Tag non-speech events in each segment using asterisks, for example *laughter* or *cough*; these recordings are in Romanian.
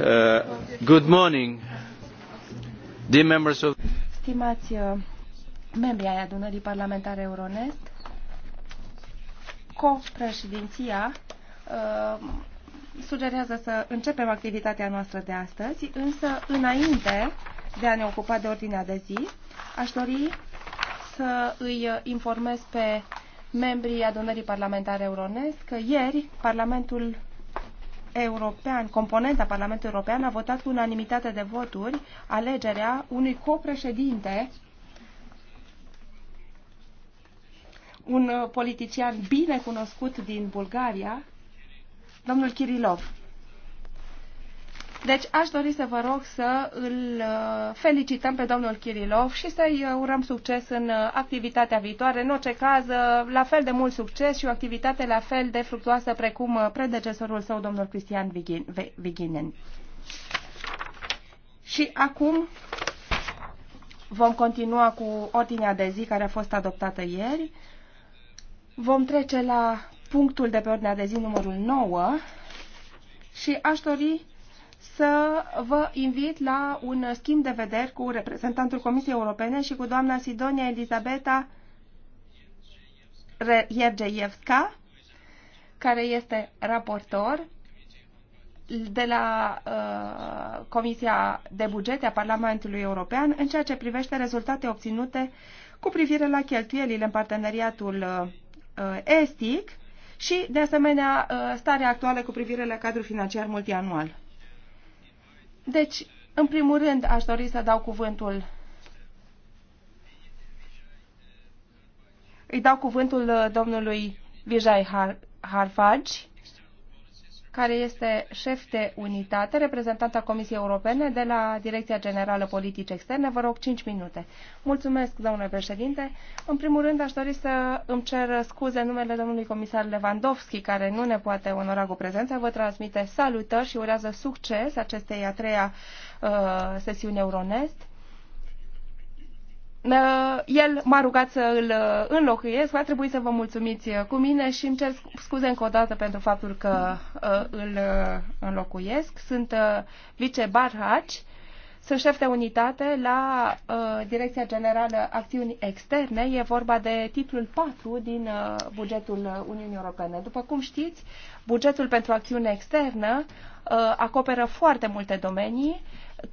Uh, good morning, dear members of. Stimați uh, membri ai adunării parlamentare Euronest, co uh, sugerează să începem activitatea noastră de astăzi, însă înainte de a ne ocupa de ordinea de zi, aș dori să îi informez pe membrii adunării parlamentare euronesc. Ieri, Parlamentul European, componenta Parlamentului European a votat cu unanimitate de voturi alegerea unui copreședinte, un uh, politician bine cunoscut din Bulgaria, domnul Kirilov. Deci aș dori să vă rog să îl uh, felicităm pe domnul Kirilov și să-i uh, urăm succes în uh, activitatea viitoare. În orice caz, la fel de mult succes și o activitate la fel de fructuoasă precum predecesorul său, domnul Cristian Viginen. Și acum vom continua cu ordinea de zi care a fost adoptată ieri. Vom trece la punctul de pe ordinea de zi numărul 9 și aș dori să vă invit la un schimb de vederi cu reprezentantul Comisiei Europene și cu doamna Sidonia Elizabeta Iergeievska, care este raportor de la uh, Comisia de Bugete a Parlamentului European în ceea ce privește rezultate obținute cu privire la cheltuielile în parteneriatul uh, estic și, de asemenea, uh, starea actuală cu privire la cadrul financiar multianual. Deci, în primul rând, aș dori să dau cuvântul îi dau cuvântul uh, domnului Vijay Har Harfaj care este șef de unitate, reprezentanta Comisiei Europene de la Direcția Generală Politici Externe. Vă rog 5 minute. Mulțumesc, domnule președinte. În primul rând, aș dori să îmi cer scuze în numele domnului comisar Lewandowski, care nu ne poate onora cu prezența. Vă transmite salutări și urează succes acestei a treia uh, sesiuni Euronest. Uh, el m-a rugat să îl uh, înlocuiesc, va trebui să vă mulțumiți uh, cu mine și îmi cer scuze încă o dată pentru faptul că îl înlocuiesc. Sunt vice Barhaci, sunt șef de unitate la Direcția Generală Acțiuni Externe. E vorba de titlul 4 din bugetul Uniunii Europene. După cum știți, bugetul pentru acțiune externă acoperă foarte multe domenii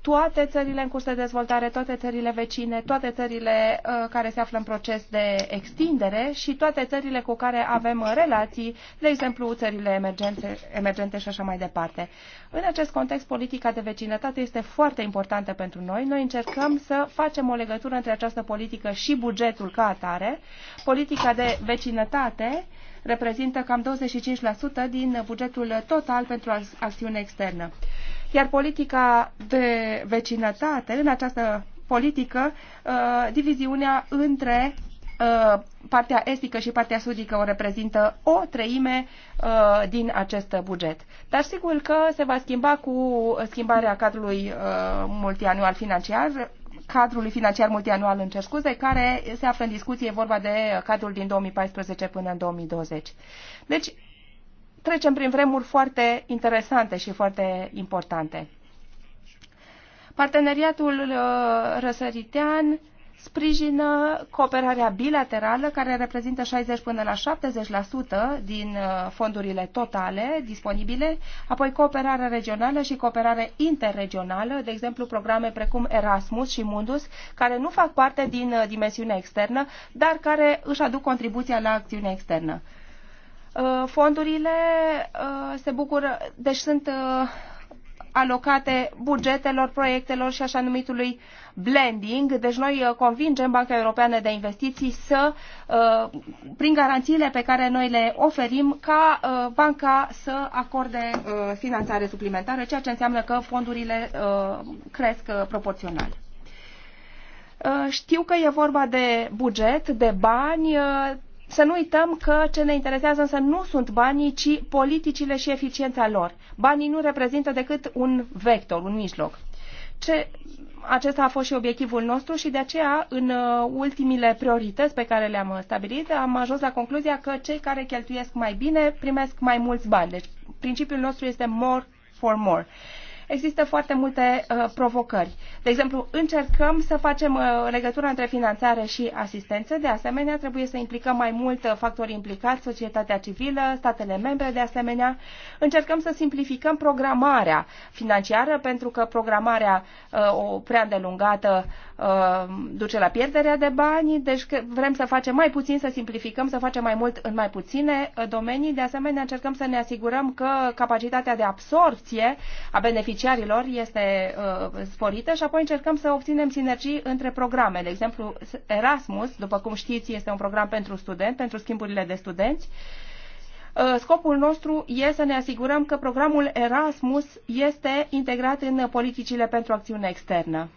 toate țările în curs de dezvoltare, toate țările vecine, toate țările uh, care se află în proces de extindere și toate țările cu care avem uh, relații, de exemplu țările emergențe, emergente și așa mai departe. În acest context, politica de vecinătate este foarte importantă pentru noi. Noi încercăm să facem o legătură între această politică și bugetul ca atare. Politica de vecinătate reprezintă cam 25% din bugetul total pentru acțiune externă. Iar politica de vecinătate, în această politică, uh, diviziunea între uh, partea estică și partea sudică o reprezintă o treime uh, din acest buget. Dar sigur că se va schimba cu schimbarea cadrului multianual financiar, cadrului financiar multianual, în cer scuze, care se află în discuție, e vorba de cadrul din 2014 până în 2020. Deci, trecem prin vremuri foarte interesante și foarte importante. Parteneriatul uh, răsăritean sprijină cooperarea bilaterală, care reprezintă 60 până la 70% din uh, fondurile totale disponibile, apoi cooperarea regională și cooperare interregională, de exemplu programe precum Erasmus și Mundus, care nu fac parte din uh, dimensiunea externă, dar care își aduc contribuția la acțiunea externă. Uh, fondurile uh, se bucură, deci sunt uh, alocate bugetelor, proiectelor și așa numitului blending. Deci noi convingem Banca Europeană de Investiții să, prin garanțiile pe care noi le oferim, ca banca să acorde finanțare suplimentară, ceea ce înseamnă că fondurile cresc proporțional. Știu că e vorba de buget, de bani, să nu uităm că ce ne interesează însă nu sunt banii, ci politicile și eficiența lor. Banii nu reprezintă decât un vector, un mijloc. Ce, acesta a fost și obiectivul nostru și de aceea, în uh, ultimile priorități pe care le-am uh, stabilit, am ajuns la concluzia că cei care cheltuiesc mai bine primesc mai mulți bani. Deci, principiul nostru este more for more există foarte multe uh, provocări. De exemplu, încercăm să facem uh, legătura între finanțare și asistență. De asemenea, trebuie să implicăm mai mult uh, factori implicați, societatea civilă, statele membre, de asemenea. Încercăm să simplificăm programarea financiară, pentru că programarea uh, o prea îndelungată uh, Uh, duce la pierderea de bani, deci vrem să facem mai puțin, să simplificăm, să facem mai mult în mai puține uh, domenii. De asemenea, încercăm să ne asigurăm că capacitatea de absorpție a beneficiarilor este uh, sporită și apoi încercăm să obținem sinergii între programe. De exemplu, Erasmus, după cum știți, este un program pentru studenți, pentru schimburile de studenți. Scopul nostru este să ne asigurăm că programul Erasmus este integrat în politicile pentru acțiune externă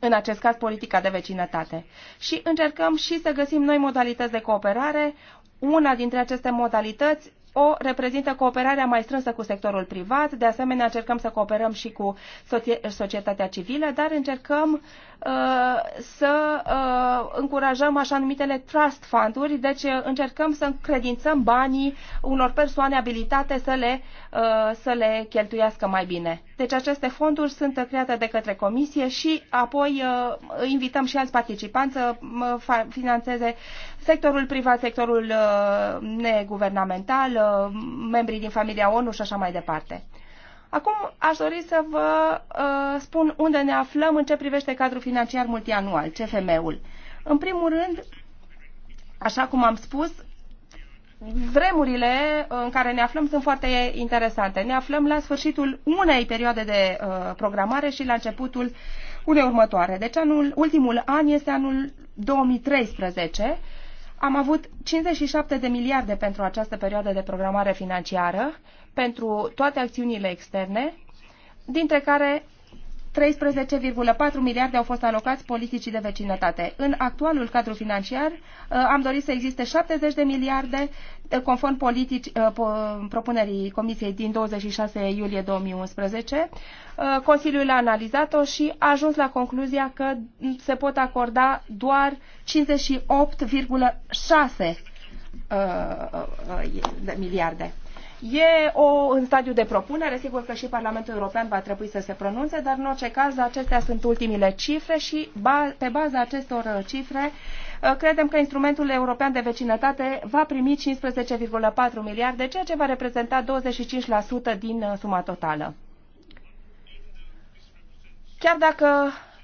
în acest caz politica de vecinătate. Și încercăm și să găsim noi modalități de cooperare. Una dintre aceste modalități o reprezintă cooperarea mai strânsă cu sectorul privat, de asemenea încercăm să cooperăm și cu societatea civilă, dar încercăm uh, să uh, încurajăm așa numitele trust funduri, deci uh, încercăm să încredințăm banii unor persoane abilitate să le, uh, să le cheltuiască mai bine. Deci aceste fonduri sunt create de către comisie și apoi uh, invităm și alți participanți să uh, finanțeze sectorul privat, sectorul uh, neguvernamental, uh, membrii din familia ONU și așa mai departe. Acum aș dori să vă uh, spun unde ne aflăm în ce privește cadrul financiar multianual, CFM-ul. În primul rând, așa cum am spus, vremurile în care ne aflăm sunt foarte interesante. Ne aflăm la sfârșitul unei perioade de uh, programare și la începutul unei următoare. Deci anul, ultimul an este anul 2013 am avut 57 de miliarde pentru această perioadă de programare financiară, pentru toate acțiunile externe, dintre care 13,4 miliarde au fost alocați politicii de vecinătate. În actualul cadru financiar uh, am dorit să existe 70 de miliarde uh, conform politici, uh, propunerii Comisiei din 26 iulie 2011. Consiliul a analizat-o și a ajuns la concluzia că se pot acorda doar 58,6 miliarde. E o, în stadiu de propunere, sigur că și Parlamentul European va trebui să se pronunțe, dar în orice caz acestea sunt ultimile cifre și ba, pe baza acestor uh, cifre uh, credem că instrumentul european de vecinătate va primi 15,4 miliarde, ceea ce va reprezenta 25% din uh, suma totală. Chiar dacă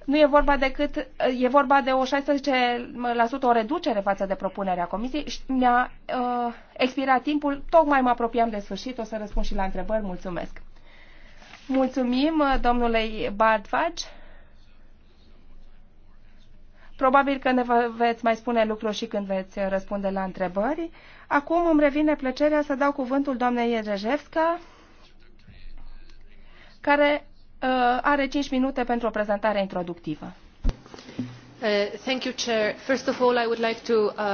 nu e vorba decât, e vorba de o 16% o reducere față de propunerea comisiei și mi-a uh, expirat timpul, tocmai mă apropiam de sfârșit, o să răspund și la întrebări, mulțumesc. Mulțumim uh, domnului Bardvaci. Probabil că ne veți mai spune lucruri și când veți răspunde la întrebări. Acum îmi revine plăcerea să dau cuvântul doamnei Ierejevska, care Uh, are 5 minute pentru o prezentare introductivă. Uh,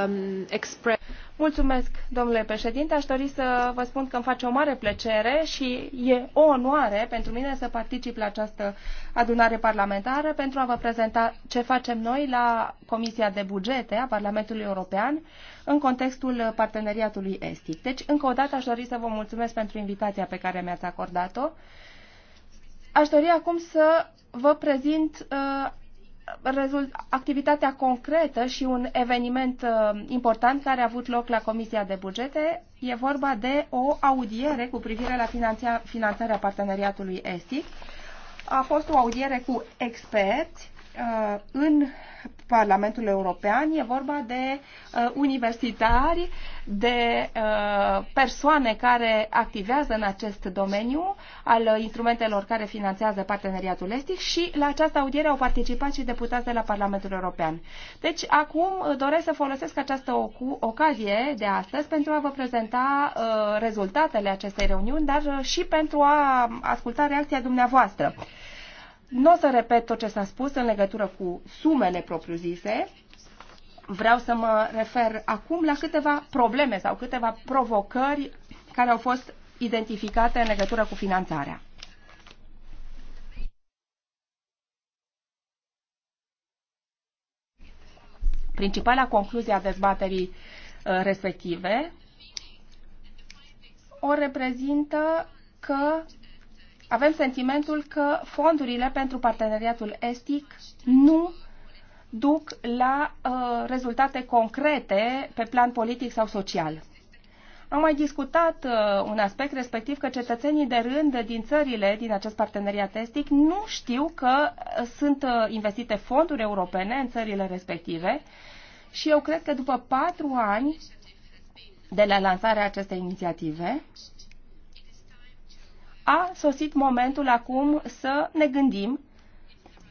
um, mulțumesc, domnule președinte. Aș dori să vă spun că îmi face o mare plăcere și e o onoare pentru mine să particip la această adunare parlamentară pentru a vă prezenta ce facem noi la Comisia de Bugete a Parlamentului European în contextul parteneriatului estic. Deci, încă o dată, aș dori să vă mulțumesc pentru invitația pe care mi-ați acordat-o. Uh, Aș dori acum să vă prezint uh, activitatea concretă și un eveniment uh, important care a avut loc la Comisia de Bugete. E vorba de o audiere cu privire la finanțarea parteneriatului ESIC. A fost o audiere cu experți Uh, în Parlamentul European e vorba de uh, universitari, de uh, persoane care activează în acest domeniu al instrumentelor care finanțează parteneriatul estic și la această audiere au participat și deputați de la Parlamentul European. Deci acum doresc să folosesc această ocazie de astăzi pentru a vă prezenta rezultatele acestei reuniuni, dar și pentru a asculta reacția dumneavoastră. Nu o să repet tot ce s-a spus în legătură cu sumele propriu-zise. Vreau să mă refer acum la câteva probleme sau câteva provocări care au fost identificate în legătură cu finanțarea. Principala concluzie a dezbaterii uh, respective o reprezintă că avem sentimentul că fondurile pentru parteneriatul estic nu duc la uh, rezultate concrete pe plan politic sau social. Am mai discutat uh, un aspect, respectiv că cetățenii de rând din țările din acest parteneriat estic nu știu că uh, sunt uh, investite fonduri europene în țările respective și eu cred că după patru ani de la lansarea acestei inițiative, a sosit momentul acum să ne gândim,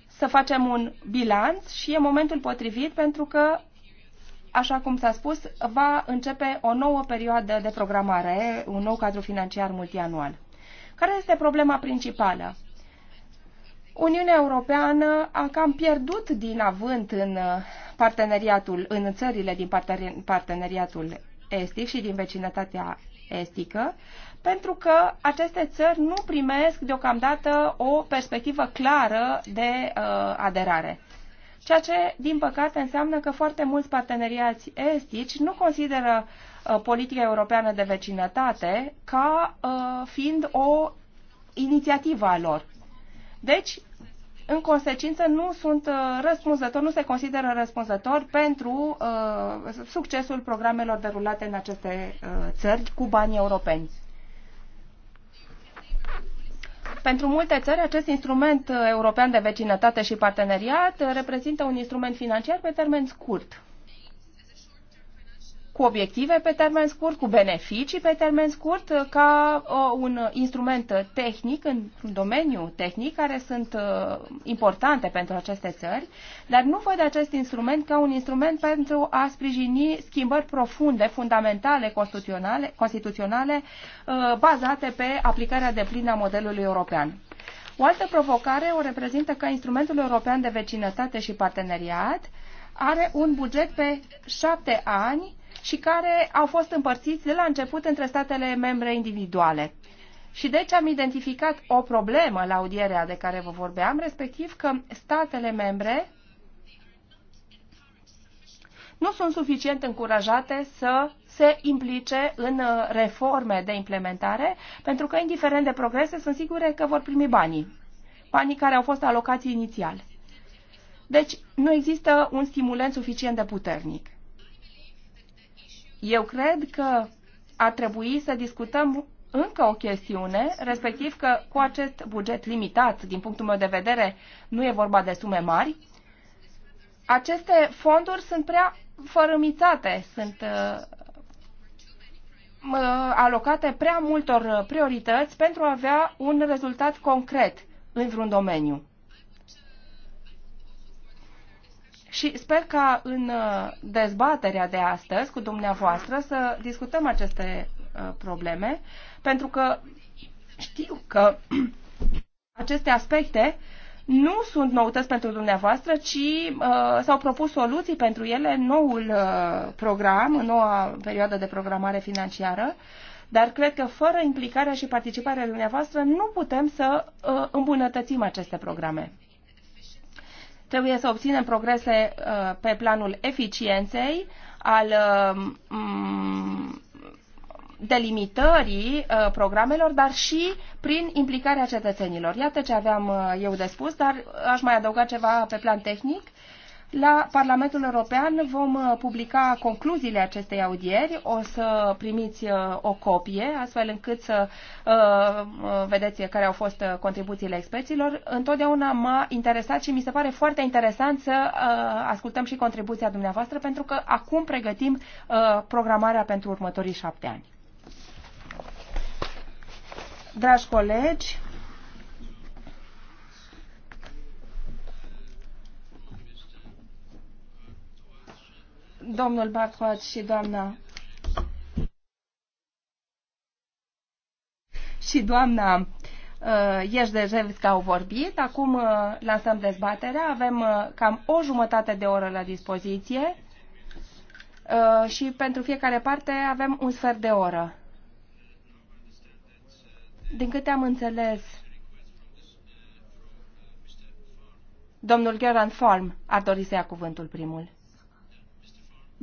să facem un bilanț și e momentul potrivit pentru că, așa cum s-a spus, va începe o nouă perioadă de programare, un nou cadru financiar multianual. Care este problema principală? Uniunea Europeană a cam pierdut din avânt în uh, parteneriatul, în țările din parteneriatul estic și din vecinătatea estică, pentru că aceste țări nu primesc deocamdată o perspectivă clară de uh, aderare. Ceea ce, din păcate, înseamnă că foarte mulți parteneriați estici nu consideră uh, politica europeană de vecinătate ca uh, fiind o inițiativă a lor. Deci, în consecință, nu sunt uh, răspunzători, nu se consideră răspunzători pentru uh, succesul programelor derulate în aceste uh, țări cu banii europeni. Pentru multe țări, acest instrument uh, european de vecinătate și parteneriat uh, reprezintă un instrument financiar pe termen scurt cu obiective pe termen scurt, cu beneficii pe termen scurt, uh, ca uh, un instrument tehnic, într-un domeniu tehnic, care sunt uh, importante pentru aceste țări, dar nu văd acest instrument ca un instrument pentru a sprijini schimbări profunde, fundamentale, constituționale, constituționale bazate pe aplicarea de plină a modelului european. O altă provocare o reprezintă că instrumentul european de vecinătate și parteneriat are un buget pe șapte ani și care au fost împărțiți de la început între statele membre individuale. Și deci am identificat o problemă la audierea de care vă vorbeam, respectiv că statele membre nu sunt suficient încurajate să se implice în uh, reforme de implementare, pentru că, indiferent de progrese, sunt sigure că vor primi banii, banii care au fost alocați inițial. Deci, nu există un stimulent suficient de puternic. Eu cred că ar trebui să discutăm încă o chestiune, respectiv că cu acest buget limitat, din punctul meu de vedere, nu e vorba de sume mari, aceste fonduri sunt prea fărâmițate, sunt uh, alocate prea multor priorități pentru a avea un rezultat concret în vreun domeniu. Și sper ca în uh, dezbaterea de astăzi cu dumneavoastră să discutăm aceste uh, probleme, pentru că știu că *clears throat* aceste aspecte nu sunt noutăți pentru dumneavoastră, ci uh, s-au propus soluții pentru ele în noul uh, program, în noua perioadă de programare financiară, dar cred că fără implicarea și participarea dumneavoastră nu putem să uh, îmbunătățim aceste programe. Trebuie să obținem progrese uh, pe planul eficienței, al um, delimitării uh, programelor, dar și prin implicarea cetățenilor. Iată ce aveam uh, eu de spus, dar aș mai adăuga ceva pe plan tehnic. La Parlamentul European vom uh, publica concluziile acestei audieri, o să primiți uh, o copie, astfel încât să uh, vedeți care au fost contribuțiile experților. Întotdeauna m-a interesat și mi se pare foarte interesant să ascultăm și contribuția dumneavoastră, pentru că acum pregătim programarea pentru următorii șapte ani. Dragi colegi, domnul Barthoat și doamna și doamna uh, că au vorbit. Acum uh, lansăm dezbaterea. Avem uh, cam o jumătate de oră la dispoziție uh, și pentru fiecare parte avem un sfert de oră. Din câte am înțeles, domnul Geran Form ar dori să ia cuvântul primul.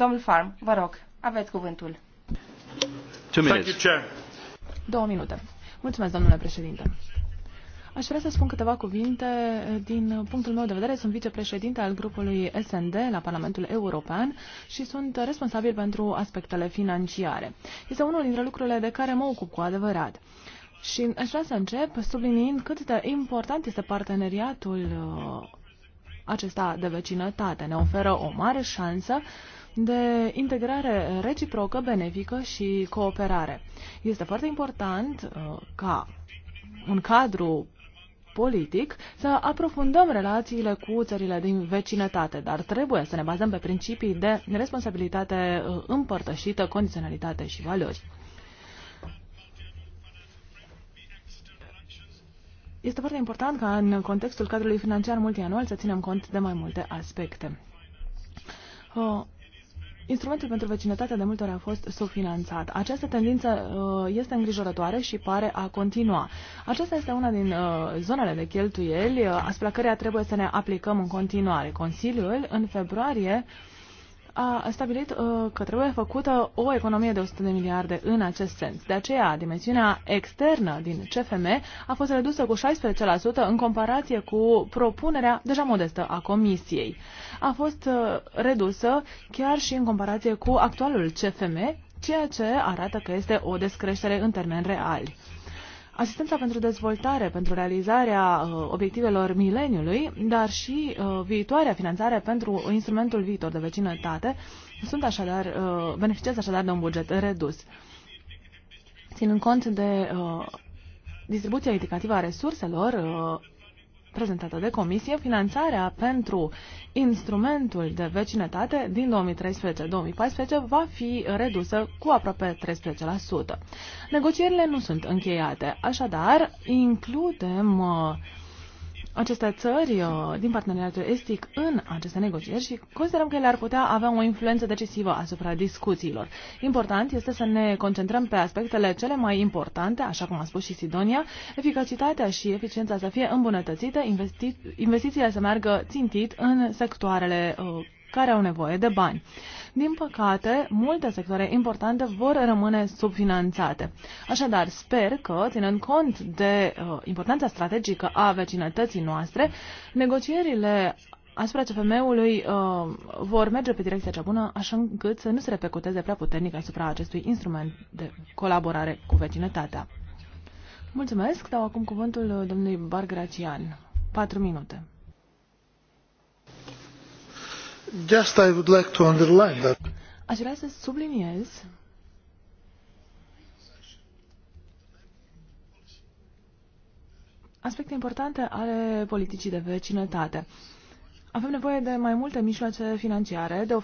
Domnul Farm, vă rog, aveți cuvântul. Două minute. Mulțumesc, domnule președinte. Aș vrea să spun câteva cuvinte din punctul meu de vedere. Sunt vicepreședinte al grupului SND la Parlamentul European și sunt responsabil pentru aspectele financiare. Este unul dintre lucrurile de care mă ocup cu adevărat. Și aș vrea să încep subliniind cât de important este parteneriatul uh, acesta de vecinătate. Ne oferă o mare șansă uh, de integrare reciprocă, benefică și cooperare. Este foarte important uh, ca un cadru politic să aprofundăm relațiile cu țările din vecinătate, dar trebuie să ne bazăm pe principii de responsabilitate uh, împărtășită, condiționalitate și valori. Este foarte important ca în contextul cadrului financiar multianual să ținem cont de mai multe aspecte. Uh, Instrumentul pentru vecinătate de multe ori a fost subfinanțat. Această tendință uh, este îngrijorătoare și pare a continua. Aceasta este una din uh, zonele de cheltuieli uh, asupra căreia trebuie să ne aplicăm în continuare. Consiliul în februarie a stabilit uh, că trebuie făcută o economie de 100 de miliarde în acest sens. De aceea, dimensiunea externă din CFM a fost redusă cu 16% în comparație cu propunerea deja modestă a Comisiei. A fost uh, redusă chiar și în comparație cu actualul CFM, ceea ce arată că este o descreștere în termeni reali asistența pentru dezvoltare, pentru realizarea uh, obiectivelor mileniului, dar și uh, viitoarea finanțare pentru instrumentul viitor de vecinătate, sunt așadar, uh, beneficiază așadar de un buget redus. Ținând cont de distribuția indicativă a resurselor, prezentată de comisie, finanțarea pentru instrumentul de vecinătate din 2013-2014 va fi redusă cu aproape 13%. Negocierile nu sunt încheiate, așadar includem uh, aceste țări uh, din parteneriatul estic în aceste negocieri și considerăm că ele ar putea avea o influență decisivă asupra discuțiilor. Important este să ne concentrăm pe aspectele cele mai importante, așa cum a spus și Sidonia, eficacitatea și eficiența să fie îmbunătățite, investi investițiile să meargă țintit în sectoarele uh, care au nevoie de bani. Din păcate, multe sectoare importante vor rămâne subfinanțate. Așadar, sper că, ținând cont de uh, importanța strategică a vecinătății noastre, negocierile asupra CFM-ului uh, vor merge pe direcția cea bună, așa încât să nu se repercuteze prea puternic asupra acestui instrument de colaborare cu vecinătatea. Mulțumesc, dau acum cuvântul uh, domnului Bargracian. Patru minute. Just I would like to underline that. Aș vrea să subliniez aspecte importante ale politicii de vecinătate. Avem nevoie de mai multe mijloace financiare, de o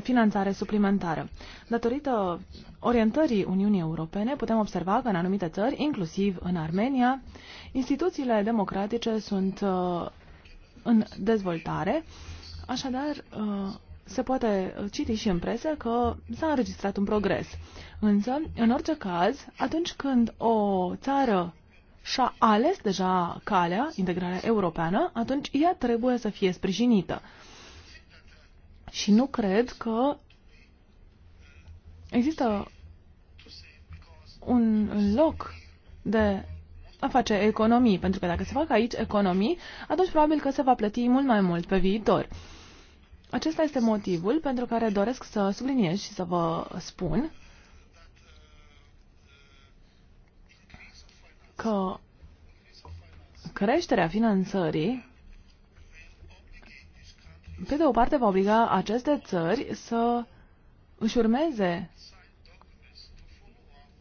finanțare suplimentară. Datorită orientării Uniunii Europene, putem observa că în anumite țări, inclusiv în Armenia, instituțiile democratice sunt uh, în dezvoltare Așadar, uh, se poate uh, citi și în presă că s-a înregistrat un progres. Însă, în orice caz, atunci când o țară și-a ales deja calea, integrarea europeană, atunci ea trebuie să fie sprijinită. Și nu cred că există un loc de a face economii, pentru că dacă se fac aici economii, atunci probabil că se va plăti mult mai mult pe viitor. Acesta este motivul pentru care doresc să subliniez și să vă spun că creșterea finanțării pe de o parte va obliga aceste țări să își urmeze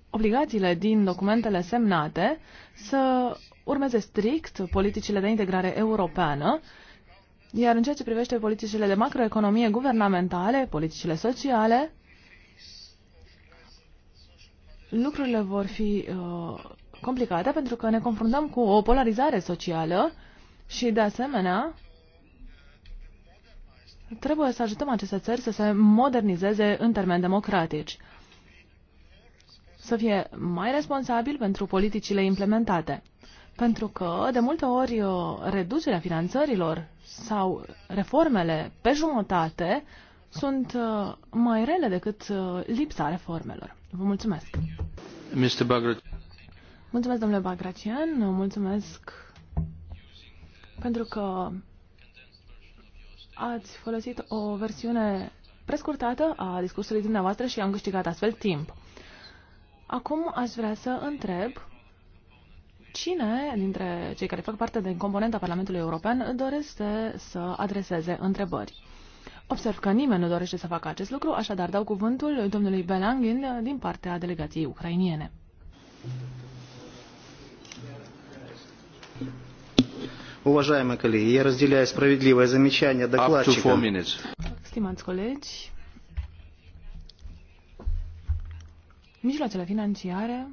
obligațiile din documentele semnate, să urmeze strict politicile de integrare europeană iar în ceea ce privește politicile de macroeconomie guvernamentale, politicile sociale, lucrurile vor fi uh, complicate pentru că ne confruntăm cu o polarizare socială și, de asemenea, trebuie să ajutăm aceste țări să se modernizeze în termeni democratici, să fie mai responsabil pentru politicile implementate. Pentru că, de multe ori, uh, reducerea finanțărilor sau reformele pe jumătate sunt uh, mai rele decât uh, lipsa reformelor. Vă mulțumesc! Mr. mulțumesc, domnule Bagracian, mulțumesc pentru că ați folosit o versiune prescurtată a discursului dumneavoastră și am câștigat astfel timp. Acum aș vrea să întreb Cine dintre cei care fac parte din componenta Parlamentului European dorește să adreseze întrebări? Observ că nimeni nu dorește să facă acest lucru, așadar dau cuvântul domnului Belangin din partea delegației ucrainiene. Уважаемые коллеги, я разделяю справедливое замечание докладчика. Stimați colegi, mijloacele financiare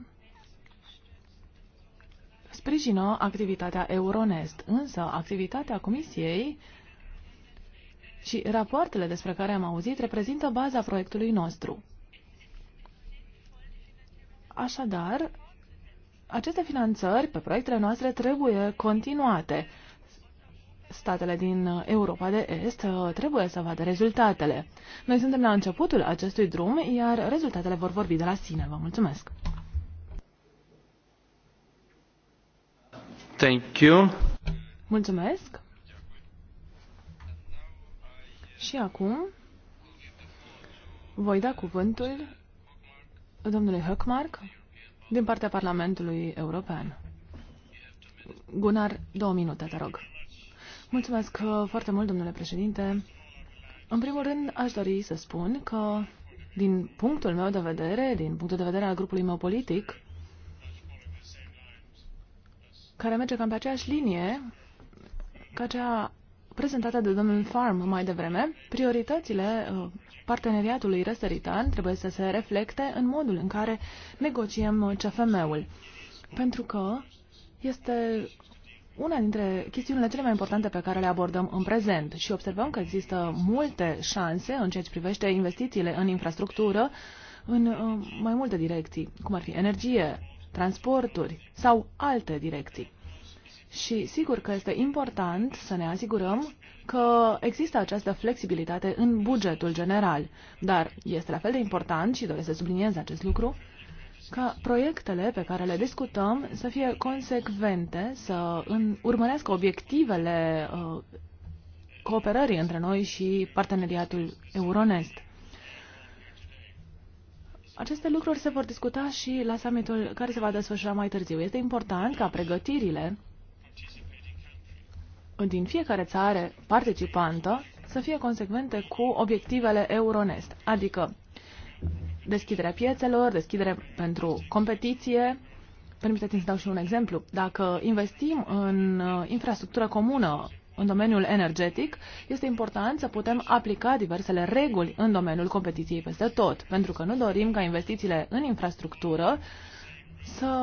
sprijină activitatea Euronest, însă activitatea Comisiei și rapoartele despre care am auzit reprezintă baza proiectului nostru. Așadar, aceste finanțări pe proiectele noastre trebuie continuate. Statele din Europa de Est uh, trebuie să vadă rezultatele. Noi suntem la începutul acestui drum, iar rezultatele vor vorbi de la sine. Vă mulțumesc! Thank you. Mulțumesc. Și acum voi da cuvântul domnului Höckmark din partea Parlamentului European. Gunnar, două minute, te rog. Mulțumesc uh, foarte mult, domnule președinte. În primul rând, aș dori să spun că, din punctul meu de vedere, din punctul de vedere al grupului meu politic, care merge cam pe aceeași linie ca cea prezentată de domnul Farm mai devreme, prioritățile uh, parteneriatului răsăritan trebuie să se reflecte în modul în care negociem CFM-ul. Pentru că este una dintre chestiunile cele mai importante pe care le abordăm în prezent și observăm că există multe șanse în ceea ce privește investițiile în infrastructură în uh, mai multe direcții, cum ar fi energie, transporturi sau alte direcții. Și sigur că este important să ne asigurăm că există această flexibilitate în bugetul general, dar este la fel de important și doresc să subliniez acest lucru, ca proiectele pe care le discutăm să fie consecvente, să în, urmărească obiectivele uh, cooperării între noi și parteneriatul Euronest. Aceste lucruri se vor discuta și la summitul care se va desfășura mai târziu. Este important ca pregătirile din fiecare țară participantă să fie consecvente cu obiectivele Euronest, adică deschiderea piețelor, deschidere pentru competiție. Permiteți-mi să dau și un exemplu. Dacă investim în uh, infrastructură comună în domeniul energetic, este important să putem aplica diversele reguli în domeniul competiției peste tot, pentru că nu dorim ca investițiile în infrastructură să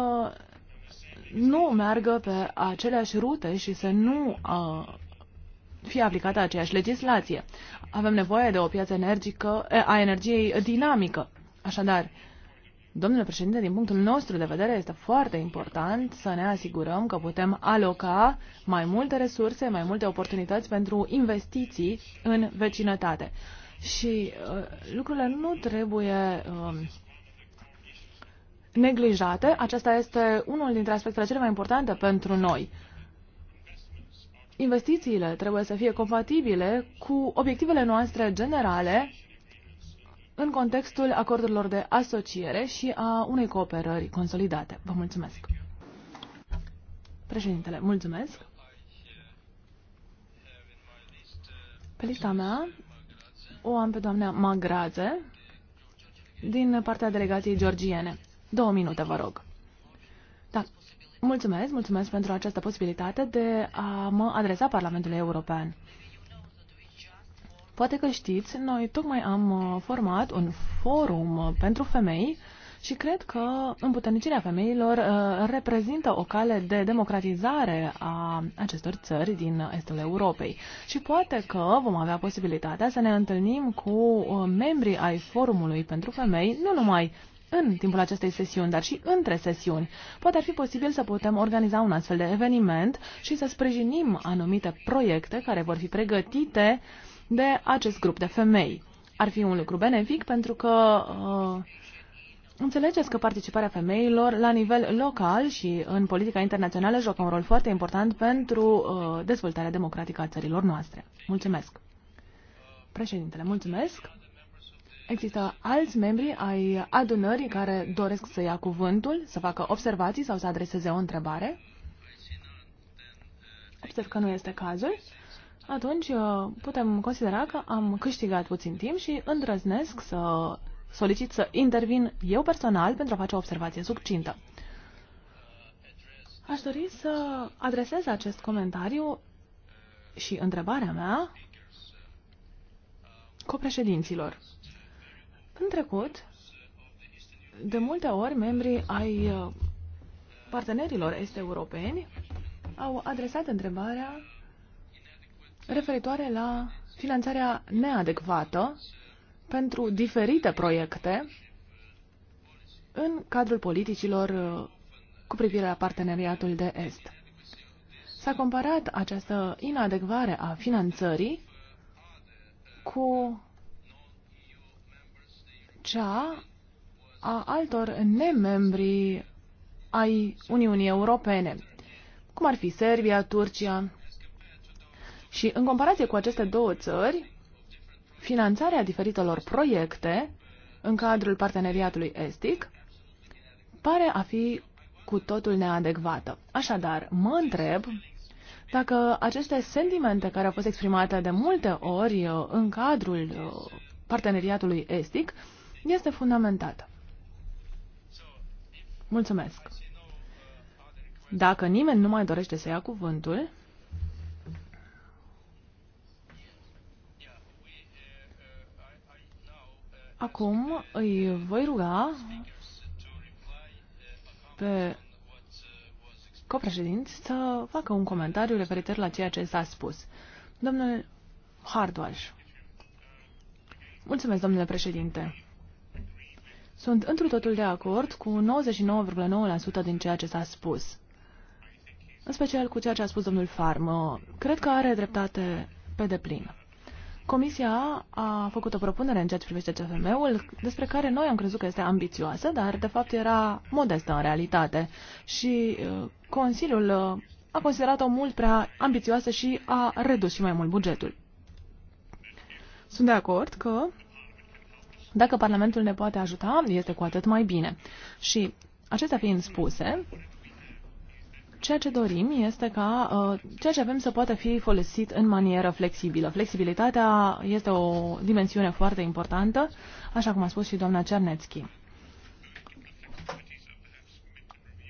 nu meargă pe aceleași rute și să nu uh, fie aplicată aceeași legislație. Avem nevoie de o piață energică, a energiei dinamică. Așadar, uh, Domnule președinte, din punctul nostru de vedere este foarte important să ne asigurăm că putem aloca mai multe resurse, mai multe oportunități pentru investiții în vecinătate. Și uh, lucrurile nu trebuie uh, neglijate. Acesta este unul dintre aspectele cele mai importante pentru noi. Investițiile trebuie să fie compatibile cu obiectivele noastre generale în contextul acordurilor de asociere și a unei cooperări consolidate. Vă mulțumesc. Președintele, mulțumesc. Pe lista mea o am pe doamna Magraze din partea delegației georgiene. Două minute, vă rog. Da. Mulțumesc, mulțumesc pentru această posibilitate de a mă adresa Parlamentului European. Poate că știți, noi tocmai am uh, format un forum uh, pentru femei și cred că împuternicirea femeilor uh, reprezintă o cale de democratizare a acestor țări din estul Europei. Și poate că vom avea posibilitatea să ne întâlnim cu membrii ai forumului pentru femei, nu numai în timpul acestei sesiuni, dar și între sesiuni. Poate ar fi posibil să putem organiza un astfel de eveniment și să sprijinim anumite proiecte care vor fi pregătite uh, de acest grup de femei. Ar fi un lucru benefic pentru că uh, Înțelegeți că participarea femeilor la nivel local și în politica internațională joacă un rol foarte important pentru uh, dezvoltarea democratică a țărilor noastre. Mulțumesc. Președintele, mulțumesc. Există alți membri ai adunării care doresc să ia cuvântul, să facă observații sau să adreseze o întrebare? Observ că nu este cazul atunci uh, putem considera că am câștigat puțin timp și îndrăznesc să solicit să intervin eu personal pentru a face o observație subcintă. Aș dori să adresez acest comentariu și întrebarea mea copreședinților. În trecut, de multe ori, membrii ai uh, partenerilor este europeni au adresat întrebarea referitoare la finanțarea neadecvată pentru diferite proiecte în cadrul politicilor uh, cu privire la parteneriatul de Est. S-a comparat această inadecvare a finanțării cu cea a altor nemembri ai Uniunii Europene, cum ar fi Serbia, Turcia și în comparație cu aceste două țări, finanțarea diferitelor proiecte în cadrul parteneriatului estic pare a fi cu totul neadecvată. Așadar, mă întreb dacă aceste sentimente care au fost exprimate de multe ori uh, în cadrul uh, parteneriatului estic este fundamentată. Mulțumesc! Dacă nimeni nu mai dorește să ia cuvântul, Acum îi voi ruga pe copreședinți să facă un comentariu referitor la ceea ce s-a spus. Domnul Hardwaj. Mulțumesc, domnule președinte. Sunt întru totul de acord cu 99,9% din ceea ce s-a spus. În special cu ceea ce a spus domnul Farm. Cred că are dreptate pe deplin. Comisia a făcut o propunere în ceea ce privește CFM-ul, despre care noi am crezut că este ambițioasă, dar de fapt era modestă în realitate. Și uh, Consiliul uh, a considerat-o mult prea ambițioasă și a redus și mai mult bugetul. Sunt de acord că dacă Parlamentul ne poate ajuta, este cu atât mai bine. Și acestea fiind spuse, Ceea ce dorim este ca uh, ceea ce avem să poată fi folosit în manieră flexibilă. Flexibilitatea este o dimensiune foarte importantă, așa cum a spus și doamna Cernețchi.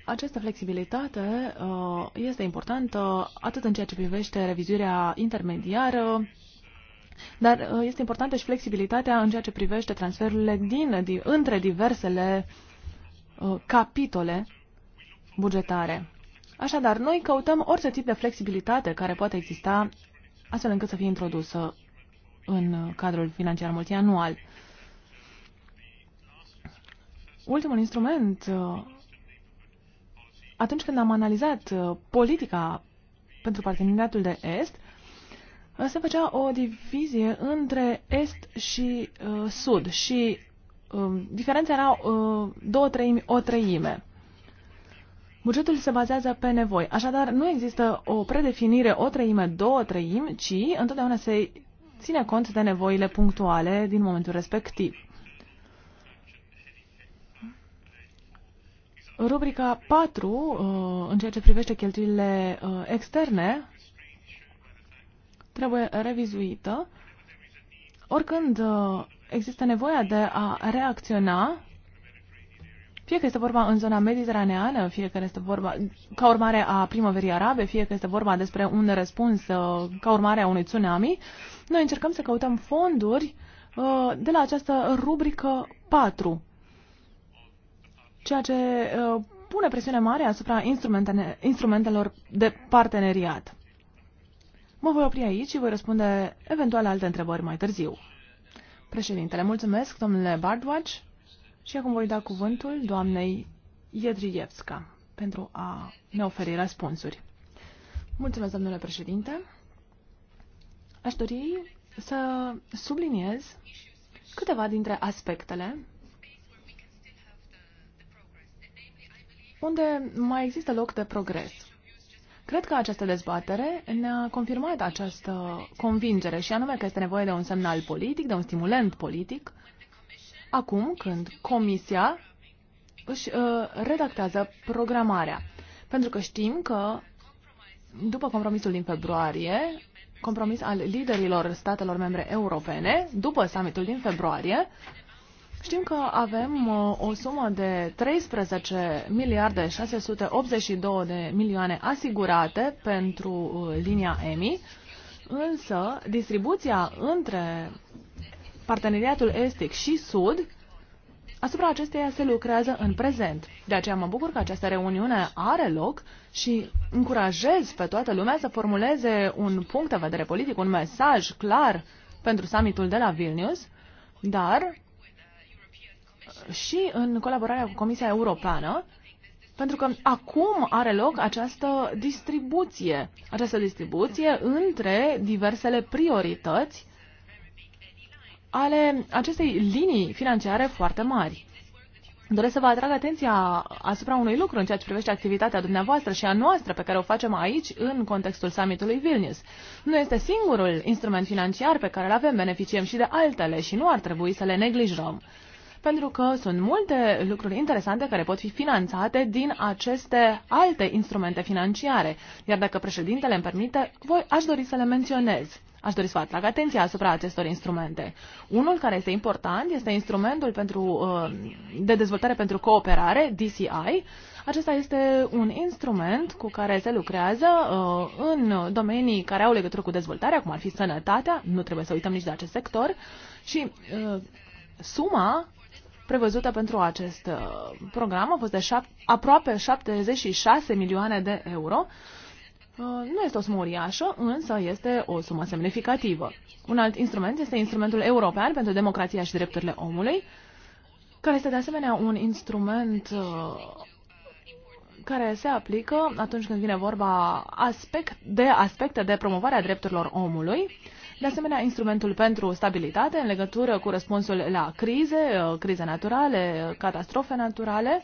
Această flexibilitate uh, este importantă atât în ceea ce privește revizuirea intermediară, dar uh, este importantă și flexibilitatea în ceea ce privește transferurile din, din, între diversele capitole bugetare. Așadar, noi căutăm orice tip de flexibilitate care poate exista astfel încât să fie introdusă în cadrul financiar multianual. Ultimul instrument, atunci când am analizat politica pentru parteneriatul de Est, se făcea o divizie între Est și uh, Sud și uh, diferența era uh, două treimi, o treime. Bugetul se bazează pe nevoi, așadar nu există o predefinire, o treime, două treimi, ci întotdeauna se ține cont de nevoile punctuale din momentul respectiv. Rubrica 4, uh, în ceea ce privește cheltuielile uh, externe, trebuie revizuită. Oricând uh, există nevoia de a reacționa, fie că este vorba în zona mediteraneană, fie că este vorba ca urmare a primăverii arabe, fie că este vorba despre un răspuns uh, ca urmare a unui tsunami, noi încercăm să căutăm fonduri uh, de la această rubrică 4, ceea ce uh, pune presiune mare asupra instrumentelor de parteneriat. Mă voi opri aici și voi răspunde eventual alte întrebări mai târziu. Președintele, mulțumesc, domnule Bardwatch. Și acum voi da cuvântul doamnei Iedrievska pentru a ne oferi răspunsuri. Mulțumesc, domnule președinte. Aș dori să subliniez câteva dintre aspectele unde mai există loc de progres. Cred că această dezbatere ne-a confirmat această convingere și anume că este nevoie de un semnal politic, de un stimulant politic acum când Comisia își uh, redactează programarea. Pentru că știm că după compromisul din februarie, compromis al liderilor statelor membre europene, după summitul din februarie, știm că avem uh, o sumă de 13 miliarde 682 de milioane asigurate pentru uh, linia EMI, însă distribuția între parteneriatul estic și sud, asupra acesteia se lucrează în prezent. De aceea mă bucur că această reuniune are loc și încurajez pe toată lumea să formuleze un punct de vedere politic, un mesaj clar pentru summitul de la Vilnius, dar și în colaborarea cu Comisia Europeană, pentru că acum are loc această distribuție, această distribuție între diversele priorități ale acestei linii financiare foarte mari. Doresc să vă atrag atenția asupra unui lucru în ceea ce privește activitatea dumneavoastră și a noastră pe care o facem aici în contextul summitului Vilnius. Nu este singurul instrument financiar pe care îl avem, beneficiem și de altele și nu ar trebui să le neglijăm. Pentru că sunt multe lucruri interesante care pot fi finanțate din aceste alte instrumente financiare. Iar dacă președintele îmi permite, voi aș dori să le menționez. Aș dori să vă atrag atenția asupra acestor instrumente. Unul care este important este instrumentul pentru, uh, de dezvoltare pentru cooperare, DCI. Acesta este un instrument cu care se lucrează uh, în domenii care au legătură cu dezvoltarea, cum ar fi sănătatea, nu trebuie să uităm nici de acest sector, și uh, suma prevăzută pentru acest program a fost de șap- aproape 76 milioane de euro Uh, nu este o sumă uriașă, însă este o sumă semnificativă. Un alt instrument este instrumentul european pentru democrația și drepturile omului, care este de asemenea un instrument uh, care se aplică atunci când vine vorba aspect, de aspecte de promovare a drepturilor omului, de asemenea instrumentul pentru stabilitate în legătură cu răspunsul la crize, uh, crize naturale, catastrofe naturale,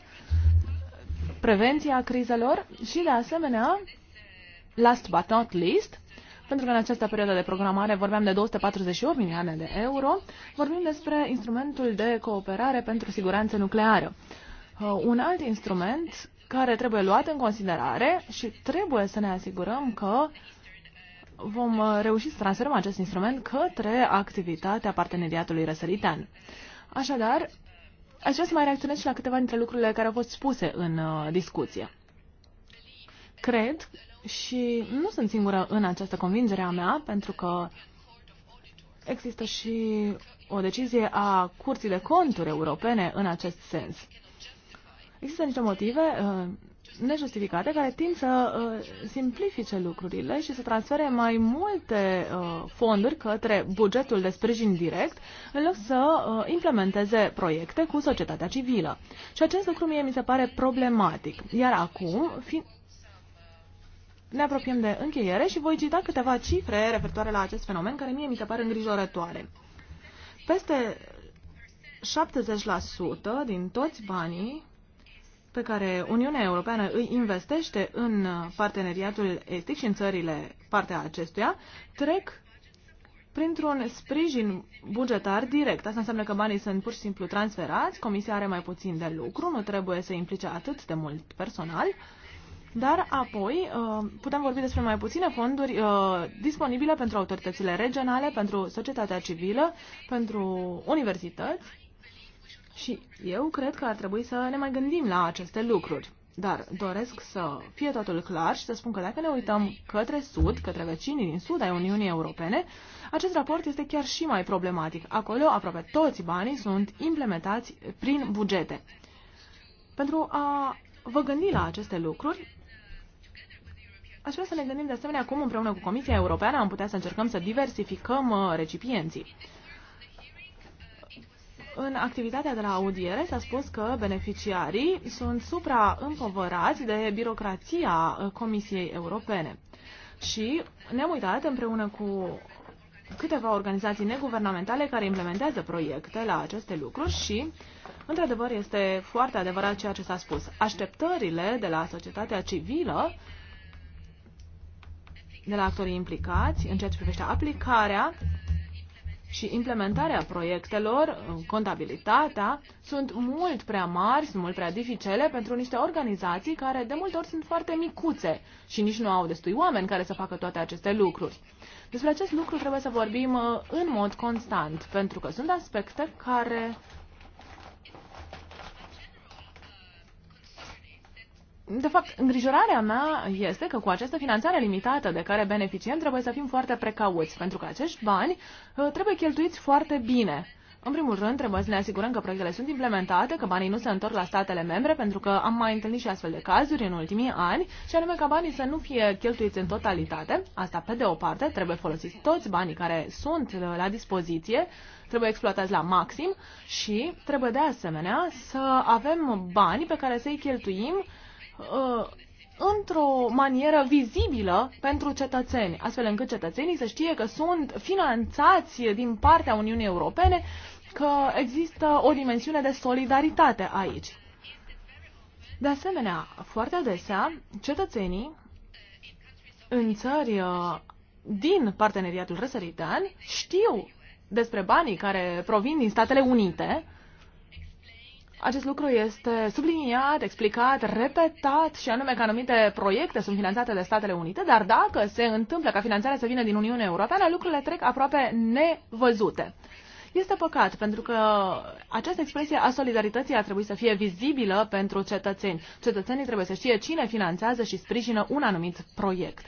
prevenția crizelor și de asemenea last but not least, pentru că în această perioadă de programare vorbeam de 248 milioane de euro, vorbim despre instrumentul de cooperare pentru siguranță nucleară. Uh, un alt instrument care trebuie luat în considerare și trebuie să ne asigurăm că vom uh, reuși să transferăm acest instrument către activitatea parteneriatului răsăritan. Așadar, aș vrea să mai reacționez și la câteva dintre lucrurile care au fost spuse în uh, discuție. Cred și nu sunt singură în această convingere a mea, pentru că există și o decizie a Curții de Conturi Europene în acest sens. Există niște motive uh, nejustificate care tind să uh, simplifice lucrurile și să transfere mai multe uh, fonduri către bugetul de sprijin direct în loc să uh, implementeze proiecte cu societatea civilă. Și acest lucru mie mi se pare problematic. Iar acum, fi, ne apropiem de încheiere și voi cita câteva cifre referitoare la acest fenomen care mie mi se pare îngrijorătoare. Peste 70% din toți banii pe care Uniunea Europeană îi investește în parteneriatul estic și în țările partea acestuia, trec printr-un sprijin bugetar direct. Asta înseamnă că banii sunt pur și simplu transferați, comisia are mai puțin de lucru, nu trebuie să implice atât de mult personal dar apoi uh, putem vorbi despre mai puține fonduri uh, disponibile pentru autoritățile regionale, pentru societatea civilă, pentru universități. Și eu cred că ar trebui să ne mai gândim la aceste lucruri. Dar doresc să fie totul clar și să spun că dacă ne uităm către sud, către vecinii din sud ai Uniunii Europene, acest raport este chiar și mai problematic. Acolo aproape toți banii sunt implementați prin bugete. Pentru a vă gândi la aceste lucruri, Aș vrea să ne gândim de asemenea cum împreună cu Comisia Europeană am putea să încercăm să diversificăm uh, recipienții. În activitatea de la audiere s-a spus că beneficiarii sunt supraîmpovărați de birocrația uh, Comisiei Europene. Și ne-am uitat împreună cu câteva organizații neguvernamentale care implementează proiecte la aceste lucruri și, într-adevăr, este foarte adevărat ceea ce s-a spus. Așteptările de la societatea civilă de la actorii implicați în ceea ce privește aplicarea și implementarea proiectelor, contabilitatea, sunt mult prea mari, sunt mult prea dificile pentru niște organizații care de multe ori sunt foarte micuțe și nici nu au destui oameni care să facă toate aceste lucruri. Despre acest lucru trebuie să vorbim uh, în mod constant, pentru că sunt aspecte care De fapt, îngrijorarea mea este că cu această finanțare limitată de care beneficiem trebuie să fim foarte precauți, pentru că acești bani uh, trebuie cheltuiți foarte bine. În primul rând, trebuie să ne asigurăm că proiectele sunt implementate, că banii nu se întorc la statele membre, pentru că am mai întâlnit și astfel de cazuri în ultimii ani, și anume ca banii să nu fie cheltuiți în totalitate. Asta, pe de o parte, trebuie folosiți toți banii care sunt uh, la dispoziție, trebuie exploatați la maxim și trebuie de asemenea să avem bani pe care să-i cheltuim uh, într-o manieră vizibilă pentru cetățeni, astfel încât cetățenii să știe că sunt finanțați din partea Uniunii Europene, că există o dimensiune de solidaritate aici. De asemenea, foarte adesea, cetățenii în țări uh, din parteneriatul răsăritean știu despre banii care provin din Statele Unite, acest lucru este subliniat, explicat, repetat și anume că anumite proiecte sunt finanțate de Statele Unite, dar dacă se întâmplă ca finanțarea să vină din Uniunea Europeană, lucrurile trec aproape nevăzute. Este păcat, pentru că această expresie a solidarității ar trebui să fie vizibilă pentru cetățeni. Cetățenii trebuie să știe cine finanțează și sprijină un anumit proiect.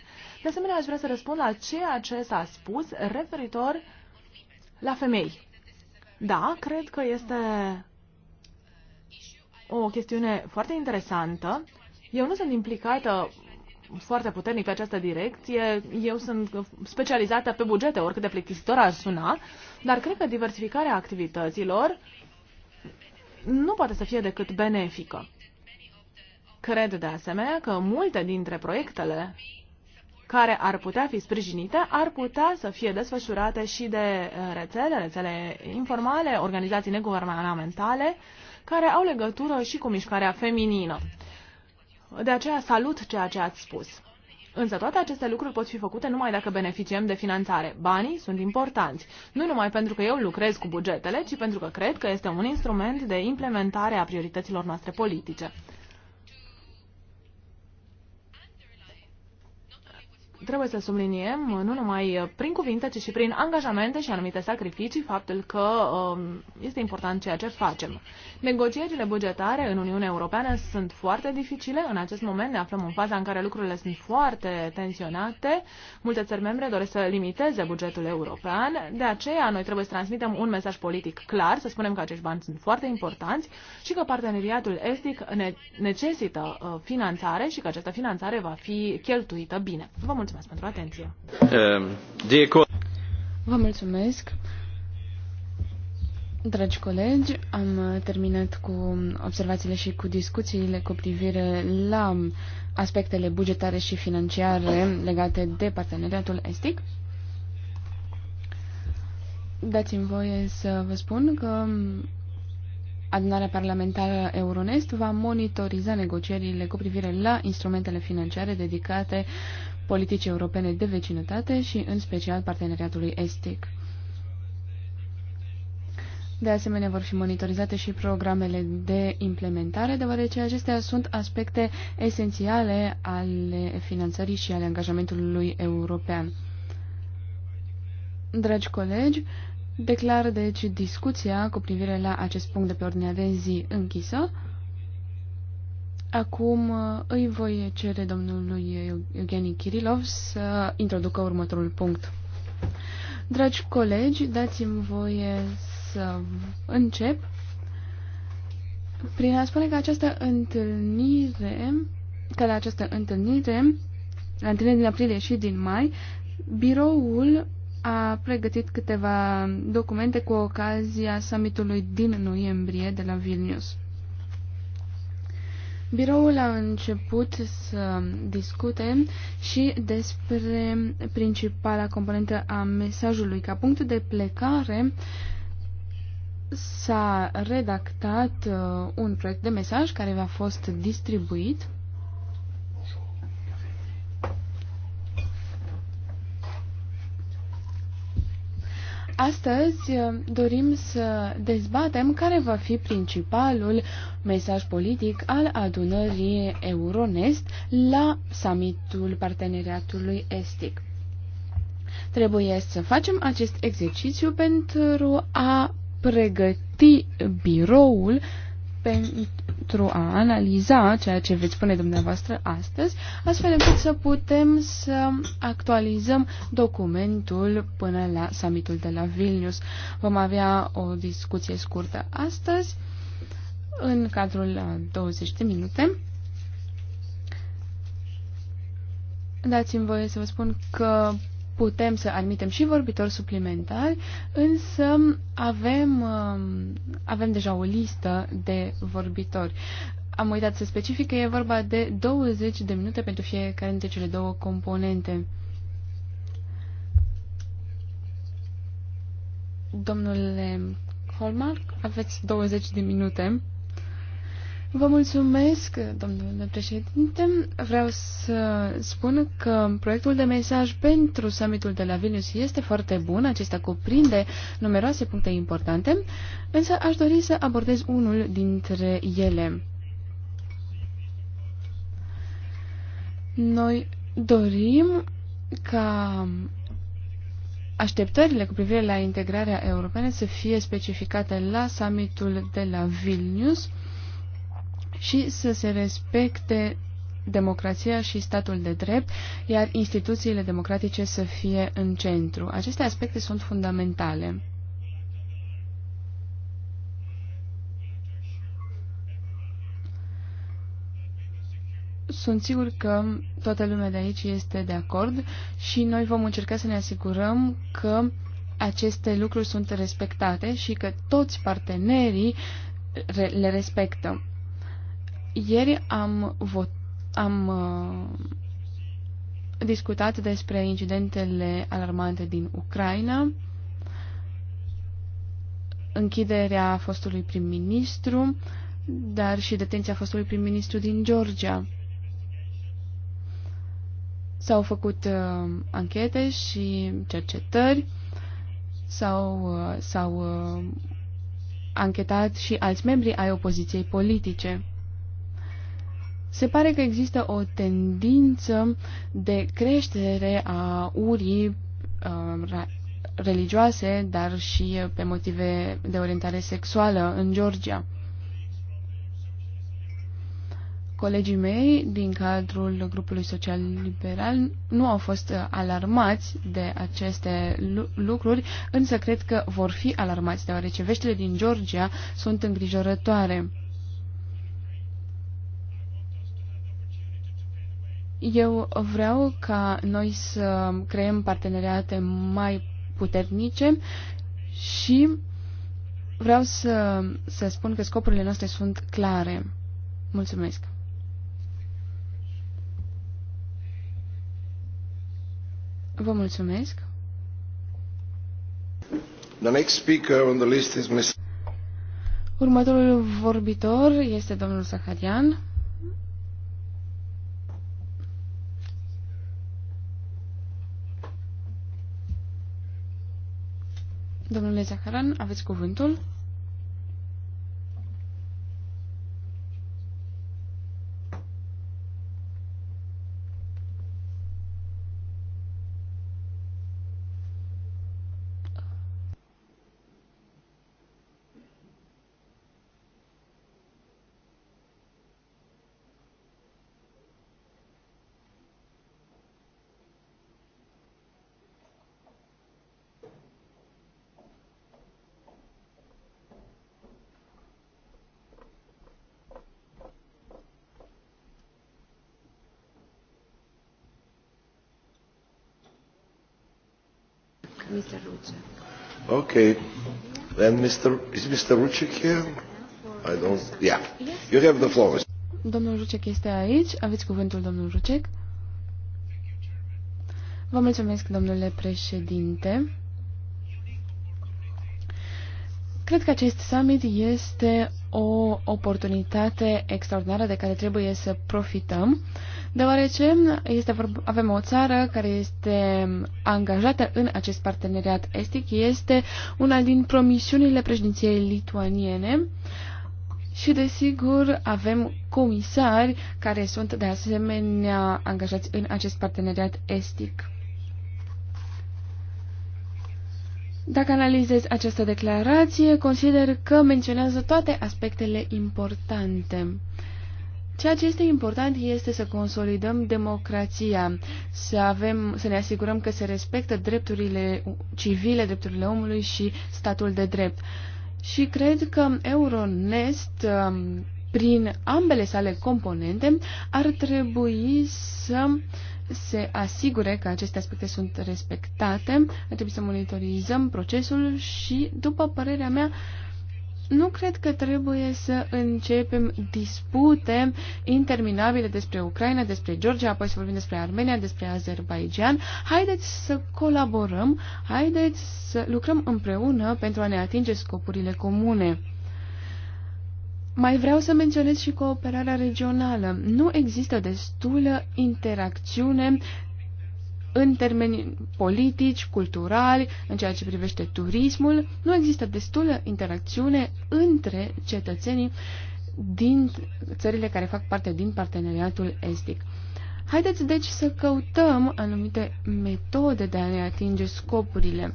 De asemenea, aș vrea să răspund la ceea ce s-a spus referitor la femei. Da, cred că este o chestiune foarte interesantă. Eu nu sunt implicată foarte puternic pe această direcție. Eu sunt specializată pe bugete, oricât de plictisitor ar suna, dar cred că diversificarea activităților nu poate să fie decât benefică. Cred de asemenea că multe dintre proiectele care ar putea fi sprijinite ar putea să fie desfășurate și de rețele, rețele informale, organizații neguvernamentale, care au legătură și cu mișcarea feminină. De aceea salut ceea ce ați spus. Însă toate aceste lucruri pot fi făcute numai dacă beneficiem de finanțare. Banii sunt importanți, nu numai pentru că eu lucrez cu bugetele, ci pentru că cred că este un instrument de implementare a priorităților noastre politice. trebuie să subliniem, nu numai prin cuvinte, ci și prin angajamente și anumite sacrificii, faptul că um, este important ceea ce facem. Negocierile bugetare în Uniunea Europeană sunt foarte dificile. În acest moment ne aflăm în faza în care lucrurile sunt foarte tensionate. Multe țări membre doresc să limiteze bugetul european. De aceea, noi trebuie să transmitem un mesaj politic clar, să spunem că acești bani sunt foarte importanți și că parteneriatul estic necesită uh, finanțare și că această finanțare va fi cheltuită bine. Vă mulțumesc! mulțumesc pentru atenție. Ehm, vă mulțumesc. Dragi colegi, am terminat cu observațiile și cu discuțiile cu privire la aspectele bugetare și financiare legate de parteneriatul estic. Dați-mi voie să vă spun că adunarea parlamentară Euronest va monitoriza negocierile cu privire la instrumentele financiare dedicate politicii europene de vecinătate și, în special, parteneriatului estic. De asemenea, vor fi monitorizate și programele de implementare, deoarece acestea sunt aspecte esențiale ale finanțării și ale angajamentului european. Dragi colegi, declar deci discuția cu privire la acest punct de pe ordinea de zi închisă. Acum uh, îi voi cere domnului Eugeni Kirilov să introducă următorul punct. Dragi colegi, dați-mi voie să încep prin a spune că această întâlnire, că la această întâlnire, la întâlnire din aprilie și din mai, biroul a pregătit câteva documente cu ocazia summitului din noiembrie de la Vilnius. Biroul a început să discute și despre principala componentă a mesajului. Ca punct de plecare s-a redactat uh, un proiect de mesaj care a fost distribuit Astăzi uh, dorim să dezbatem care va fi principalul mesaj politic al adunării Euronest la summitul parteneriatului estic. Trebuie să facem acest exercițiu pentru a pregăti biroul pentru a analiza ceea ce veți spune dumneavoastră astăzi, astfel încât să putem să actualizăm documentul până la summitul de la Vilnius. Vom avea o discuție scurtă astăzi, în cadrul 20 de minute. Dați-mi voie să vă spun că putem să admitem și vorbitori suplimentari, însă avem, um, avem deja o listă de vorbitori. Am uitat să specific că e vorba de 20 de minute pentru fiecare dintre cele două componente. Domnule Hallmark, aveți 20 de minute. Vă mulțumesc, domnule președinte. Vreau să spun că proiectul de mesaj pentru summitul de la Vilnius este foarte bun. Acesta cuprinde numeroase puncte importante, însă aș dori să abordez unul dintre ele. Noi dorim ca așteptările cu privire la integrarea europeană să fie specificate la summitul de la Vilnius, și să se respecte democrația și statul de drept, iar instituțiile democratice să fie în centru. Aceste aspecte sunt fundamentale. Sunt sigur că toată lumea de aici este de acord și noi vom încerca să ne asigurăm că aceste lucruri sunt respectate și că toți partenerii le respectă. Ieri am, vot, am uh, discutat despre incidentele alarmante din Ucraina, închiderea fostului prim-ministru, dar și detenția fostului prim-ministru din Georgia. S-au făcut uh, anchete și cercetări, s-au, uh, uh, anchetat și alți membri ai opoziției politice. Se pare că există o tendință de creștere a urii uh, religioase, dar și pe motive de orientare sexuală în Georgia. Colegii mei din cadrul grupului social-liberal nu au fost alarmați de aceste lucruri, însă cred că vor fi alarmați, deoarece veștile din Georgia sunt îngrijorătoare. Eu vreau ca noi să creăm parteneriate mai puternice și vreau să, să spun că scopurile noastre sunt clare. Mulțumesc! Vă mulțumesc! The next speaker on the list is Mr. Următorul vorbitor este domnul Saharian. Domnule Zaharan, aveți cuvântul. Mr. Rucic. Okay. Then Mr. Is Mr. Rucic here? I don't. Yeah. You have the floor. Domnul Rucic este aici. Aveți cuvântul, domnul Rucic. Vă mulțumesc, domnule președinte. Cred că acest summit este o oportunitate extraordinară de care trebuie să profităm. Uh, deoarece este vorba, avem o țară care este angajată în acest parteneriat estic, este una din promisiunile președinției lituaniene și, desigur, avem comisari care sunt, de asemenea, angajați în acest parteneriat estic. Dacă analizez această declarație, consider că menționează toate aspectele importante. Ceea ce este important este să consolidăm democrația, să, avem, să ne asigurăm că se respectă drepturile civile, drepturile omului și statul de drept. Și cred că Euronest, um, prin ambele sale componente, ar trebui să se asigure că aceste aspecte sunt respectate, ar trebui să monitorizăm procesul și, după părerea mea, nu cred că trebuie să începem dispute interminabile despre Ucraina, despre Georgia, apoi să vorbim despre Armenia, despre Azerbaijan. Haideți să colaborăm, haideți să lucrăm împreună pentru a ne atinge scopurile comune. Mai vreau să menționez și cooperarea regională. Nu există destulă interacțiune în termeni politici, culturali, în ceea ce privește turismul, nu există destulă interacțiune între cetățenii din țările care fac parte din parteneriatul estic. Haideți deci să căutăm anumite metode de a ne atinge scopurile.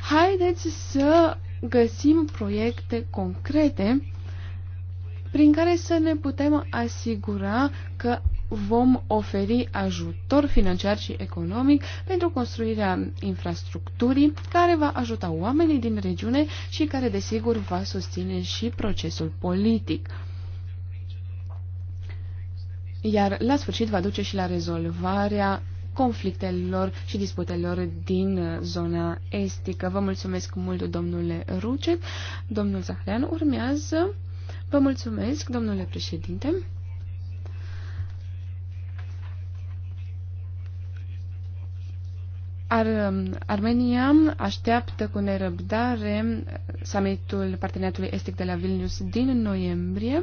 Haideți să găsim proiecte concrete prin care să ne putem asigura că vom oferi ajutor financiar și economic pentru construirea infrastructurii care va ajuta oamenii din regiune și care, desigur, va susține și procesul politic iar la sfârșit va duce și la rezolvarea conflictelor și disputelor din zona estică. Vă mulțumesc mult, domnule Rucet. Domnul Zahrean urmează. Vă mulțumesc, domnule președinte. Ar, um, Armenia așteaptă cu nerăbdare summitul parteneriatului estic de la Vilnius din noiembrie.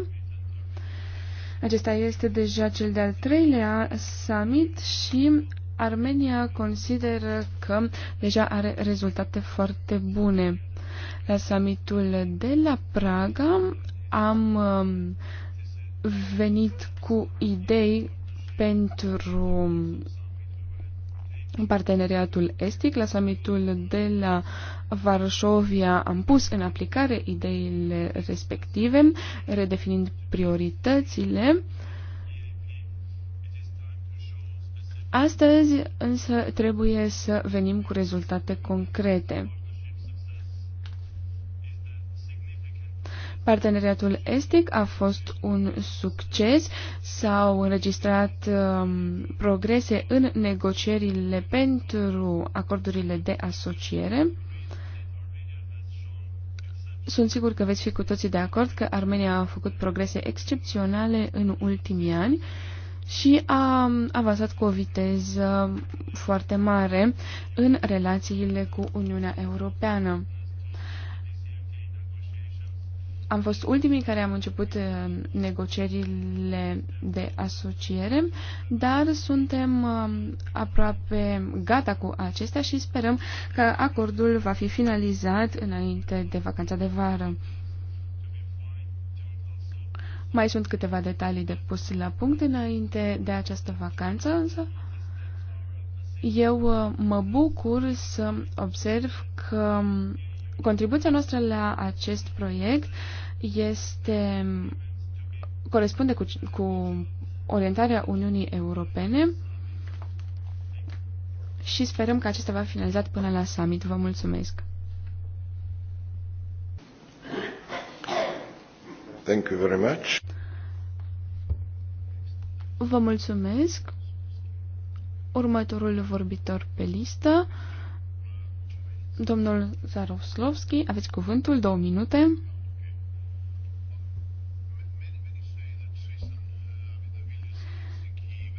Acesta este deja cel de-al treilea summit și Armenia consideră că deja are rezultate foarte bune. La summitul de la Praga am um, venit cu idei pentru în parteneriatul estic, la summitul de la Varșovia, am pus în aplicare ideile respective, redefinind prioritățile. Astăzi însă trebuie să venim cu rezultate concrete. Parteneriatul estic a fost un succes, s-au înregistrat um, progrese în negocierile pentru acordurile de asociere. Sunt sigur că veți fi cu toții de acord că Armenia a făcut progrese excepționale în ultimii ani și a avansat cu o viteză foarte mare în relațiile cu Uniunea Europeană am fost ultimii care am început uh, negocierile de asociere, dar suntem um, aproape gata cu acestea și sperăm că acordul va fi finalizat înainte de vacanța de vară. Mai sunt câteva detalii de pus la punct înainte de această vacanță, însă eu uh, mă bucur să observ că um, Contribuția noastră la acest proiect este, corespunde cu, cu orientarea Uniunii Europene și sperăm că acesta va fi finalizat până la summit. Vă mulțumesc! Thank you very much. Vă mulțumesc! Următorul vorbitor pe listă Domnul Zaroslovski, aveți cuvântul, două minute.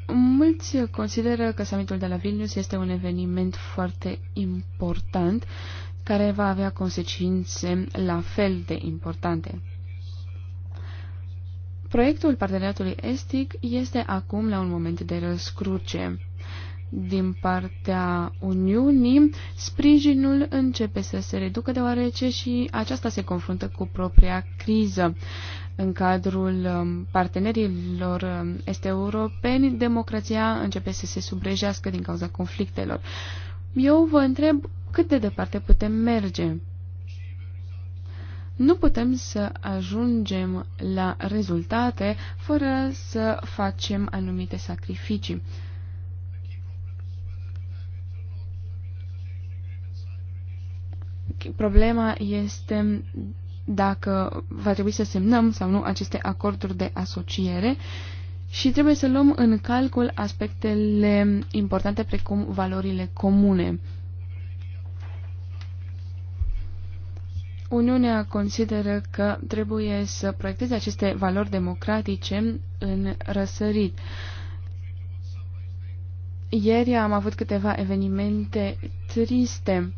Mulți consideră că summitul de la Vilnius este un eveniment foarte important care va avea consecințe la fel de importante. Proiectul parteneriatului estic este acum la un moment de răscruce din partea Uniunii, sprijinul începe să se reducă deoarece și aceasta se confruntă cu propria criză. În cadrul um, partenerilor um, este europeni, democrația începe să se subrejească din cauza conflictelor. Eu vă întreb cât de departe putem merge. Nu putem să ajungem la rezultate fără să facem anumite sacrificii. Problema este dacă va trebui să semnăm sau nu aceste acorduri de asociere și trebuie să luăm în calcul aspectele importante precum valorile comune. Uniunea consideră că trebuie să proiecteze aceste valori democratice în răsărit. Ieri am avut câteva evenimente triste.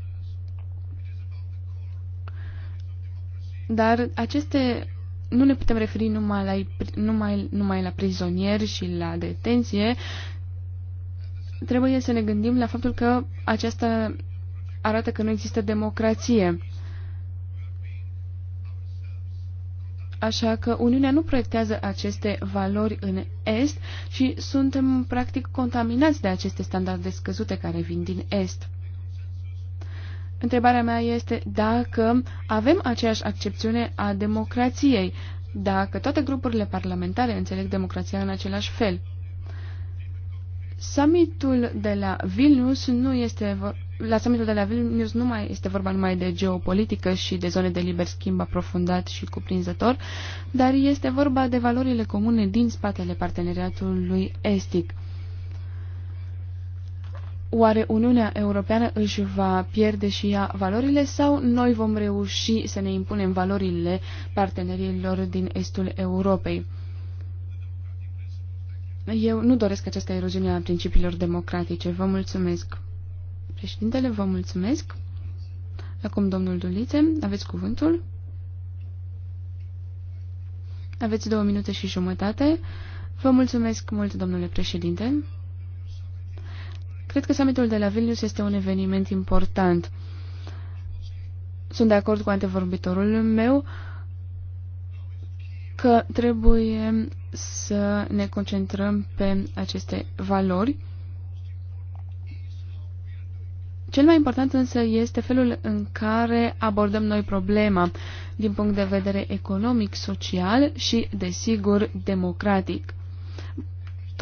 Dar aceste nu ne putem referi numai la, numai, numai la prizonieri și la detenție. Trebuie să ne gândim la faptul că aceasta arată că nu există democrație. Așa că Uniunea nu proiectează aceste valori în Est și suntem practic contaminați de aceste standarde scăzute care vin din Est. Întrebarea mea este dacă avem aceeași accepțiune a democrației, dacă toate grupurile parlamentare înțeleg democrația în același fel. Summitul de la Vilnius nu este la summitul de la Vilnius nu mai este vorba numai de geopolitică și de zone de liber schimb aprofundat și cuprinzător, dar este vorba de valorile comune din spatele parteneriatului estic. Oare Uniunea Europeană își va pierde și ea valorile sau noi vom reuși să ne impunem valorile partenerilor din estul Europei? Eu nu doresc această eroziune a principiilor democratice. Vă mulțumesc. Președintele, vă mulțumesc. Acum, domnul Dulițe, aveți cuvântul. Aveți două minute și jumătate. Vă mulțumesc mult, domnule președinte. Cred că summitul de la Vilnius este un eveniment important. Sunt de acord cu antevorbitorul meu că trebuie să ne concentrăm pe aceste valori. Cel mai important însă este felul în care abordăm noi problema din punct de vedere economic, social și, desigur, democratic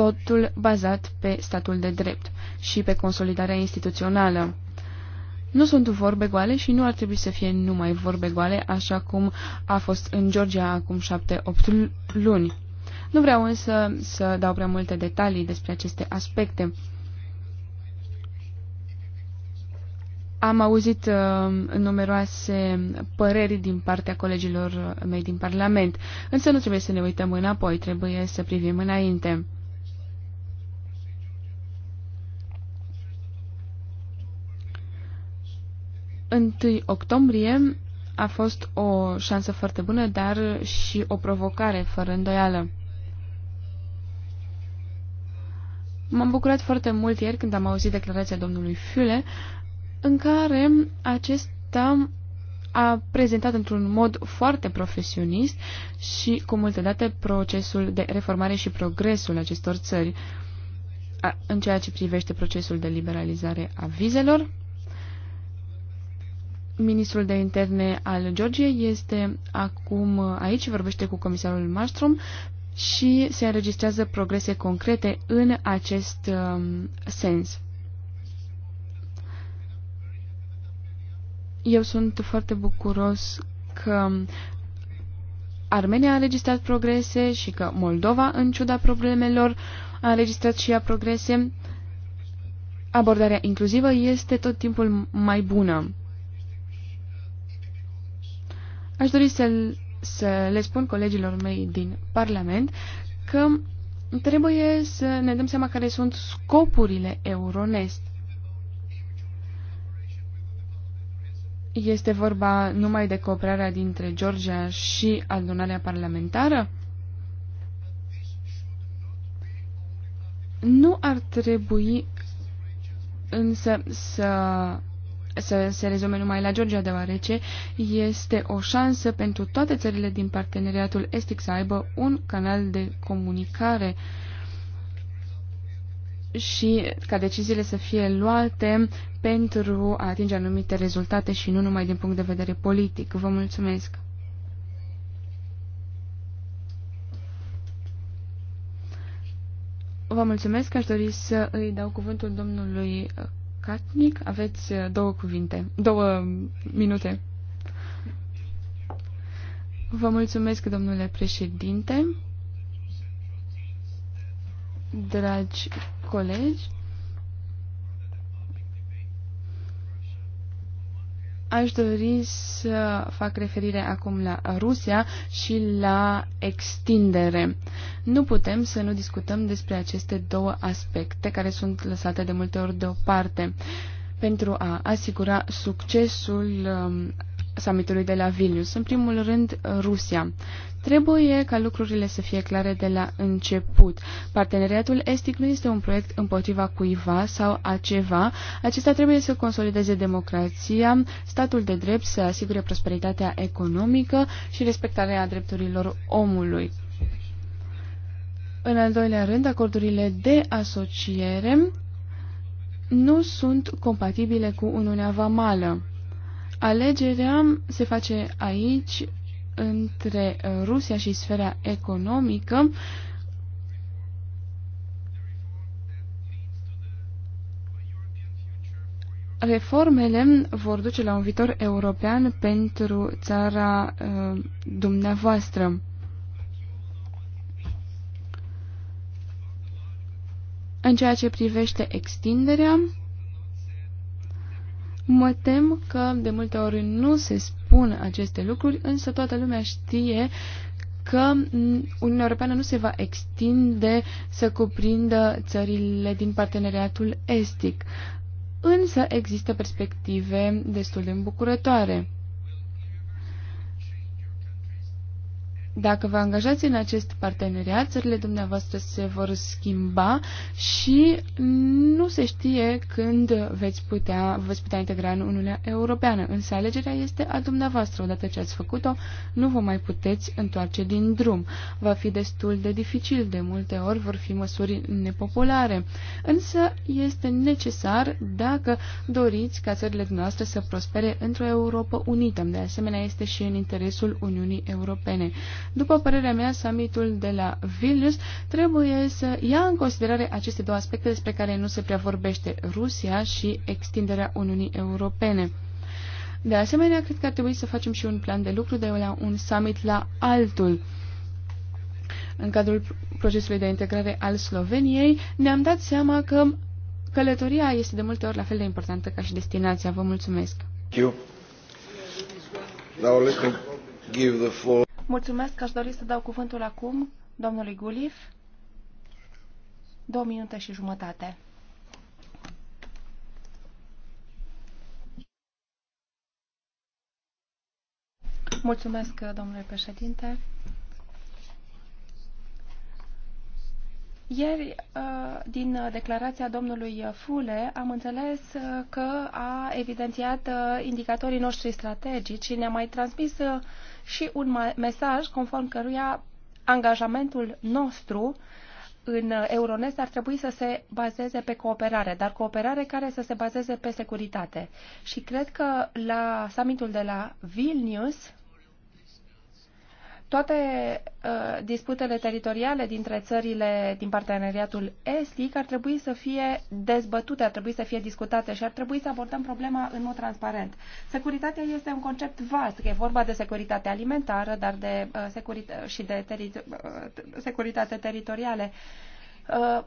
totul bazat pe statul de drept și pe consolidarea instituțională. Nu sunt vorbe goale și nu ar trebui să fie numai vorbe goale, așa cum a fost în Georgia acum șapte-opt luni. Nu vreau însă să dau prea multe detalii despre aceste aspecte. Am auzit uh, numeroase păreri din partea colegilor mei din Parlament, însă nu trebuie să ne uităm înapoi, trebuie să privim înainte. 1 octombrie a fost o șansă foarte bună, dar și o provocare, fără îndoială. M-am bucurat foarte mult ieri când am auzit declarația domnului Fiule, în care acesta a prezentat într-un mod foarte profesionist și cu multe date procesul de reformare și progresul acestor țări în ceea ce privește procesul de liberalizare a vizelor, Ministrul de interne al Georgiei este acum aici, vorbește cu comisarul Marstrom și se înregistrează progrese concrete în acest um, sens. Eu sunt foarte bucuros că Armenia a înregistrat progrese și că Moldova, în ciuda problemelor, a înregistrat și ea progrese. Abordarea inclusivă este tot timpul mai bună Aș dori să, să le spun colegilor mei din Parlament că trebuie să ne dăm seama care sunt scopurile Euronest. Este vorba numai de cooperarea dintre Georgia și adunarea parlamentară? Nu ar trebui însă să să se rezume numai la Georgia, deoarece este o șansă pentru toate țările din parteneriatul estic să aibă un canal de comunicare și ca deciziile să fie luate pentru a atinge anumite rezultate și nu numai din punct de vedere politic. Vă mulțumesc! Vă mulțumesc, aș dori să îi dau cuvântul domnului Catnic, aveți uh, două cuvinte, două minute. Vă mulțumesc, domnule președinte, dragi colegi. Aș dori să fac referire acum la Rusia și la extindere. Nu putem să nu discutăm despre aceste două aspecte care sunt lăsate de multe ori deoparte. Pentru a asigura succesul um, summitului de la Vilnius. În primul rând, Rusia. Trebuie ca lucrurile să fie clare de la început. Parteneriatul estic nu este un proiect împotriva cuiva sau a ceva. Acesta trebuie să consolideze democrația, statul de drept, să asigure prosperitatea economică și respectarea drepturilor omului. În al doilea rând, acordurile de asociere nu sunt compatibile cu Uniunea Vamală. Alegerea se face aici între uh, Rusia și sfera economică. Reformele vor duce la un viitor european pentru țara uh, dumneavoastră. În ceea ce privește extinderea, Mă tem că de multe ori nu se spun aceste lucruri, însă toată lumea știe că Uniunea Europeană nu se va extinde să cuprindă țările din parteneriatul estic. Însă există perspective destul de îmbucurătoare. Dacă vă angajați în acest parteneriat, țările dumneavoastră se vor schimba și nu se știe când veți putea, veți putea integra în Uniunea Europeană. Însă alegerea este a dumneavoastră. Odată ce ați făcut-o, nu vă mai puteți întoarce din drum. Va fi destul de dificil, de multe ori vor fi măsuri nepopulare. Însă este necesar dacă doriți ca țările dumneavoastră să prospere într-o Europa unită. De asemenea, este și în interesul Uniunii Europene. După părerea mea, summitul de la Vilnius trebuie să ia în considerare aceste două aspecte despre care nu se prea vorbește, Rusia și extinderea Uniunii Europene. De asemenea, cred că ar trebui să facem și un plan de lucru de la un summit la altul. În cadrul procesului de integrare al Sloveniei, ne-am dat seama că călătoria este de multe ori la fel de importantă ca și destinația. Vă mulțumesc! Thank you. Now let me give the floor. Mulțumesc, aș dori să dau cuvântul acum domnului Gulif. Două minute și jumătate. Mulțumesc, domnule președinte. Ieri, uh, din declarația domnului Fule, am înțeles uh, că a evidențiat uh, indicatorii noștri strategici și ne-a mai transmis și un mesaj conform căruia angajamentul nostru în uh, Euronest ar trebui să se bazeze pe cooperare, dar cooperare care să se bazeze pe securitate. Și cred că la summitul de la Vilnius toate uh, disputele teritoriale dintre țările din parteneriatul estic ar trebui să fie dezbătute, ar trebui să fie discutate și ar trebui să abordăm problema în mod transparent. Securitatea este un concept vast, că e vorba de securitate alimentară, dar de uh, securitate și de teri- uh, securitate teritoriale. Uh,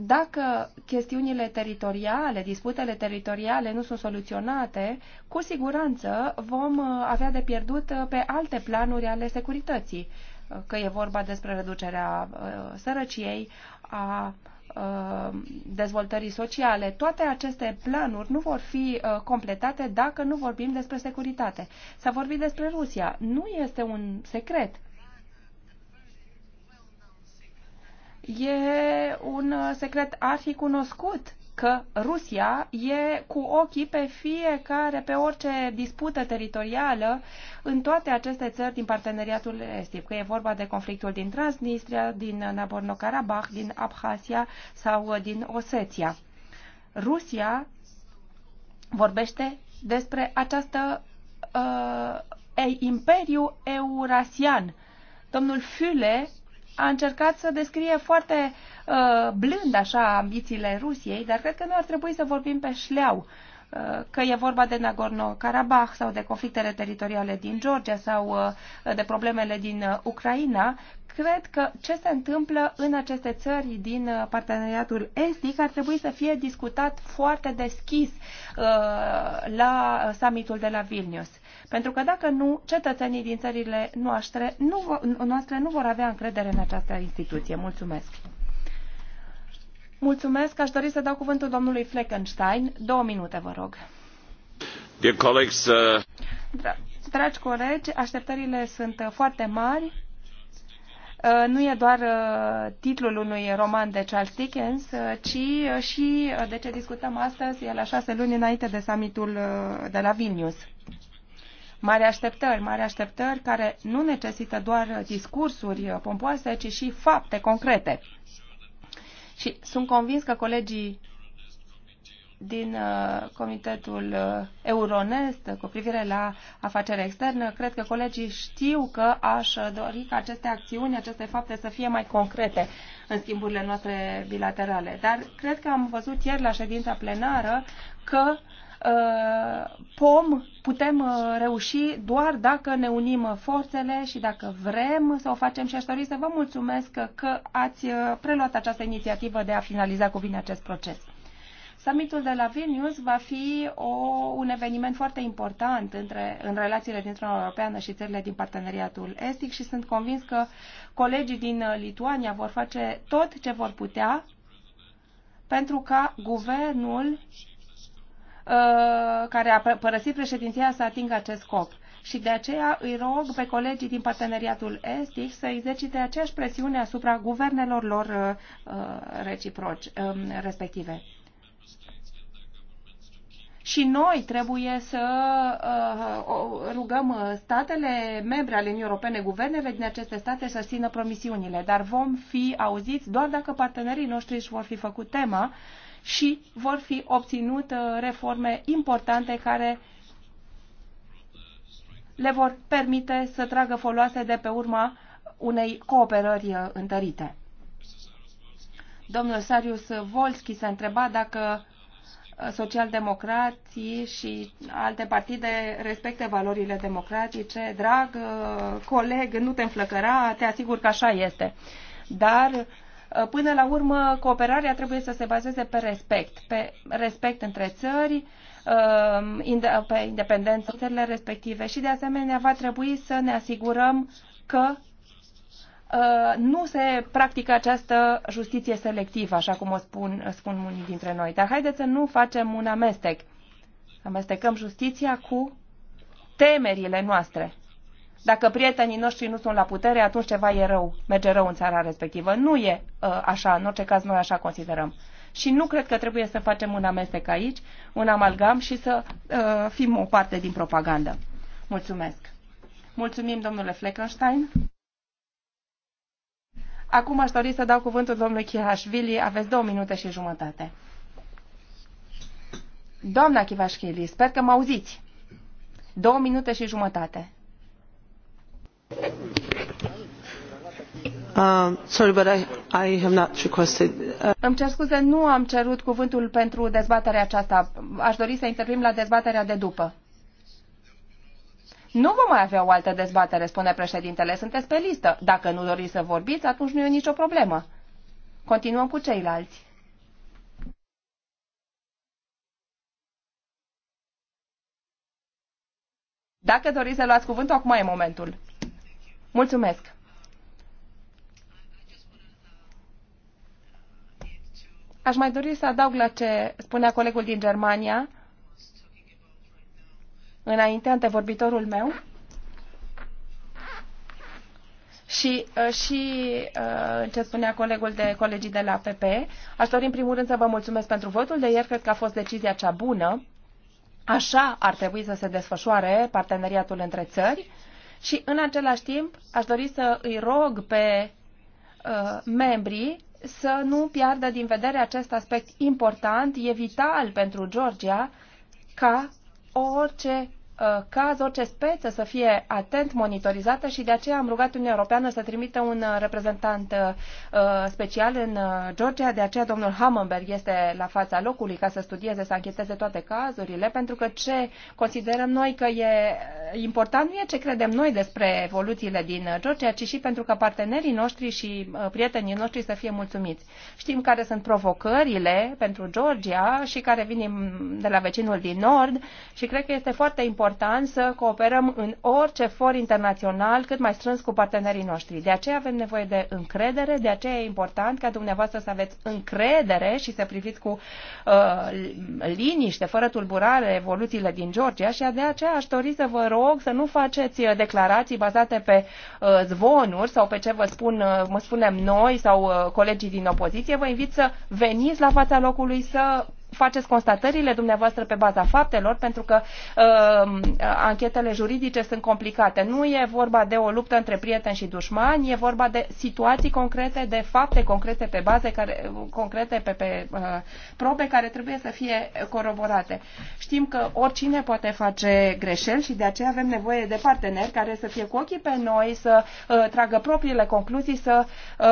dacă chestiunile teritoriale, disputele teritoriale nu sunt soluționate, cu siguranță vom uh, avea de pierdut uh, pe alte planuri ale securității, uh, că e vorba despre reducerea sărăciei, a dezvoltării sociale. Toate aceste planuri nu vor fi completate dacă nu vorbim despre securitate. S-a vorbit despre Rusia. Nu este un secret E un uh, secret ar fi cunoscut că Rusia e cu ochii pe fiecare, pe orice dispută teritorială în toate aceste țări din parteneriatul estic, că e vorba de conflictul din Transnistria, din uh, Nagorno-Karabakh, din Abhazia sau uh, din Osetia. Rusia vorbește despre această uh, imperiu eurasian. Domnul Füle a încercat să descrie foarte uh, blând așa ambițiile Rusiei, dar cred că nu ar trebui să vorbim pe șleau uh, că e vorba de Nagorno-Karabakh sau de conflictele teritoriale din Georgia sau uh, de problemele din uh, Ucraina, cred că ce se întâmplă în aceste țări din parteneriatul estic ar trebui să fie discutat foarte deschis la summitul de la Vilnius. Pentru că dacă nu, cetățenii din țările noastre nu, noastre nu vor avea încredere în această instituție. Mulțumesc! Mulțumesc! Aș dori să dau cuvântul domnului Fleckenstein. Două minute, vă rog. Dear colleagues, uh... Dra Dragi colegi, așteptările sunt uh, foarte mari uh, nu e doar uh, titlul unui roman de Charles Dickens, ci și de ce discutăm astăzi, e la șase luni înainte de summitul de la Vilnius. Mari așteptări, mari așteptări care nu necesită doar discursuri pompoase, ci și fapte concrete. Și sunt convins că colegii din uh, Comitetul uh, Euronest uh, cu privire la afacere externă. Cred că colegii știu că aș dori ca aceste acțiuni, aceste fapte să fie mai concrete în schimburile noastre bilaterale. Dar cred că am văzut ieri la ședința plenară că uh, Uh, pom putem uh, reuși doar dacă ne unim forțele și dacă vrem să o facem și aș dori să vă mulțumesc că ați uh, preluat această inițiativă de a finaliza cu bine acest proces. Summitul de la Vilnius va fi o, un eveniment foarte important între, în relațiile dintre Uniunea Europeană și țările din parteneriatul estic și sunt convins că colegii din Lituania vor face tot ce vor putea pentru ca guvernul Uh, care a părăsit președinția să atingă acest scop. Și de aceea îi rog pe colegii din parteneriatul estic să exercite aceeași presiune asupra guvernelor lor uh, uh, reciproci, um, respective. Și noi trebuie să rugăm statele membre ale Uniunii Europene, guvernele din aceste state să țină promisiunile, dar vom fi auziți doar dacă partenerii noștri își vor fi făcut tema și vor fi obținute uh, reforme importante care le vor permite să tragă foloase de pe urma unei cooperări uh, întărite. Domnul Sarius Volski s-a întrebat dacă uh, socialdemocrații și alte partide respecte valorile democratice. Drag coleg, nu te înflăcăra, te asigur că așa este. Dar uh, Uh, până la urmă, cooperarea trebuie să se bazeze pe respect, pe respect între țări, uh, pe independența țările respective și, de asemenea, va trebui să ne asigurăm că uh, nu se practică această justiție selectivă, așa cum o spun, spun unii dintre noi. Dar haideți să nu facem un amestec. Amestecăm justiția cu temerile noastre. Dacă prietenii noștri nu sunt la putere, atunci ceva e rău, merge rău în țara respectivă. Nu e uh, așa, în orice caz noi așa considerăm. Și nu cred că trebuie să facem un amestec aici, un amalgam și să uh, fim o parte din propagandă. Mulțumesc. Mulțumim, domnule Fleckenstein. Acum aș dori să dau cuvântul domnului Chihashvili. Aveți două minute și jumătate. Doamna Chihashvili, sper că mă auziți. Două minute și jumătate. Um, uh, Îmi cer scuze, nu am cerut cuvântul pentru dezbaterea aceasta. Aș dori să intervin la dezbaterea de după. Nu vom mai avea o altă dezbatere, spune președintele. Sunteți pe listă. Dacă nu doriți să vorbiți, atunci nu e nicio problemă. Continuăm cu ceilalți. Dacă doriți să luați cuvântul, acum e momentul. Mulțumesc! Aș mai dori să adaug la ce spunea colegul din Germania, înainte, antevorbitorul meu. Și, uh, și uh, ce spunea colegul de colegii de la PP, aș dori în primul rând să vă mulțumesc pentru votul de ieri, cred că a fost decizia cea bună. Așa ar trebui să se desfășoare parteneriatul între țări și în același timp aș dori să îi rog pe uh, membrii să nu piardă din vedere acest aspect important, e vital pentru Georgia ca orice Uh, caz, orice speță să fie atent monitorizată și de aceea am rugat Uniunea Europeană să trimită un uh, reprezentant uh, special în Georgia, de aceea domnul Hammerberg este la fața locului ca să studieze, să ancheteze toate cazurile, pentru că ce considerăm noi că e important nu e ce credem noi despre evoluțiile din Georgia, ci și pentru că partenerii noștri și prietenii noștri să fie mulțumiți. Știm care sunt provocările pentru Georgia și care vin de la vecinul din nord și cred că este foarte important important să cooperăm în orice for internațional cât mai strâns cu partenerii noștri. De aceea avem nevoie de încredere, de aceea e important ca dumneavoastră să aveți încredere și să priviți cu uh, liniște, fără tulburare, evoluțiile din Georgia și de aceea aș dori să vă rog să nu faceți uh, declarații bazate pe uh, zvonuri sau pe ce vă spun, uh, mă spunem noi sau uh, colegii din opoziție. Vă invit să veniți la fața locului să faceți constatările dumneavoastră pe baza faptelor, pentru că uh, anchetele juridice sunt complicate. Nu e vorba de o luptă între prieteni și dușmani, e vorba de situații concrete, de fapte concrete pe baze care, concrete pe, pe uh, probe care trebuie să fie coroborate. Știm că oricine poate face greșeli și de aceea avem nevoie de parteneri care să fie cu ochii pe noi, să uh, tragă propriile concluzii, să uh,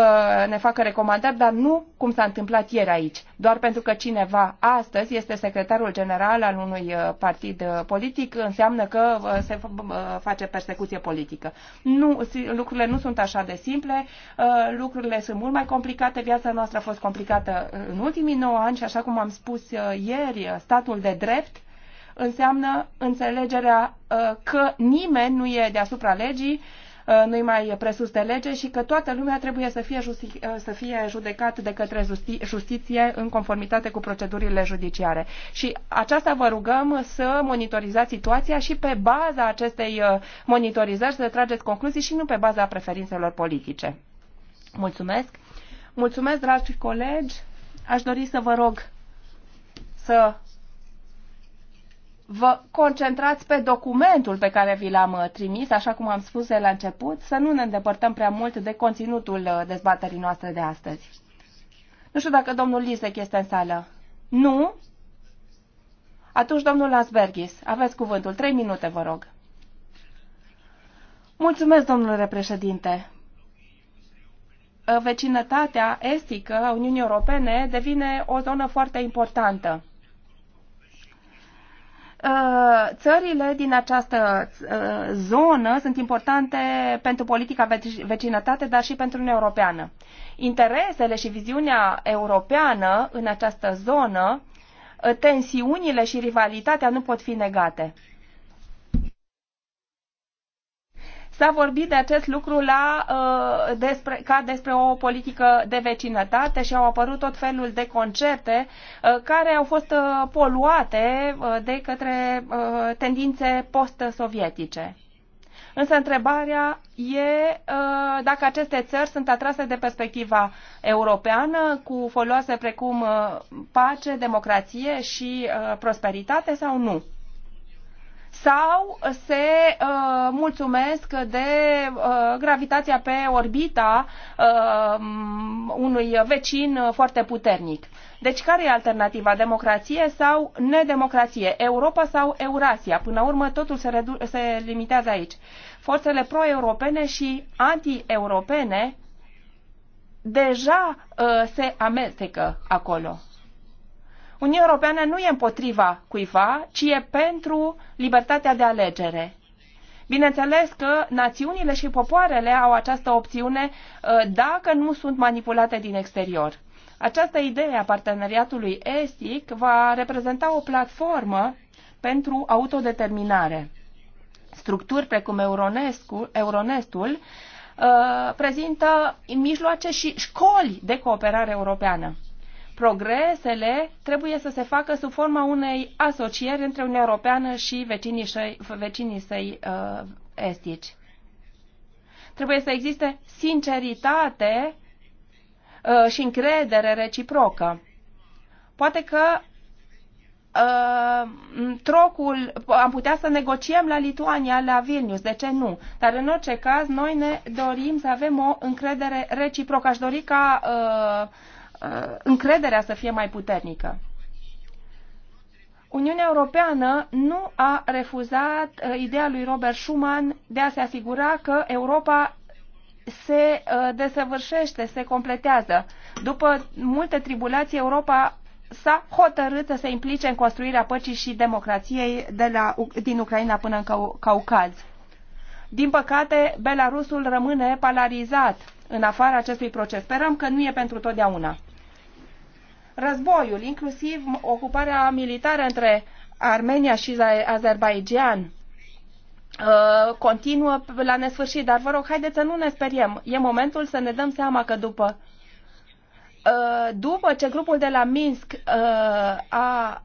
ne facă recomandări, dar nu cum s-a întâmplat ieri aici, doar pentru că cineva astăzi este secretarul general al unui uh, partid uh, politic, înseamnă că uh, se face persecuție politică. Nu, lucrurile nu sunt așa de simple, lucrurile sunt mult mai complicate, viața noastră a fost complicată în ultimii 9 ani și așa cum am spus ieri, statul de drept înseamnă înțelegerea că nimeni nu e deasupra legii Uh, nu-i mai presus de lege și că toată lumea trebuie să fie, uh, să fie judecat de către justiție în conformitate cu procedurile judiciare. Și aceasta vă rugăm să monitorizați situația și pe baza acestei uh, monitorizări să trageți concluzii și nu pe baza preferințelor politice. Mulțumesc! Mulțumesc, dragi colegi! Aș dori să vă rog să vă concentrați pe documentul pe care vi l-am uh, trimis, așa cum am spus de la început, să nu ne îndepărtăm prea mult de conținutul uh, dezbaterii noastre de astăzi. Nu știu dacă domnul Lisek este în sală. Nu? Atunci, domnul Lasbergis, aveți cuvântul. Trei minute, vă rog. Mulțumesc, domnule președinte uh, vecinătatea estică a Uniunii Europene devine o zonă foarte importantă Uh, țările din această uh, zonă sunt importante pentru politica vecinătate, dar și pentru Uniunea Europeană. Interesele și viziunea europeană în această zonă, uh, tensiunile și rivalitatea nu pot fi negate. S-a vorbit de acest lucru la, uh, despre, ca despre o politică de vecinătate și au apărut tot felul de concepte uh, care au fost uh, poluate uh, de către uh, tendințe post-sovietice. Însă întrebarea e uh, dacă aceste țări sunt atrase de perspectiva europeană cu foloase precum uh, pace, democrație și uh, prosperitate sau nu sau se uh, mulțumesc de uh, gravitația pe orbita uh, unui vecin foarte puternic. Deci care e alternativa? Democrație sau nedemocrație? Europa sau Eurasia? Până la urmă totul se, se limitează aici. Forțele pro-europene și anti-europene deja uh, se amestecă acolo. Uniunea Europeană nu e împotriva cuiva, ci e pentru libertatea de alegere. Bineînțeles că națiunile și popoarele au această opțiune uh, dacă nu sunt manipulate din exterior. Această idee a parteneriatului estic va reprezenta o platformă pentru autodeterminare. Structuri precum Euronestul uh, prezintă mijloace și școli de cooperare europeană progresele trebuie să se facă sub forma unei asocieri între Uniunea Europeană și vecinii săi, vecinii săi uh, estici. Trebuie să existe sinceritate uh, și încredere reciprocă. Poate că uh, trocul, am putea să negociem la Lituania, la Vilnius, de ce nu? Dar în orice caz, noi ne dorim să avem o încredere reciprocă. Aș dori ca uh, Uh, încrederea să fie mai puternică. Uniunea Europeană nu a refuzat uh, ideea lui Robert Schuman de a se asigura că Europa se uh, desăvârșește, se completează. După multe tribulații, Europa s-a hotărât să se implice în construirea păcii și democrației de la, din Ucraina până în Caucaz. Din păcate, Belarusul rămâne polarizat în afara acestui proces. Sperăm că nu e pentru totdeauna. Războiul, inclusiv ocuparea militară între Armenia și Azerbaijan, uh, continuă la nesfârșit, dar vă rog, haideți să nu ne speriem. E momentul să ne dăm seama că după uh, după ce grupul de la Minsk uh, a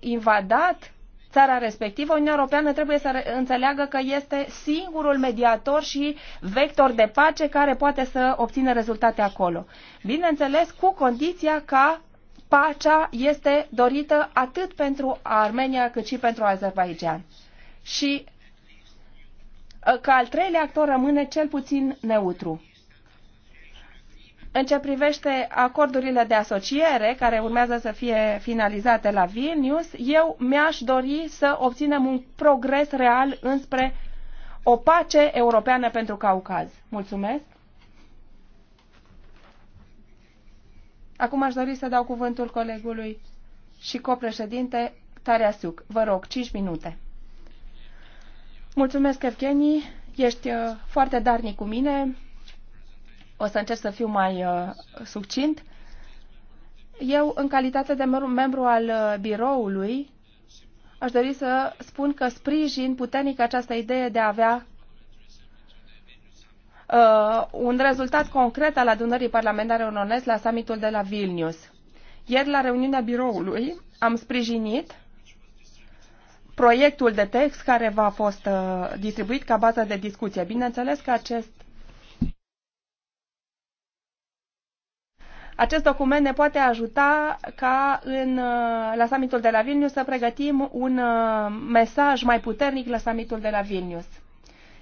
invadat țara respectivă, Uniunea Europeană trebuie să înțeleagă că este singurul mediator și vector de pace care poate să obțină rezultate acolo. Bineînțeles, cu condiția ca pacea este dorită atât pentru Armenia cât și pentru Azerbaijan. Și uh, că al treilea actor rămâne cel puțin neutru. În ce privește acordurile de asociere care urmează să fie finalizate la Vilnius, eu mi-aș dori să obținem un progres real înspre o pace europeană pentru Caucaz. Mulțumesc! Acum aș dori să dau cuvântul colegului și copreședinte Tariasiuc. Vă rog, 5 minute. Mulțumesc, Evgenii. Ești uh, foarte darnic cu mine. O să încerc să fiu mai uh, succint. Eu, în calitate de membru al uh, biroului, aș dori să spun că sprijin puternic această idee de a avea uh, un rezultat concret al adunării parlamentare ononesc la summitul de la Vilnius. Ieri, la reuniunea biroului, am sprijinit proiectul de text care v-a fost uh, distribuit ca bază de discuție. Bineînțeles că acest Acest document ne poate ajuta ca în, uh, la summitul de la Vilnius să pregătim un uh, mesaj mai puternic la summitul de la Vilnius.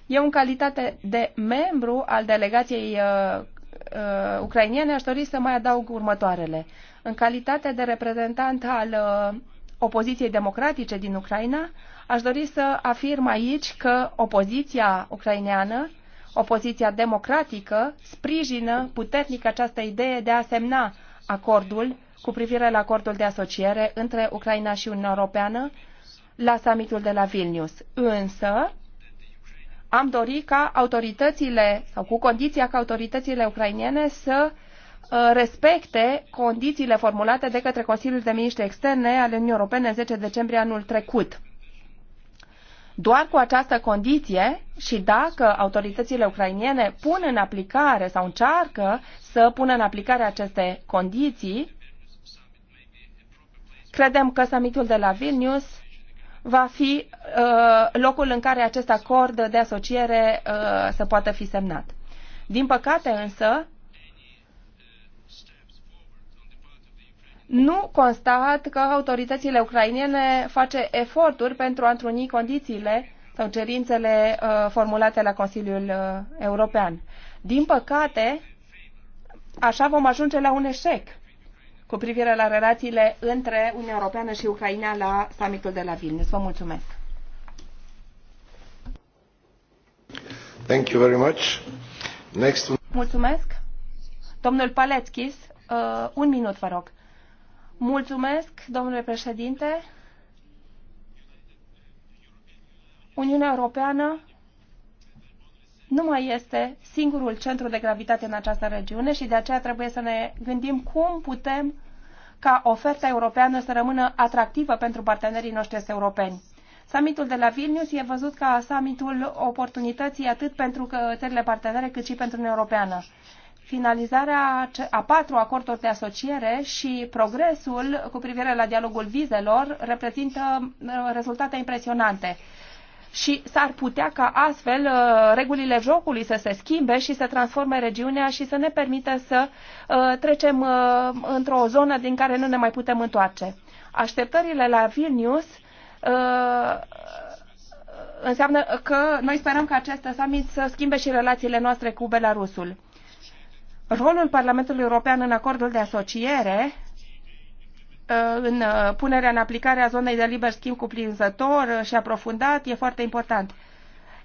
Eu, în calitate de membru al delegației uh, uh, ucrainiene, aș dori să mai adaug următoarele. În calitate de reprezentant al uh, opoziției democratice din Ucraina, aș dori să afirm aici că opoziția ucraineană Opoziția democratică sprijină puternic această idee de a semna acordul cu privire la acordul de asociere între Ucraina și Uniunea Europeană la summitul de la Vilnius. Însă, am dorit ca autoritățile, sau cu condiția ca autoritățile ucrainiene să uh, respecte condițiile formulate de către Consiliul de Miniștri Externe ale Uniunii Europene 10 decembrie anul trecut doar cu această condiție și dacă autoritățile ucrainiene pun în aplicare sau încearcă să pună în aplicare aceste condiții, credem că summitul de la Vilnius va fi uh, locul în care acest acord de asociere uh, să poată fi semnat. Din păcate însă, nu constat că autoritățile ucrainene face eforturi pentru a întruni condițiile sau cerințele uh, formulate la Consiliul uh, European. Din păcate, așa vom ajunge la un eșec cu privire la relațiile între Uniunea Europeană și Ucraina la summitul de la Vilnius. Vă mulțumesc! Thank you very much. Next... Mulțumesc! Domnul Paleckis, uh, un minut, vă rog. Mulțumesc, domnule președinte. Uniunea Europeană nu mai este singurul centru de gravitate în această regiune și de aceea trebuie să ne gândim cum putem ca oferta europeană să rămână atractivă pentru partenerii noștri europeni. Summitul de la Vilnius e văzut ca summitul oportunității atât pentru țările partenere cât și pentru Uniunea Europeană finalizarea a patru acorduri de asociere și progresul cu privire la dialogul vizelor reprezintă uh, rezultate impresionante. Și s-ar putea ca astfel uh, regulile jocului să se schimbe și să transforme regiunea și să ne permită să uh, trecem într-o zonă din care nu ne mai putem întoarce. Așteptările la Vilnius înseamnă că noi sperăm ca acest summit să schimbe și relațiile noastre cu Belarusul rolul Parlamentului European în acordul de asociere uh, în uh, punerea în aplicare a zonei de liber schimb cuprinzător și aprofundat e foarte important.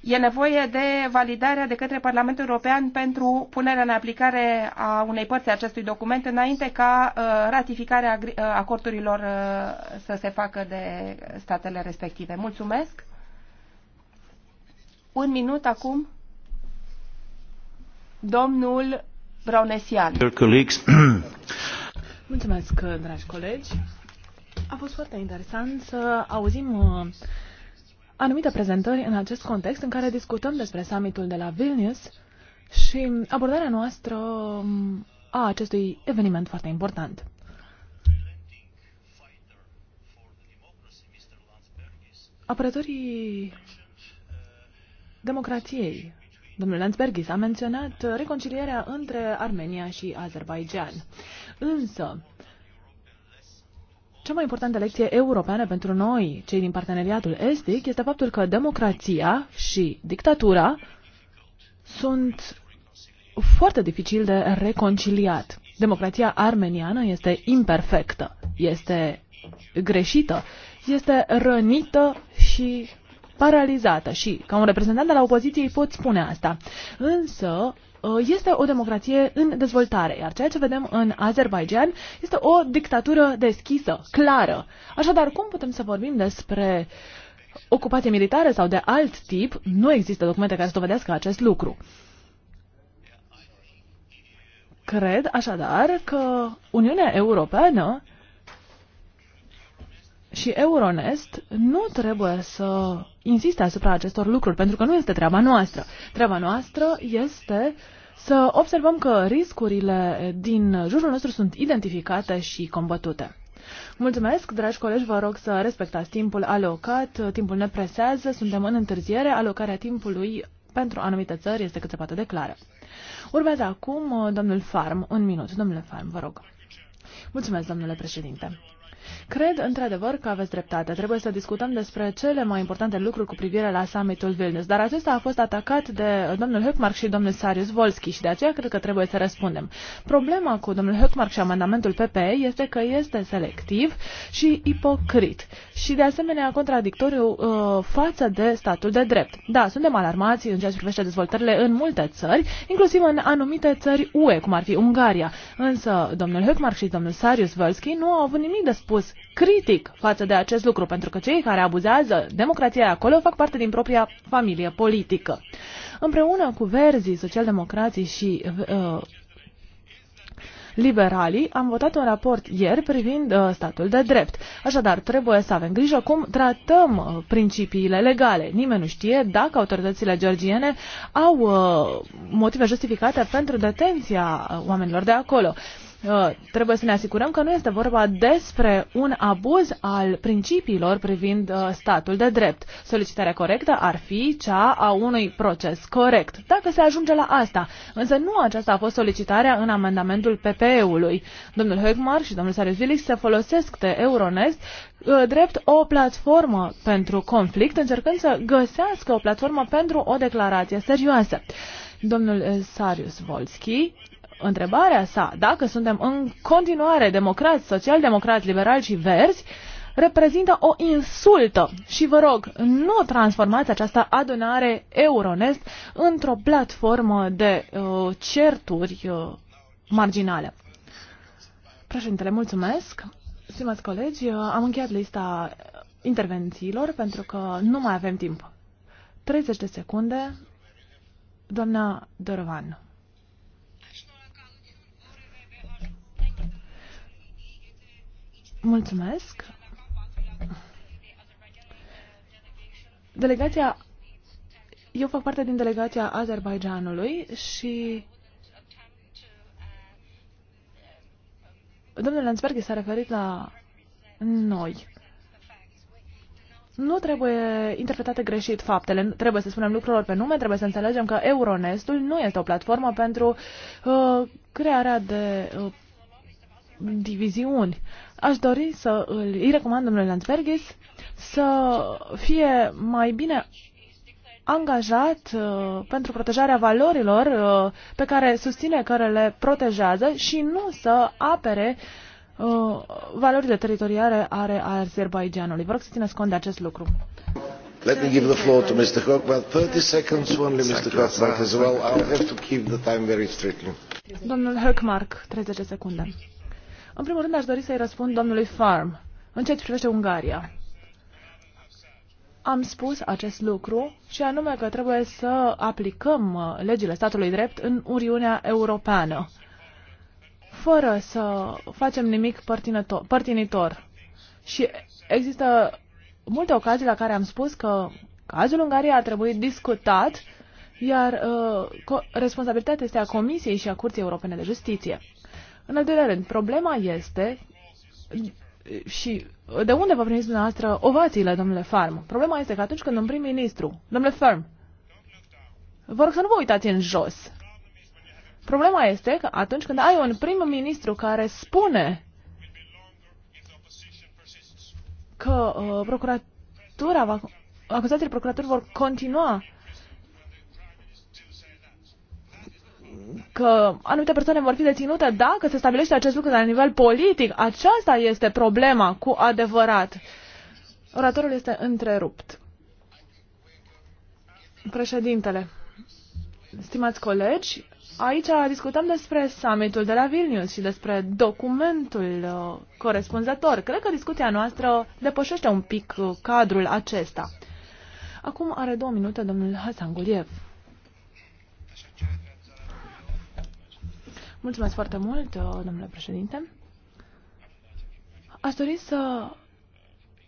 E nevoie de validarea de către Parlamentul European pentru punerea în aplicare a unei părți a acestui document înainte ca uh, ratificarea acordurilor să se facă de statele respective. Mulțumesc. Un minut acum. Domnul Braunesian. *clears throat* Mulțumesc, dragi colegi. A fost foarte interesant să auzim uh, anumite prezentări în acest context în care discutăm despre summitul de la Vilnius și abordarea noastră um, a acestui eveniment foarte important. Apărătorii democrației, Domnul Lansbergis a menționat reconcilierea între Armenia și Azerbaijan. Însă, cea mai importantă lecție europeană pentru noi, cei din parteneriatul estic, este faptul că democrația și dictatura sunt foarte dificil de reconciliat. Democrația armeniană este imperfectă, este greșită, este rănită și paralizată și ca un reprezentant al opoziției pot spune asta. Însă uh, este o democrație în dezvoltare, iar ceea ce vedem în Azerbaijan este o dictatură deschisă, clară. Așadar, cum putem să vorbim despre ocupație militară sau de alt tip? Nu există documente care să dovedească acest lucru. Cred așadar că Uniunea Europeană și Euronest nu trebuie să insiste asupra acestor lucruri, pentru că nu este treaba noastră. Treaba noastră este să observăm că riscurile din jurul nostru sunt identificate și combătute. Mulțumesc, dragi colegi, vă rog să respectați timpul alocat, timpul ne presează, suntem în întârziere, alocarea timpului pentru anumite țări este cât se poate de clară. Urmează acum uh, domnul Farm, un minut. Domnule Farm, vă rog. Mulțumesc, domnule președinte. Cred, într-adevăr, că aveți dreptate. Trebuie să discutăm despre cele mai importante lucruri cu privire la summitul Vilnius. Dar acesta a fost atacat de domnul Höckmark și domnul Sarius Volski și de aceea cred că trebuie să răspundem. Problema cu domnul Höckmark și amendamentul PPE este că este selectiv și ipocrit și de asemenea contradictoriu uh, față de statul de drept. Da, suntem alarmați în ceea ce privește dezvoltările în multe țări, inclusiv în anumite țări UE, cum ar fi Ungaria. Însă domnul Höckmark și domnul Sarius Volski nu au avut nimic de spus spus critic față de acest lucru, pentru că cei care abuzează democrația acolo fac parte din propria familie politică. Împreună cu verzii, socialdemocrații și uh, liberalii, am votat un raport ieri privind uh, statul de drept. Așadar, trebuie să avem grijă cum tratăm uh, principiile legale. Nimeni nu știe dacă autoritățile georgiene au uh, motive justificate pentru detenția uh, oamenilor de acolo. Uh, Uh, trebuie să ne asigurăm că nu este vorba despre un abuz al principiilor privind uh, statul de drept. Solicitarea corectă ar fi cea a unui proces corect, dacă se ajunge la asta. Însă nu aceasta a fost solicitarea în amendamentul PPE-ului. Domnul Hoekmar și domnul Sarezvilic se folosesc de Euronest uh, drept o platformă pentru conflict, încercând să găsească o platformă pentru o declarație serioasă. Domnul Sarius Volski întrebarea sa, dacă suntem în continuare democrați, social-democrați, liberali și verzi, reprezintă o insultă și vă rog, nu transformați această adunare Euronest într-o platformă de uh, certuri uh, marginale. Președintele, mulțumesc. Stimați colegi, uh, am încheiat lista intervențiilor pentru că nu mai avem timp. 30 de secunde, doamna Dorvan. Mulțumesc. Delegația, eu fac parte din delegația Azerbaijanului și domnul Lansberg s-a referit la noi. Nu trebuie interpretate greșit faptele, trebuie să spunem lucrurilor pe nume, trebuie să înțelegem că Euronestul nu este o platformă pentru uh, crearea de uh, diviziuni. Aș dori să îl, îi recomand domnului Landsbergis să fie mai bine angajat uh, pentru protejarea valorilor uh, pe care susține că le protejează și nu să apere uh, valorile teritoriale ale Azerbaijanului. Vă rog să țineți cont de acest lucru. Let me give the floor to Mr. Kochman. 30 seconds only, Mr. Kochman, as well. I'll have to keep the time very strictly. Domnul Hökmark, 30 secunde. În primul rând aș dori să-i răspund domnului Farm în ceea ce privește Ungaria. Am spus acest lucru și anume că trebuie să aplicăm uh, legile statului drept în Uniunea Europeană, fără să facem nimic părtinitor. Și există multe ocazii la care am spus că cazul Ungariei a trebuit discutat, iar uh, responsabilitatea este a Comisiei și a Curții Europene de Justiție. În al doilea rând, problema este și de unde vă primiți dumneavoastră ovațiile, domnule Farm? Problema este că atunci când un prim-ministru, domnule Farm, vă rog să nu vă uitați în jos. Problema este că atunci când ai un prim-ministru care spune că uh, procuratura va, acuzațiile procuratorilor vor continua că anumite persoane vor fi deținute dacă se stabilește acest lucru la nivel politic. Aceasta este problema cu adevărat. Oratorul este întrerupt. Președintele, stimați colegi, aici discutăm despre summitul de la Vilnius și despre documentul uh, corespunzător. Cred că discuția noastră depășește un pic uh, cadrul acesta. Acum are două minute domnul Hasan Guliev. Mulțumesc foarte mult, uh, domnule președinte. Aș dori să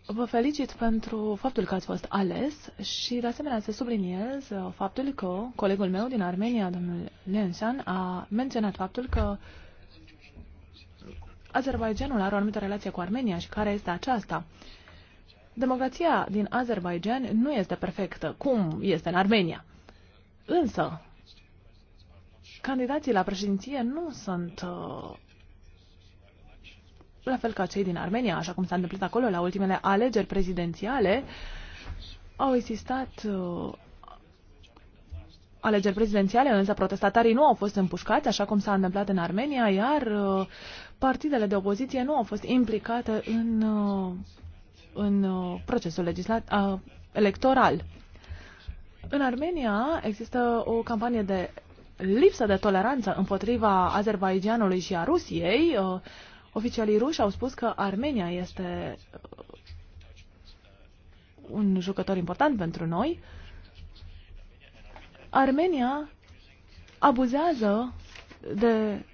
Vă felicit pentru faptul că ați fost ales și, de asemenea, să subliniez uh, faptul că colegul meu din Armenia, domnul Lensan, a menționat faptul că Azerbaijanul are o anumită relație cu Armenia și care este aceasta. Democrația din Azerbaijan nu este perfectă, cum este în Armenia. Însă, candidații la președinție nu sunt uh, la fel ca cei din Armenia, așa cum s-a întâmplat acolo la ultimele alegeri prezidențiale. Au existat uh, alegeri prezidențiale, însă protestatarii nu au fost împușcați, așa cum s-a întâmplat în Armenia, iar uh, partidele de opoziție nu au fost implicate în, în procesul legislat, electoral. În Armenia există o campanie de lipsă de toleranță împotriva Azerbaijanului și a Rusiei. Uh, oficialii ruși au spus că Armenia este uh, un jucător important pentru noi. Armenia abuzează de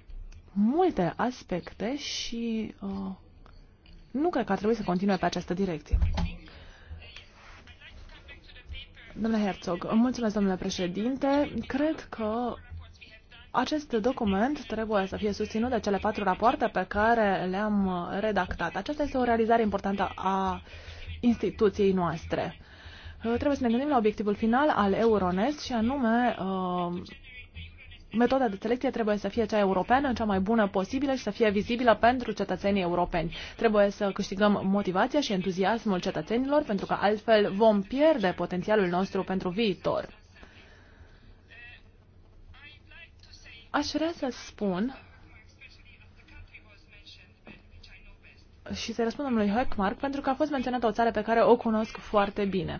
multe aspecte și uh, nu cred că ar trebui să continue pe această direcție. Domnule Herzog, mulțumesc, domnule președinte. Cred că acest document trebuie să fie susținut de cele patru rapoarte pe care le-am redactat. Aceasta este o realizare importantă a instituției noastre. Uh, trebuie să ne gândim la obiectivul final al Euronest și anume uh, metoda de selecție trebuie să fie cea europeană, cea mai bună posibilă și să fie vizibilă pentru cetățenii europeni. Trebuie să câștigăm motivația și entuziasmul cetățenilor pentru că altfel vom pierde potențialul nostru pentru viitor. Aș vrea să spun și să răspund domnului Hoekmark pentru că a fost menționată o țară pe care o cunosc foarte bine.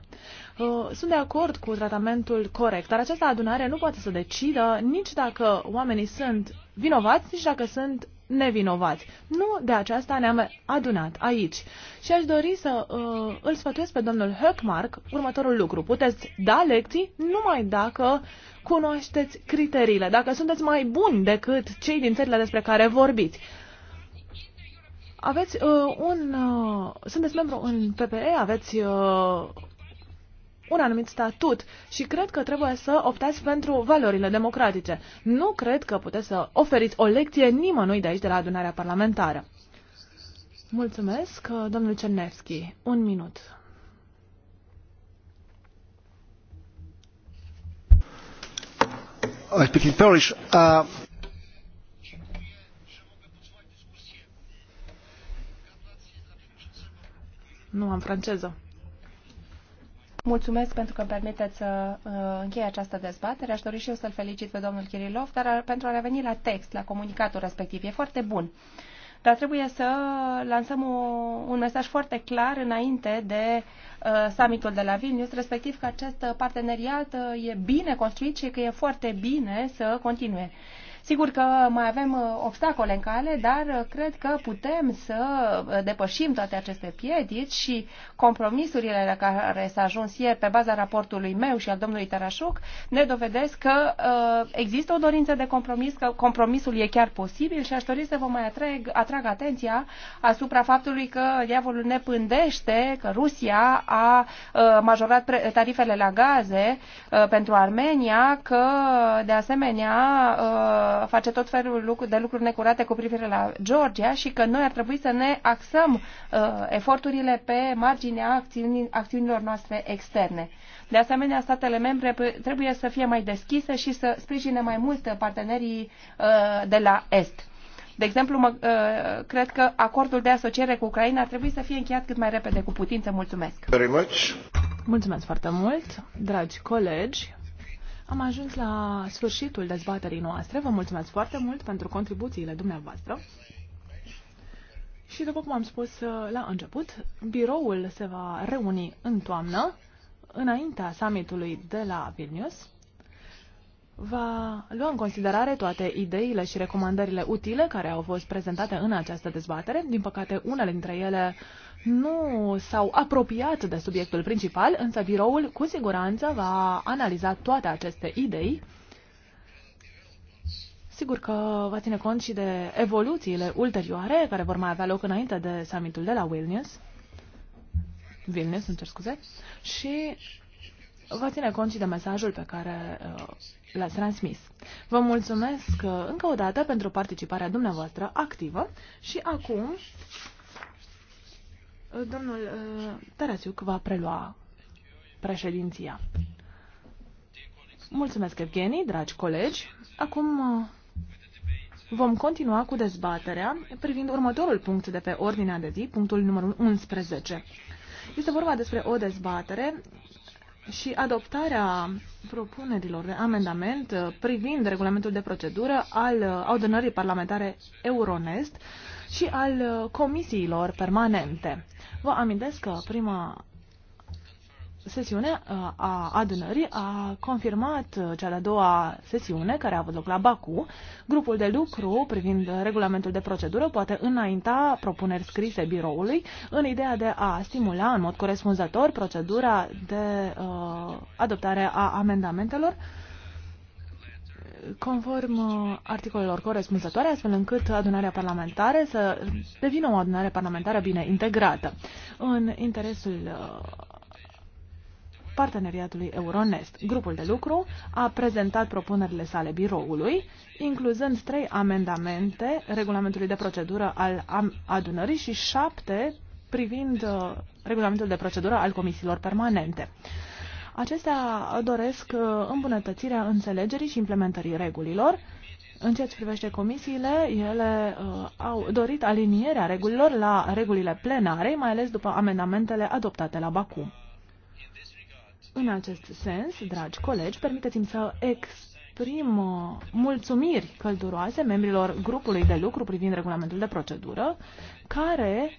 Uh, sunt de acord cu tratamentul corect, dar această adunare nu poate să decidă nici dacă oamenii sunt vinovați, nici dacă sunt nevinovați. Nu de aceasta ne-am adunat aici. Și aș dori să uh, îl sfătuiesc pe domnul Höckmark următorul lucru. Puteți da lecții numai dacă cunoașteți criteriile, dacă sunteți mai buni decât cei din țările despre care vorbiți. Aveți uh, un... Uh, sunteți membru în PPE, aveți uh, un anumit statut și cred că trebuie să optați pentru valorile democratice. Nu cred că puteți să oferiți o lecție nimănui de aici, de la adunarea parlamentară. Mulțumesc, domnul Cernevski. Un minut. Uh, nu am franceză. Mulțumesc pentru că îmi permiteți să uh, închei această dezbatere. Aș dori și eu să-l felicit pe domnul Kirilov, dar pentru a reveni la text, la comunicatul respectiv, e foarte bun. Dar trebuie să lansăm o, un mesaj foarte clar înainte de uh, summitul de la Vilnius, respectiv că acest parteneriat uh, e bine construit și că e foarte bine să continue. Uh, Sigur că mai avem uh, obstacole în cale, dar uh, cred că putem să uh, depășim toate aceste piedici și compromisurile la care s-a ajuns ieri pe baza raportului meu și al domnului Tarașuc ne dovedesc că există o dorință de compromis, că compromisul e chiar posibil și aș dori să vă mai atrag, atrag atenția asupra faptului că diavolul ne pândește, că Rusia a majorat tarifele la gaze pentru Armenia, că de asemenea face tot felul de lucruri necurate cu privire la Georgia și că noi ar trebui să ne axăm uh, eforturile pe marginea acțiunilor noastre externe. De asemenea, statele membre trebuie să fie mai deschise și să sprijine mai mult partenerii uh, de la Est. De exemplu, mă, uh, cred că acordul de asociere cu Ucraina ar trebui să fie încheiat cât mai repede cu putință. Mulțumesc! Very much. Mulțumesc foarte mult, dragi colegi! Am ajuns la sfârșitul dezbaterii noastre. Vă mulțumesc foarte mult pentru contribuțiile dumneavoastră. Și după cum am spus uh, la început, biroul se va reuni în toamnă, înaintea summitului de la Vilnius, va lua în considerare toate ideile și recomandările utile care au fost prezentate în această dezbatere. Din păcate, unele dintre ele nu s-au apropiat de subiectul principal, însă biroul cu siguranță va analiza toate aceste idei. Sigur că va ține cont și de evoluțiile ulterioare care vor mai avea loc înainte de summitul de la Vilnius. Vilnius, îmi cer scuze. Și va ține cont și de mesajul pe care uh, l-ați transmis. Vă mulțumesc uh, încă o dată pentru participarea dumneavoastră activă și acum uh, domnul Tarasiuc va prelua președinția. Mulțumesc, Evgeni, dragi colegi. Acum vom continua cu dezbaterea privind următorul punct de pe ordinea de zi, punctul numărul 11. Este vorba despre o dezbatere și adoptarea propunerilor de amendament uh, privind regulamentul de procedură al audonării uh, parlamentare Euronest și al uh, comisiilor permanente. Vă amintesc că prima sesiunea uh, a adunării a confirmat uh, cea de-a doua sesiune care a avut loc la Baku. Grupul de lucru privind regulamentul de procedură poate înainta propuneri scrise biroului în ideea de a stimula în mod corespunzător procedura de uh, adoptare a amendamentelor conform uh, articolelor corespunzătoare, astfel încât adunarea parlamentară să devină o adunare parlamentară bine integrată. În interesul uh, parteneriatului Euronest. Grupul de lucru a prezentat propunerile sale biroului, incluzând trei amendamente regulamentului de procedură al adunării și șapte privind uh, regulamentul de procedură al comisiilor permanente. Acestea doresc uh, îmbunătățirea înțelegerii și implementării regulilor. În ceea ce privește comisiile, ele uh, au dorit alinierea regulilor la regulile plenare, mai ales după amendamentele adoptate la Baku. În acest sens, dragi colegi, permiteți-mi să exprim uh, mulțumiri călduroase membrilor grupului de lucru privind regulamentul de procedură, care,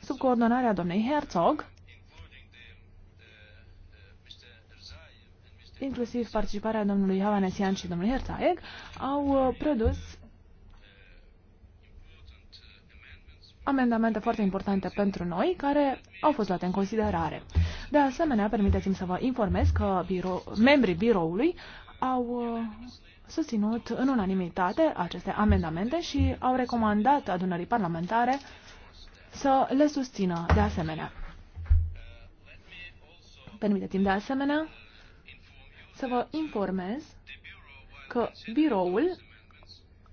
sub coordonarea doamnei Herzog, inclusiv participarea domnului Havanesian și domnului Herzaeg, au uh, produs amendamente foarte importante pentru noi, care au fost luate în considerare. De asemenea, permiteți-mi să vă informez că biro, membrii biroului au uh, susținut în unanimitate aceste amendamente și au recomandat adunării parlamentare să le susțină de asemenea. Permiteți-mi de asemenea să vă informez că biroul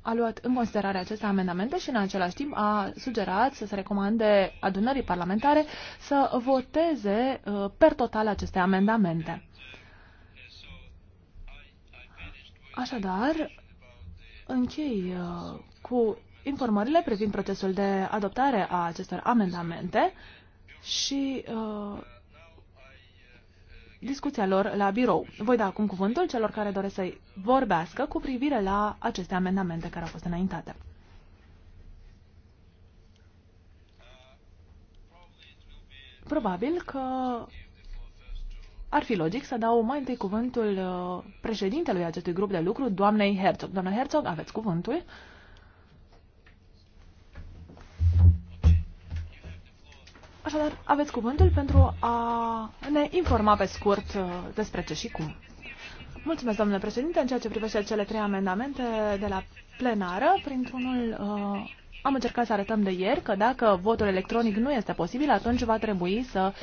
a luat în considerare aceste amendamente și în același timp a sugerat să se recomande adunării parlamentare să voteze uh, per total aceste amendamente. Așadar, închei uh, cu informările privind procesul de adoptare a acestor amendamente și uh, discuția lor la birou. Voi da acum cuvântul celor care doresc să vorbească cu privire la aceste amendamente care au fost înaintate. Probabil că ar fi logic să dau mai întâi cuvântul uh, președintelui acestui grup de lucru, doamnei Herzog. Doamna Herzog, aveți cuvântul. Așadar, aveți cuvântul pentru a ne informa pe scurt uh, despre ce și cum. Mulțumesc, domnule președinte, în ceea ce privește cele trei amendamente de la plenară, printr-unul uh, am încercat să arătăm de ieri că dacă votul electronic nu este posibil, atunci va trebui să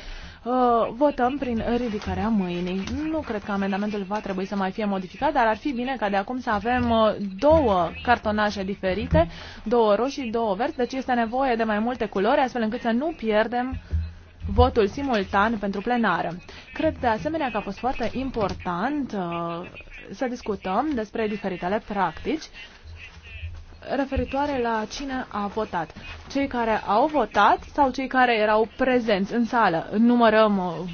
uh, votăm prin ridicarea mâinii. Nu cred că amendamentul va trebui să mai fie modificat, dar ar fi bine ca de acum să avem uh, două cartonașe diferite, două roșii, două verzi, deci este nevoie de mai multe culori, astfel încât să nu pierdem votul simultan pentru plenară. Cred de asemenea că a fost foarte important uh, să discutăm despre diferitele practici referitoare la cine a votat. Cei care au votat sau cei care erau prezenți în sală? Numărăm uh,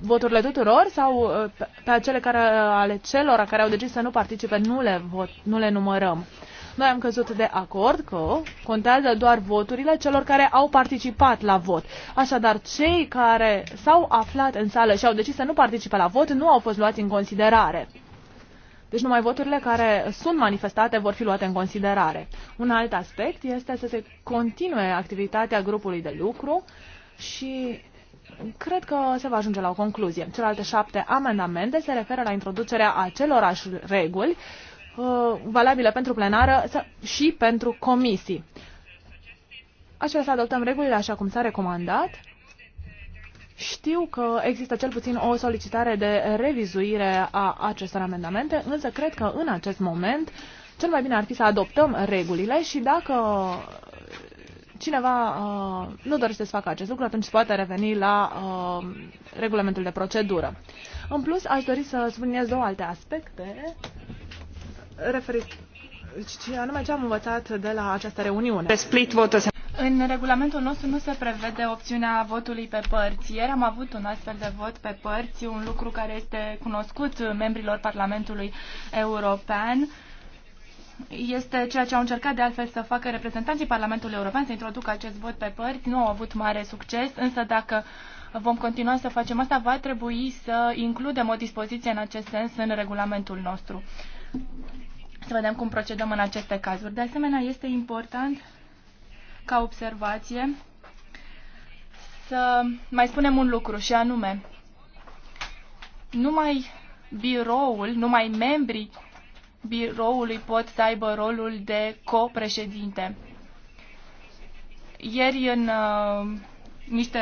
voturile tuturor sau uh, pe acele care, uh, ale celor care au decis să nu participe nu le, vot, nu le numărăm? Noi am căzut de acord că contează doar voturile celor care au participat la vot. Așadar, cei care s-au aflat în sală și au decis să nu participe la vot nu au fost luați în considerare. Deci numai voturile care sunt manifestate vor fi luate în considerare. Un alt aspect este să se continue activitatea grupului de lucru și cred că se va ajunge la o concluzie. Celelalte șapte amendamente se referă la introducerea acelorași reguli uh, valabile pentru plenară și pentru comisii. Aș vrea să adoptăm regulile așa cum s-a recomandat știu că există cel puțin o solicitare de revizuire a acestor amendamente, însă cred că în acest moment cel mai bine ar fi să adoptăm regulile și dacă cineva uh, nu dorește să facă acest lucru, atunci poate reveni la uh, regulamentul de procedură. În plus, aș dori să subliniez două alte aspecte referit și anume ce am învățat de la această reuniune. În regulamentul nostru nu se prevede opțiunea votului pe părți. Ieri am avut un astfel de vot pe părți, un lucru care este cunoscut membrilor Parlamentului European. Este ceea ce au încercat de altfel să facă reprezentanții Parlamentului European, să introducă acest vot pe părți. Nu au avut mare succes, însă dacă vom continua să facem asta, va trebui să includem o dispoziție în acest sens în regulamentul nostru. Să vedem cum procedăm în aceste cazuri. De asemenea, este important ca observație să mai spunem un lucru și anume, numai biroul, numai membrii biroului pot să aibă rolul de copreședinte. Ieri în uh, niște,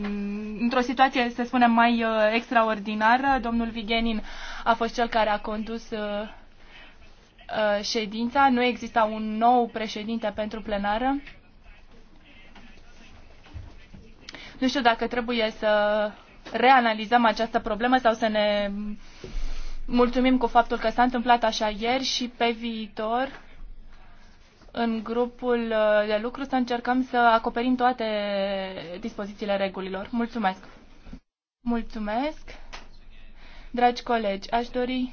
mm, într-o situație, să spunem, mai uh, extraordinară, domnul Vigenin a fost cel care a condus uh, uh, ședința. Nu exista un nou președinte pentru plenară. Nu știu dacă trebuie să reanalizăm această problemă sau să ne mulțumim cu faptul că s-a întâmplat așa ieri și pe viitor în grupul uh, de lucru să încercăm să acoperim toate dispozițiile regulilor. Mulțumesc! Mulțumesc! Dragi colegi, aș dori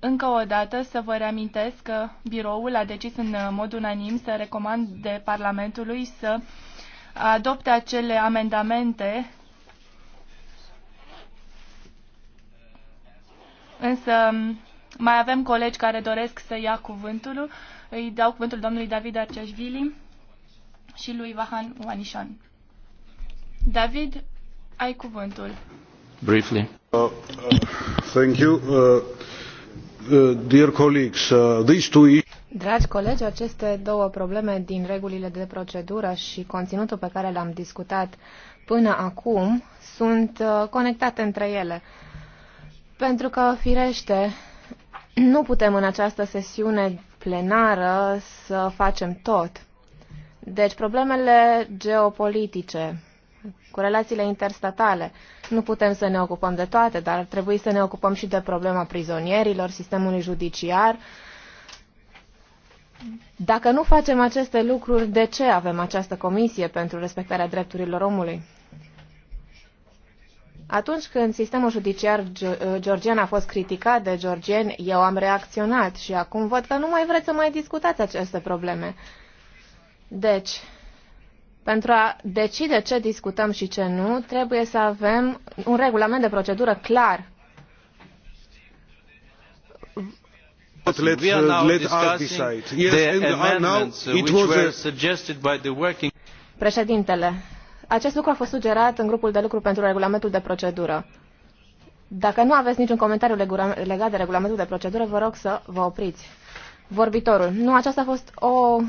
încă o dată să vă reamintesc că biroul a decis în mod unanim să recomande Parlamentului să adopte acele amendamente, însă mai avem colegi care doresc să ia cuvântul. Îi dau cuvântul domnului David Arceșvili și lui Vahan Wanishan. David, ai cuvântul. Briefly. Uh, uh, thank you. Uh, uh, dear colleagues, uh, these two Dragi colegi, aceste două probleme din regulile de procedură și conținutul pe care l-am discutat până acum sunt uh, conectate între ele. Pentru că, firește, nu putem în această sesiune plenară să facem tot. Deci problemele geopolitice, cu relațiile interstatale. Nu putem să ne ocupăm de toate, dar ar trebui să ne ocupăm și de problema prizonierilor, sistemului judiciar, dacă nu facem aceste lucruri, de ce avem această comisie pentru respectarea drepturilor omului? Atunci când sistemul judiciar uh, georgian a fost criticat de georgieni, eu am reacționat și acum văd că nu mai vreți să mai discutați aceste probleme. Deci, pentru a decide ce discutăm și ce nu, trebuie să avem un regulament de procedură clar But let, uh, let us decide. Yes, the amendments now uh, it which were suggested by the working... Președintele, acest lucru a fost sugerat în grupul de lucru pentru regulamentul de procedură. Dacă nu aveți niciun comentariu legat de regulamentul de procedură, vă rog să vă opriți. Vorbitorul. Nu, aceasta a fost o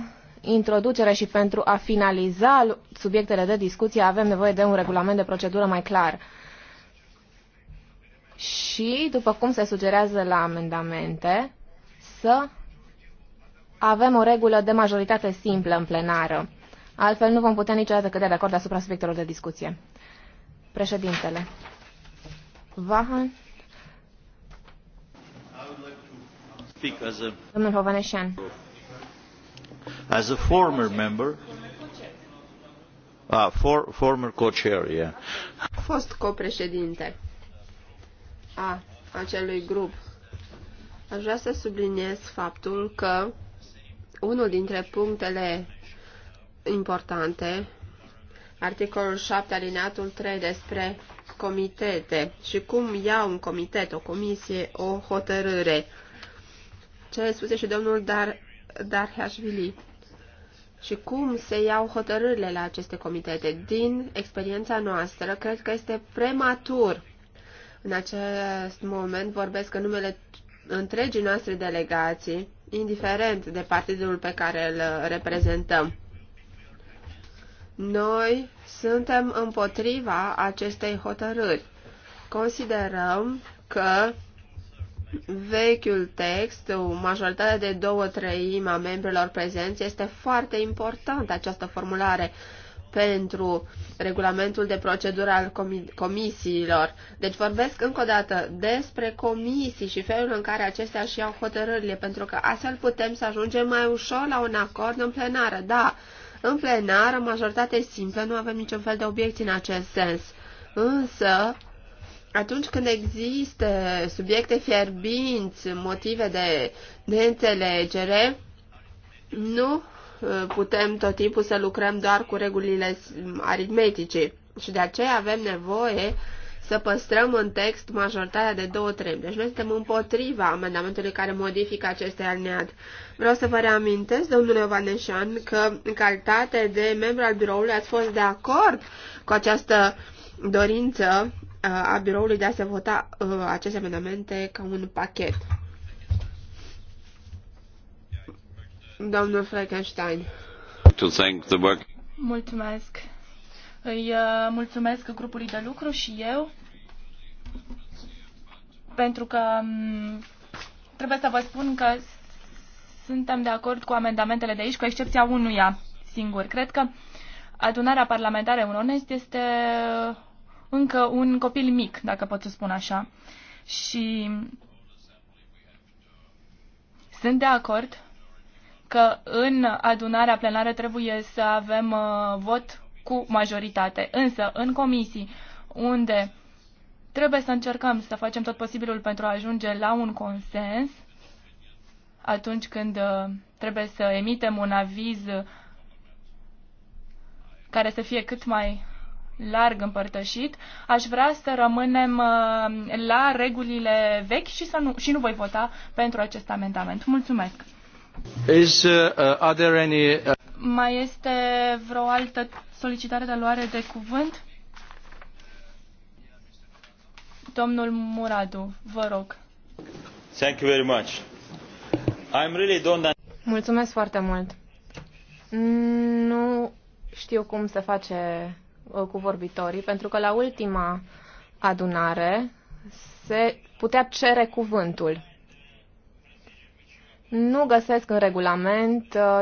introducere și pentru a finaliza subiectele de discuție avem nevoie de un regulament de procedură mai clar. Și, după cum se sugerează la amendamente, să avem o regulă de majoritate simplă în plenară. Altfel nu vom putea niciodată cădea de acord asupra subiectelor de discuție. Președintele. Vahan. Domnul Hovaneșan. As a former member, ah, for, former co-chair, yeah. Fost copreședinte a acelui grup Aș vrea să subliniez faptul că unul dintre punctele importante, articolul 7 alineatul 3 despre comitete și cum ia un comitet, o comisie, o hotărâre. Ce spuse și domnul Dar, Hashvili. Și cum se iau hotărârile la aceste comitete. Din experiența noastră, cred că este prematur. În acest moment vorbesc în numele întregii noastre delegații, indiferent de partidul pe care îl reprezentăm. Noi suntem împotriva acestei hotărâri. Considerăm că vechiul text, o majoritate de două treimi a membrilor prezenți, este foarte important această formulare, pentru regulamentul de procedură al comi comisiilor. Deci vorbesc încă o dată despre comisii și felul în care acestea și iau hotărârile, pentru că astfel putem să ajungem mai ușor la un acord în plenară. Da, în plenară, majoritatea simplă, nu avem niciun fel de obiecții în acest sens. Însă, atunci când există subiecte fierbinți, motive de neînțelegere, nu Uh, putem tot timpul să lucrăm doar cu regulile aritmetice și de aceea avem nevoie să păstrăm în text majoritatea de două treimi. Deci noi suntem împotriva amendamentului care modifică aceste alineat. Vreau să vă reamintesc, domnule Vaneșan, că în calitate de membru al biroului ați fost de acord cu această dorință uh, a biroului de a se vota uh, aceste amendamente ca un pachet. Domnul Frankenstein. To thank the work. Mulțumesc. Îi uh, mulțumesc grupului de lucru și eu pentru că um, trebuie să vă spun că suntem de acord cu amendamentele de aici, cu excepția unuia singur. Cred că adunarea parlamentară euronest este uh, încă un copil mic, dacă pot să spun așa. Și sunt de acord că în adunarea plenară trebuie să avem uh, vot cu majoritate. Însă, în comisii unde trebuie să încercăm să facem tot posibilul pentru a ajunge la un consens, atunci când uh, trebuie să emitem un aviz care să fie cât mai larg împărtășit, aș vrea să rămânem uh, la regulile vechi și, să nu, și nu voi vota pentru acest amendament. Mulțumesc! Is, uh, uh there any, uh... Mai este vreo altă solicitare de luare de cuvânt? Domnul Muradu, vă rog. Thank you very much. I'm really don't... Mulțumesc foarte mult. Nu știu cum se face uh, cu vorbitorii, pentru că la ultima adunare se putea cere cuvântul. Nu găsesc în regulament uh,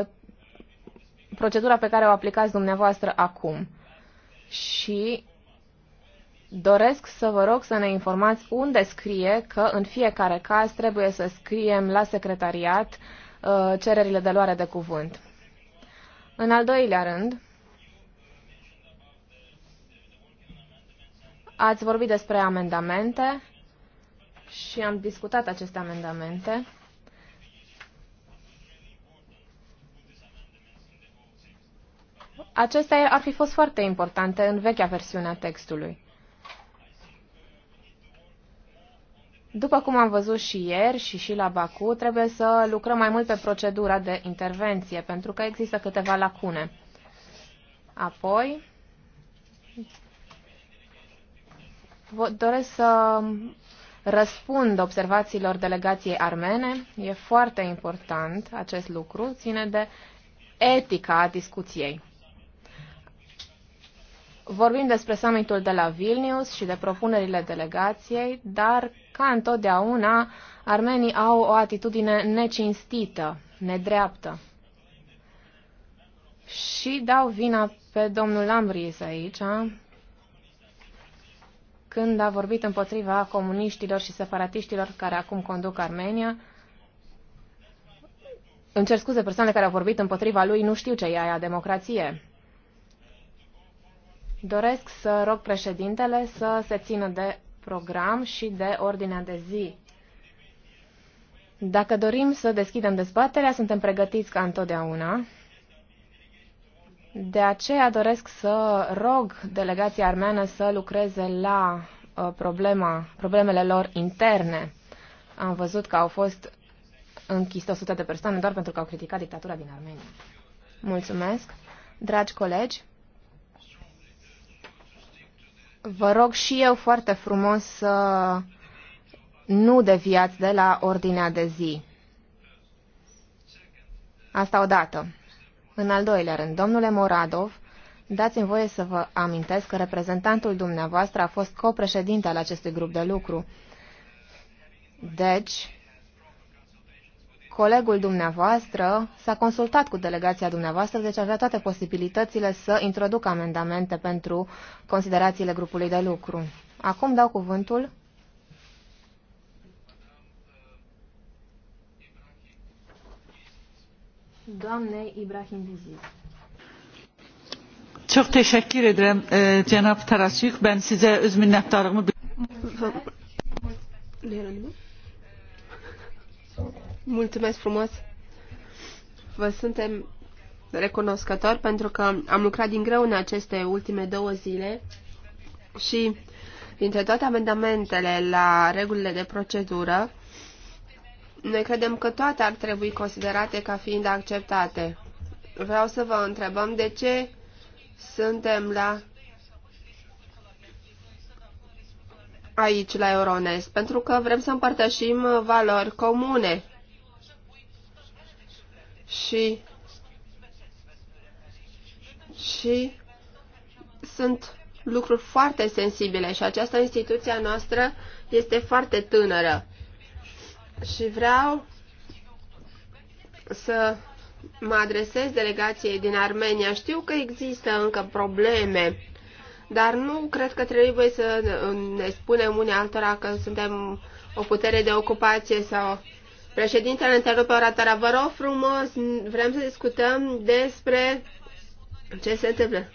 procedura pe care o aplicați dumneavoastră acum. Și doresc să vă rog să ne informați unde scrie că în fiecare caz trebuie să scriem la secretariat uh, cererile de luare de cuvânt. În al doilea rând, ați vorbit despre amendamente și am discutat aceste amendamente. Acestea ar fi fost foarte importante în vechea versiune a textului. După cum am văzut și ieri și și la Baku, trebuie să lucrăm mai mult pe procedura de intervenție, pentru că există câteva lacune. Apoi, doresc să răspund observațiilor delegației armene. E foarte important acest lucru, ține de etica discuției. Vorbim despre summitul de la Vilnius și de propunerile delegației, dar, ca întotdeauna, armenii au o atitudine necinstită, nedreaptă. Și dau vina pe domnul Lambris aici, când a vorbit împotriva comuniștilor și separatiștilor care acum conduc Armenia. Îmi cer scuze persoanele care au vorbit împotriva lui, nu știu ce e aia democrație. Doresc să rog președintele să se țină de program și de ordinea de zi. Dacă dorim să deschidem dezbaterea, suntem pregătiți ca întotdeauna. De aceea doresc să rog delegația armeană să lucreze la uh, problema, problemele lor interne. Am văzut că au fost închise 100 de persoane doar pentru că au criticat dictatura din Armenia. Mulțumesc. Dragi colegi, Vă rog și eu foarte frumos să nu deviați de la ordinea de zi. Asta odată. În al doilea rând, domnule Moradov, dați-mi voie să vă amintesc că reprezentantul dumneavoastră a fost copreședinte al acestui grup de lucru. Deci, colegul dumneavoastră s-a consultat cu delegația dumneavoastră, deci avea toate posibilitățile să introducă amendamente pentru considerațiile grupului de lucru. Acum dau cuvântul doamnei Ibrahim Diziz. Çok teşekkür ederim e, Cenab Tarasyuk. Ben size öz minnettarımı... Mulțumesc. Mulțumesc frumos! Vă suntem recunoscători pentru că am lucrat din greu în aceste ultime două zile și dintre toate amendamentele la regulile de procedură, noi credem că toate ar trebui considerate ca fiind acceptate. Vreau să vă întrebăm de ce suntem la aici la Euronest, pentru că vrem să împărtășim valori comune și, și sunt lucruri foarte sensibile și această instituție a noastră este foarte tânără. Și vreau să mă adresez delegației din Armenia. Știu că există încă probleme, dar nu cred că trebuie să ne spunem unii altora că suntem o putere de ocupație sau Președintele întrerupe oratarea. Vă rog frumos, vrem să discutăm despre ce se întâmplă.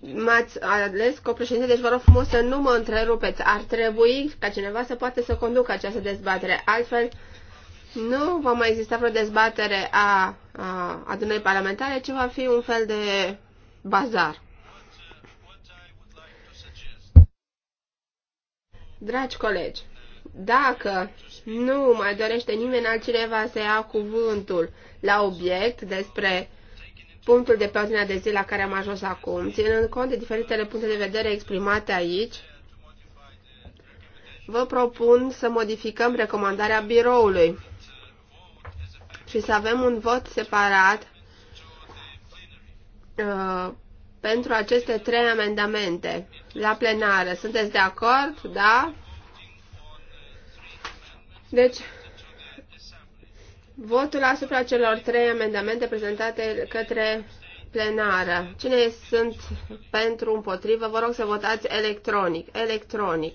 M-ați ales copreședinte, deci vă rog frumos să nu mă întrerupeți. Ar trebui ca cineva să poată să conducă această dezbatere. Altfel, nu va mai exista vreo dezbatere a, a adunării parlamentare, ci va fi un fel de bazar. Dragi colegi, dacă nu mai dorește nimeni altcineva să ia cuvântul la obiect despre punctul de pe ordinea de zi la care am ajuns acum, ținând cont de diferitele puncte de vedere exprimate aici, vă propun să modificăm recomandarea biroului și să avem un vot separat uh, pentru aceste trei amendamente la plenară. Sunteți de acord? Da? Deci, votul asupra celor trei amendamente prezentate către plenară. Cine sunt pentru, împotrivă? Vă rog să votați electronic. Electronic.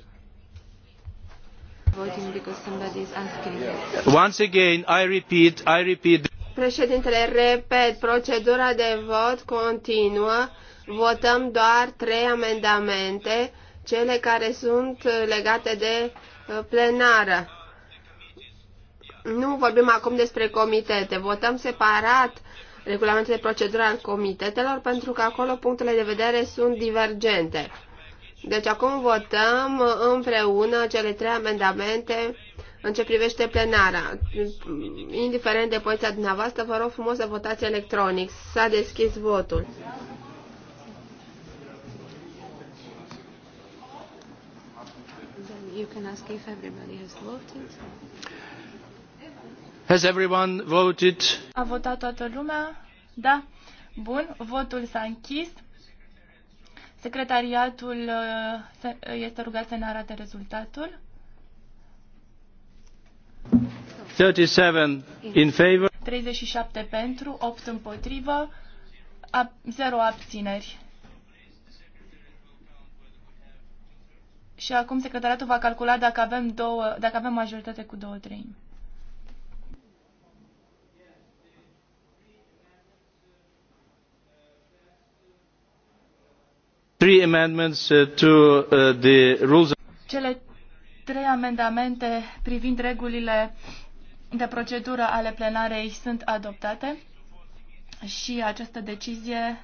Once again, I repeat, I repeat. Președintele, repet, procedura de vot continuă. Votăm doar trei amendamente, cele care sunt legate de uh, plenară. Nu vorbim acum despre comitete. Votăm separat regulamentul de procedură al comitetelor pentru că acolo punctele de vedere sunt divergente. Deci acum votăm împreună cele trei amendamente în ce privește plenara. Indiferent de poziția dumneavoastră, vă rog frumos să votați electronic. S-a deschis votul. Has everyone voted? A votat toată lumea? Da. Bun, votul s-a închis. Secretariatul uh, uh, este rugat să ne arate rezultatul. 37 in favor. 37 pentru, 8 împotrivă, 0 abțineri. Și acum secretariatul va calcula dacă avem, două, dacă avem majoritate cu două treimi. three amendments uh, to uh, the rules cele trei amendamente privind regulile de procedură ale plenarei sunt adoptate și această decizie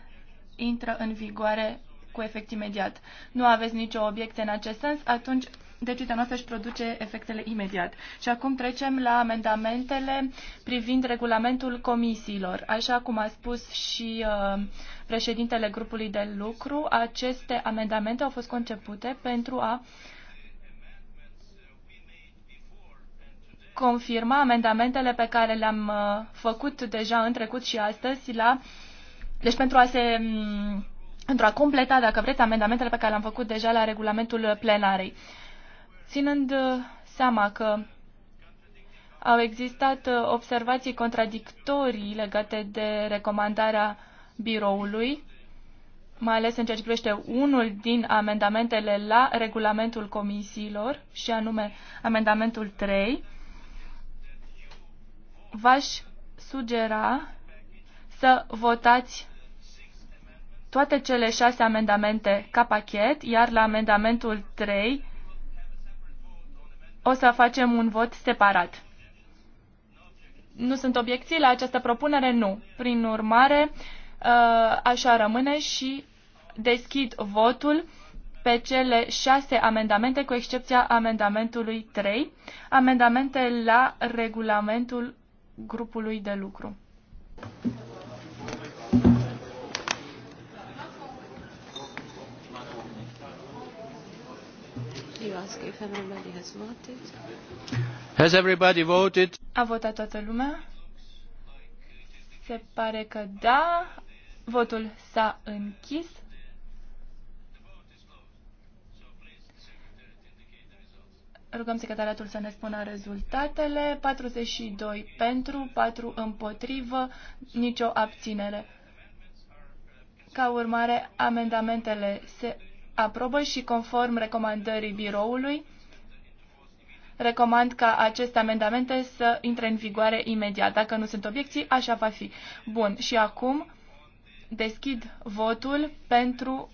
intră în vigoare cu efect imediat. Nu aveți nicio obiecție în acest sens, atunci decizia noastră își produce efectele imediat. Și acum trecem la amendamentele privind regulamentul comisiilor. Așa cum a spus și uh, președintele grupului de lucru, aceste amendamente au fost concepute pentru a confirma amendamentele pe care le-am uh, făcut deja în trecut și astăzi la deci pentru a se mm, pentru a completa, dacă vreți, amendamentele pe care le-am făcut deja la regulamentul plenarei. Ținând uh, seama că au existat uh, observații contradictorii legate de recomandarea biroului, mai ales în ceea ce privește unul din amendamentele la regulamentul comisiilor, și anume amendamentul 3, v-aș sugera să votați toate cele șase amendamente ca pachet, iar la amendamentul 3 o să facem un vot separat. Nu sunt obiecții la această propunere? Nu. Prin urmare, uh, așa rămâne și deschid votul pe cele șase amendamente, cu excepția amendamentului 3, amendamente la regulamentul grupului de lucru. ask if everybody has voted. Has everybody voted? A votat toată lumea? Se pare că da. Votul s-a închis. Rugăm secretariatul să ne spună rezultatele. 42 pentru, 4 împotrivă, nicio abținere. Ca urmare, amendamentele se aprobă și conform recomandării biroului, recomand ca aceste amendamente să intre în vigoare imediat. Dacă nu sunt obiecții, așa va fi. Bun, și acum deschid votul pentru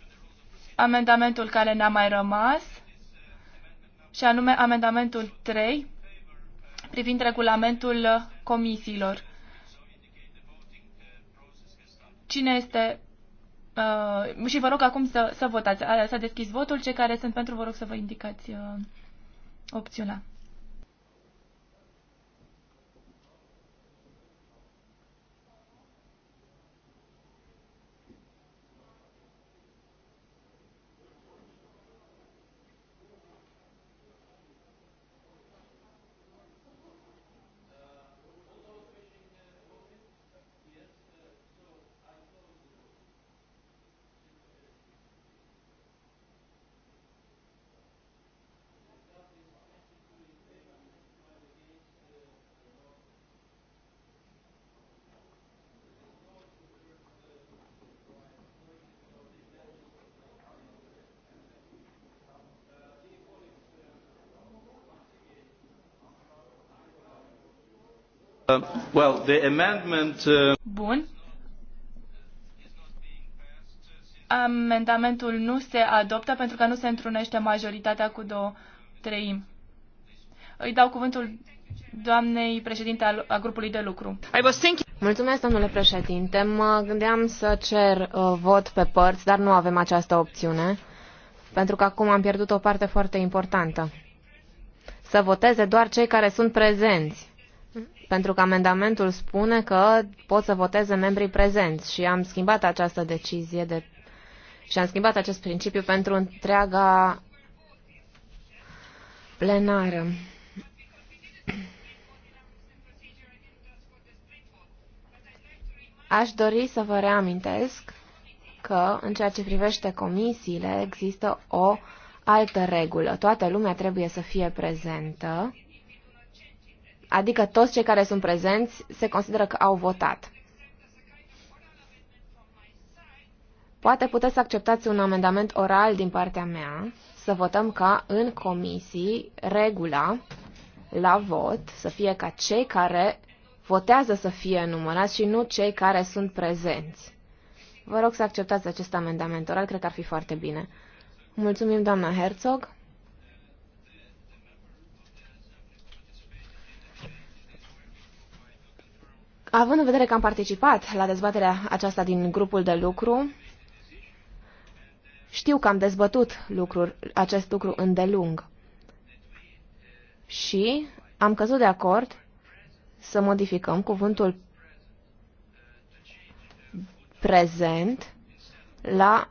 amendamentul care ne-a mai rămas, și anume amendamentul 3 privind regulamentul comisiilor. Cine este Uh, și vă rog acum să, să votați. S-a deschis votul. Cei care sunt pentru, vă rog să vă indicați uh, opțiunea. Uh, well, the amendment, uh... Bun. Amendamentul nu se adoptă pentru că nu se întrunește majoritatea cu două treimi. Îi dau cuvântul doamnei președinte al, a grupului de lucru. Mulțumesc, domnule președinte. Mă gândeam să cer uh, vot pe părți, dar nu avem această opțiune, pentru că acum am pierdut o parte foarte importantă. Să voteze doar cei care sunt prezenți pentru că amendamentul spune că pot să voteze membrii prezenți și am schimbat această decizie de, și am schimbat acest principiu pentru întreaga plenară. Aș dori să vă reamintesc că, în ceea ce privește comisiile, există o altă regulă. Toată lumea trebuie să fie prezentă adică toți cei care sunt prezenți se consideră că au votat. Poate puteți să acceptați un amendament oral din partea mea, să votăm ca în comisii regula la vot să fie ca cei care votează să fie numărați și nu cei care sunt prezenți. Vă rog să acceptați acest amendament oral, cred că ar fi foarte bine. Mulțumim, doamna Herzog. Având în vedere că am participat la dezbaterea aceasta din grupul de lucru, știu că am dezbătut lucruri, acest lucru îndelung și am căzut de acord să modificăm cuvântul prezent la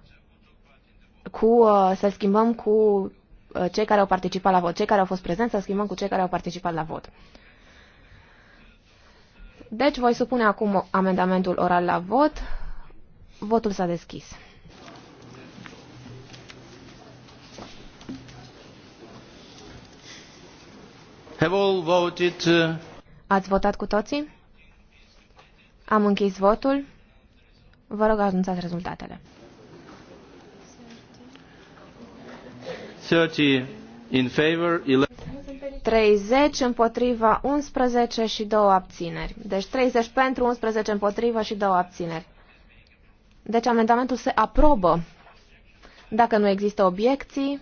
cu, uh, să schimbăm cu uh, cei care au participat la vot. Cei care au fost prezenți să schimbăm cu cei care au participat la vot. Deci voi supune acum amendamentul oral la vot. Votul s-a deschis. Have all voted, uh... Ați votat cu toții? Am închis votul. Vă rog, anunțați rezultatele. 30 in favor, 11... 30 împotriva 11 și 2 abțineri. Deci 30 pentru, 11 împotriva și 2 abțineri. Deci amendamentul se aprobă. Dacă nu există obiecții,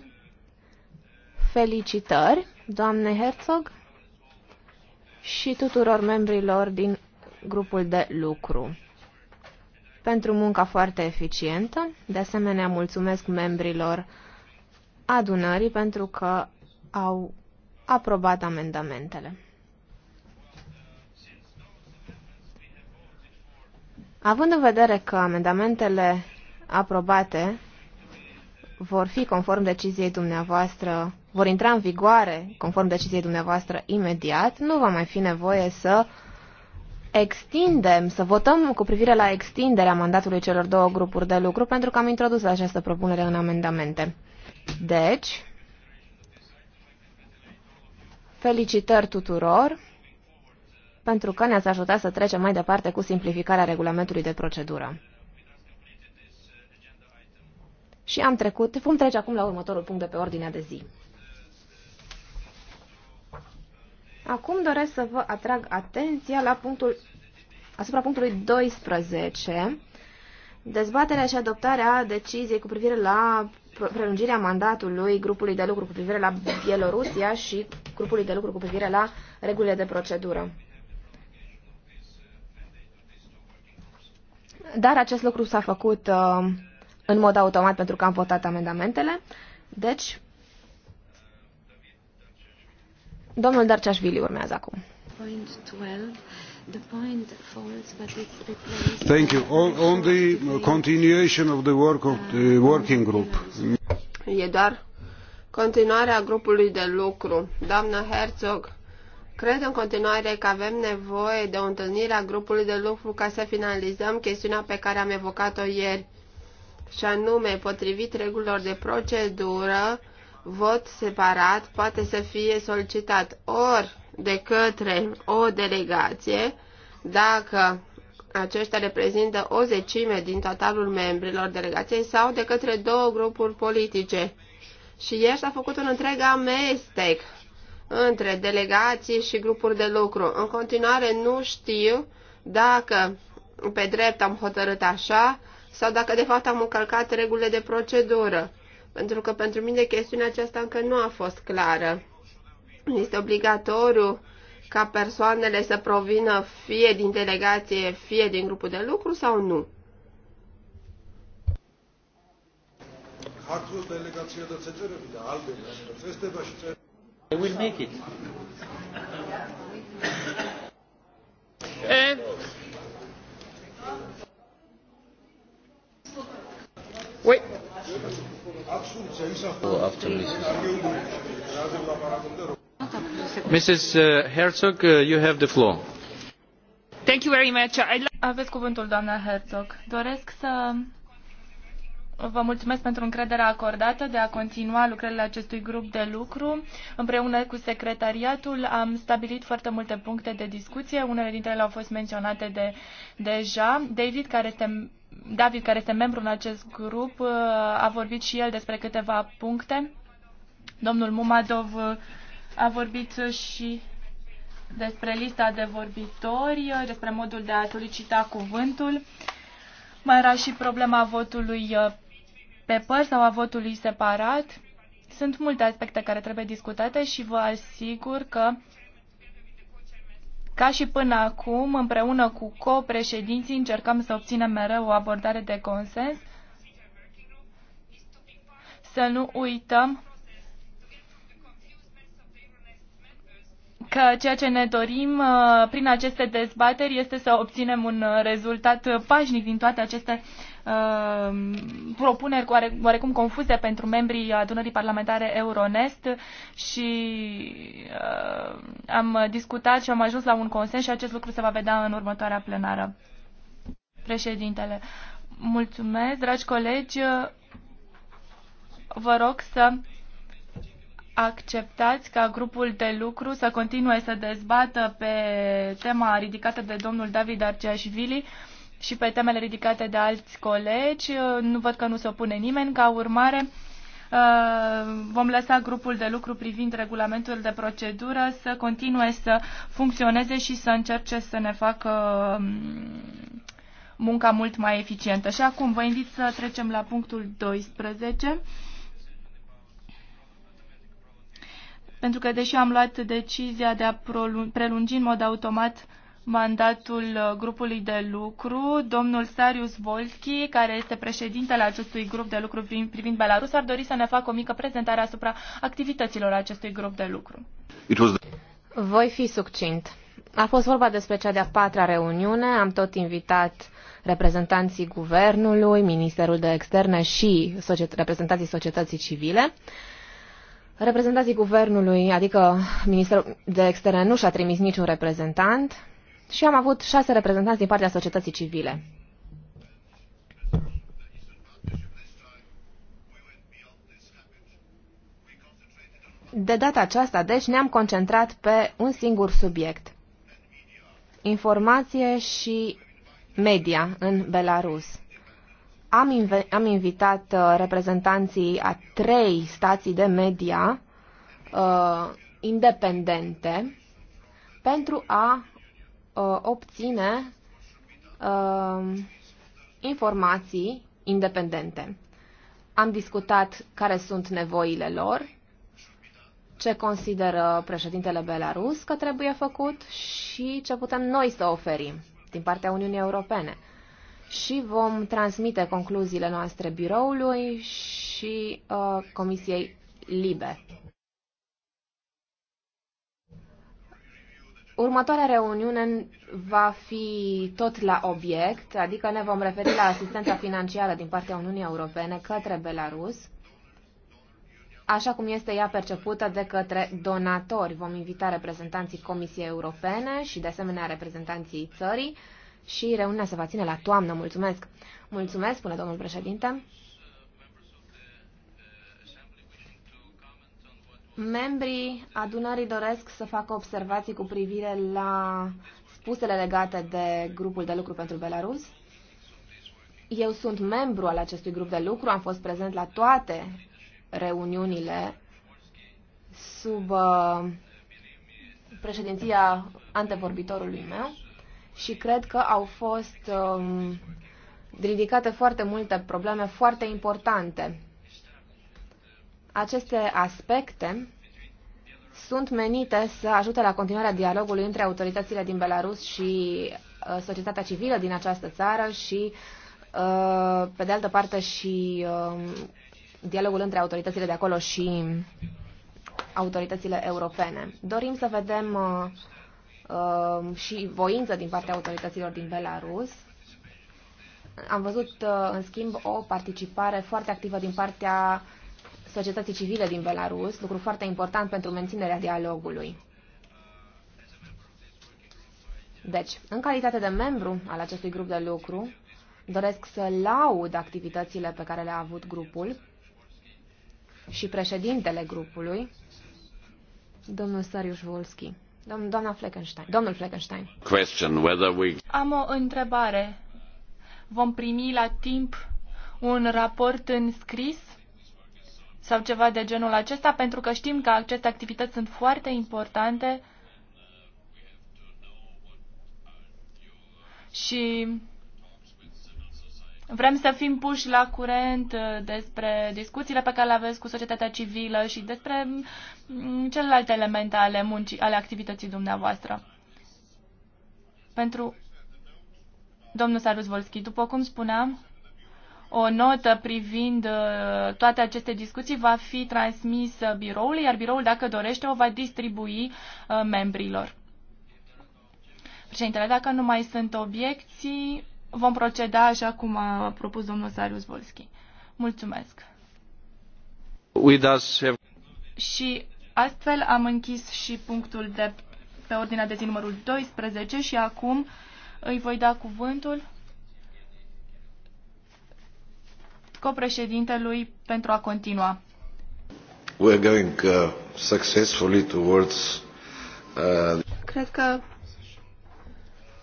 felicitări, doamne Herzog, și tuturor membrilor din grupul de lucru. Pentru munca foarte eficientă, de asemenea mulțumesc membrilor adunării pentru că au aprobat amendamentele. Având în vedere că amendamentele aprobate vor fi conform deciziei dumneavoastră, vor intra în vigoare conform deciziei dumneavoastră imediat, nu va mai fi nevoie să extindem, să votăm cu privire la extinderea mandatului celor două grupuri de lucru, pentru că am introdus această propunere în amendamente. Deci, Felicitări tuturor pentru că ne-ați ajutat să trecem mai departe cu simplificarea regulamentului de procedură. Și am trecut, vom trece acum la următorul punct de pe ordinea de zi. Acum doresc să vă atrag atenția la punctul, asupra punctului 12, dezbaterea și adoptarea deciziei cu privire la prelungirea mandatului grupului de lucru cu privire la Bielorusia și grupului de lucru cu privire la regulile de procedură. Dar acest lucru s-a făcut uh, în mod automat pentru că am votat amendamentele. Deci, domnul Darceașvili urmează acum. Point 12. Thank you. On, on the continuation of the work of the uh, working group. E doar continuarea grupului de lucru. Doamnă Herzog, cred în continuare că avem nevoie de o întâlnire a grupului de lucru ca să finalizăm chestiunea pe care am evocat-o ieri. Și anume, potrivit regulilor de procedură, vot separat poate să fie solicitat ori de către o delegație dacă aceștia reprezintă o zecime din totalul membrilor delegației sau de către două grupuri politice. Și ieri s-a făcut un întreg amestec între delegații și grupuri de lucru. În continuare nu știu dacă pe drept am hotărât așa sau dacă de fapt am încălcat regulile de procedură, pentru că pentru mine chestiunea aceasta încă nu a fost clară. Este obligatoriu ca persoanele să provină fie din delegație, fie din grupul de lucru sau nu? Hartul I will make it. And eh. Wait. Absolut, ce aici Mrs. Uh, Herzog, uh, you have the floor. Thank you very much. Aveți cuvântul, doamna Herzog. Doresc să Vă mulțumesc pentru încrederea acordată de a continua lucrările acestui grup de lucru. Împreună cu secretariatul am stabilit foarte multe puncte de discuție. Unele dintre ele au fost menționate de, deja. David, care este, David, care este membru în acest grup, uh, a vorbit și el despre câteva puncte. Domnul Mumadov a vorbit uh, și despre lista de vorbitori, uh, despre modul de a solicita cuvântul. Mai era și problema votului uh, pe păr sau a votului separat. Sunt multe aspecte care trebuie discutate și vă asigur că, ca și până acum, împreună cu copreședinții, încercăm să obținem mereu o abordare de consens. Să nu uităm că ceea ce ne dorim uh, prin aceste dezbateri este să obținem un uh, rezultat pașnic din toate aceste uh, propuneri oarecum confuze pentru membrii adunării parlamentare Euronest și am discutat și am ajuns la un consens și acest lucru se va vedea în următoarea plenară. Președintele, mulțumesc, dragi colegi, vă rog să acceptați ca grupul de lucru să continue să dezbată pe tema ridicată de domnul David Arceașvili și pe temele ridicate de alți colegi. Nu văd că nu se opune nimeni. Ca urmare, uh, vom lăsa grupul de lucru privind regulamentul de procedură să continue să funcționeze și să încerce să ne facă um, munca mult mai eficientă. Și acum vă invit să trecem la punctul 12. pentru că deși am luat decizia de a prelungi în mod automat mandatul uh, grupului de lucru, domnul Sarius Volski, care este președintele acestui grup de lucru privind Belarus, ar dori să ne facă o mică prezentare asupra activităților acestui grup de lucru. Voi fi succint. A fost vorba despre cea de-a patra reuniune, am tot invitat reprezentanții guvernului, Ministerul de Externe și societ- reprezentanții societății civile. Uh, Reprezentanții guvernului, adică ministrul de externe, nu și-a trimis niciun reprezentant și am avut șase reprezentanți din partea societății civile. De data aceasta, deci, ne-am concentrat pe un singur subiect. Informație și media în Belarus. Am, inv- am invitat uh, reprezentanții a trei stații de media uh, independente pentru a uh, obține uh, informații independente. Am discutat care sunt nevoile lor, ce consideră președintele Belarus că trebuie făcut și ce putem noi să oferim din partea Uniunii Europene și vom transmite concluziile noastre biroului și uh, Comisiei Libe. Următoarea reuniune va fi tot la obiect, adică ne vom referi la asistența financiară din partea Uniunii Europene către Belarus, așa cum este ea percepută de către donatori. Vom invita reprezentanții Comisiei Europene și, de asemenea, reprezentanții țării și reuniunea se va ține la toamnă. Mulțumesc! Mulțumesc, spune domnul președinte. Membrii adunării doresc să facă observații cu privire la spusele legate de grupul de lucru pentru Belarus. Eu sunt membru al acestui grup de lucru, am fost prezent la toate reuniunile sub uh, președinția antevorbitorului meu și cred că au fost um, ridicate foarte multe probleme foarte importante. Aceste aspecte sunt menite să ajute la continuarea dialogului între autoritățile din Belarus și uh, societatea civilă din această țară și, uh, pe de altă parte, și uh, dialogul între autoritățile de acolo și autoritățile europene. Dorim să vedem uh, Um, și voință din partea autorităților din Belarus. Am văzut, uh, în schimb, o participare foarte activă din partea societății civile din Belarus, lucru foarte important pentru menținerea dialogului. Deci, în calitate de membru al acestui grup de lucru, doresc să laud activitățile pe care le-a avut grupul și președintele grupului, domnul Sariusz Volski. Doamna Fleckenstein. Domnul Fleckenstein. Question whether we... Am o întrebare. Vom primi la timp un raport în scris sau ceva de genul acesta, pentru că știm că aceste activități sunt foarte importante și Vrem să fim puși la curent uh, despre discuțiile pe care le aveți cu societatea civilă și despre mm, celelalte elemente ale, muncii, ale activității dumneavoastră. Pentru domnul Sarus Volski, după cum spuneam, o notă privind uh, toate aceste discuții va fi transmisă biroului, iar biroul, dacă dorește, o va distribui uh, membrilor. Președintele, dacă nu mai sunt obiecții, vom proceda așa cum a propus domnul Sarius Volski. Mulțumesc. Have... Și astfel am închis și punctul de pe ordinea de zi numărul 12 și acum îi voi da cuvântul copreședintelui pentru a continua. We're going uh, successfully towards uh... Cred că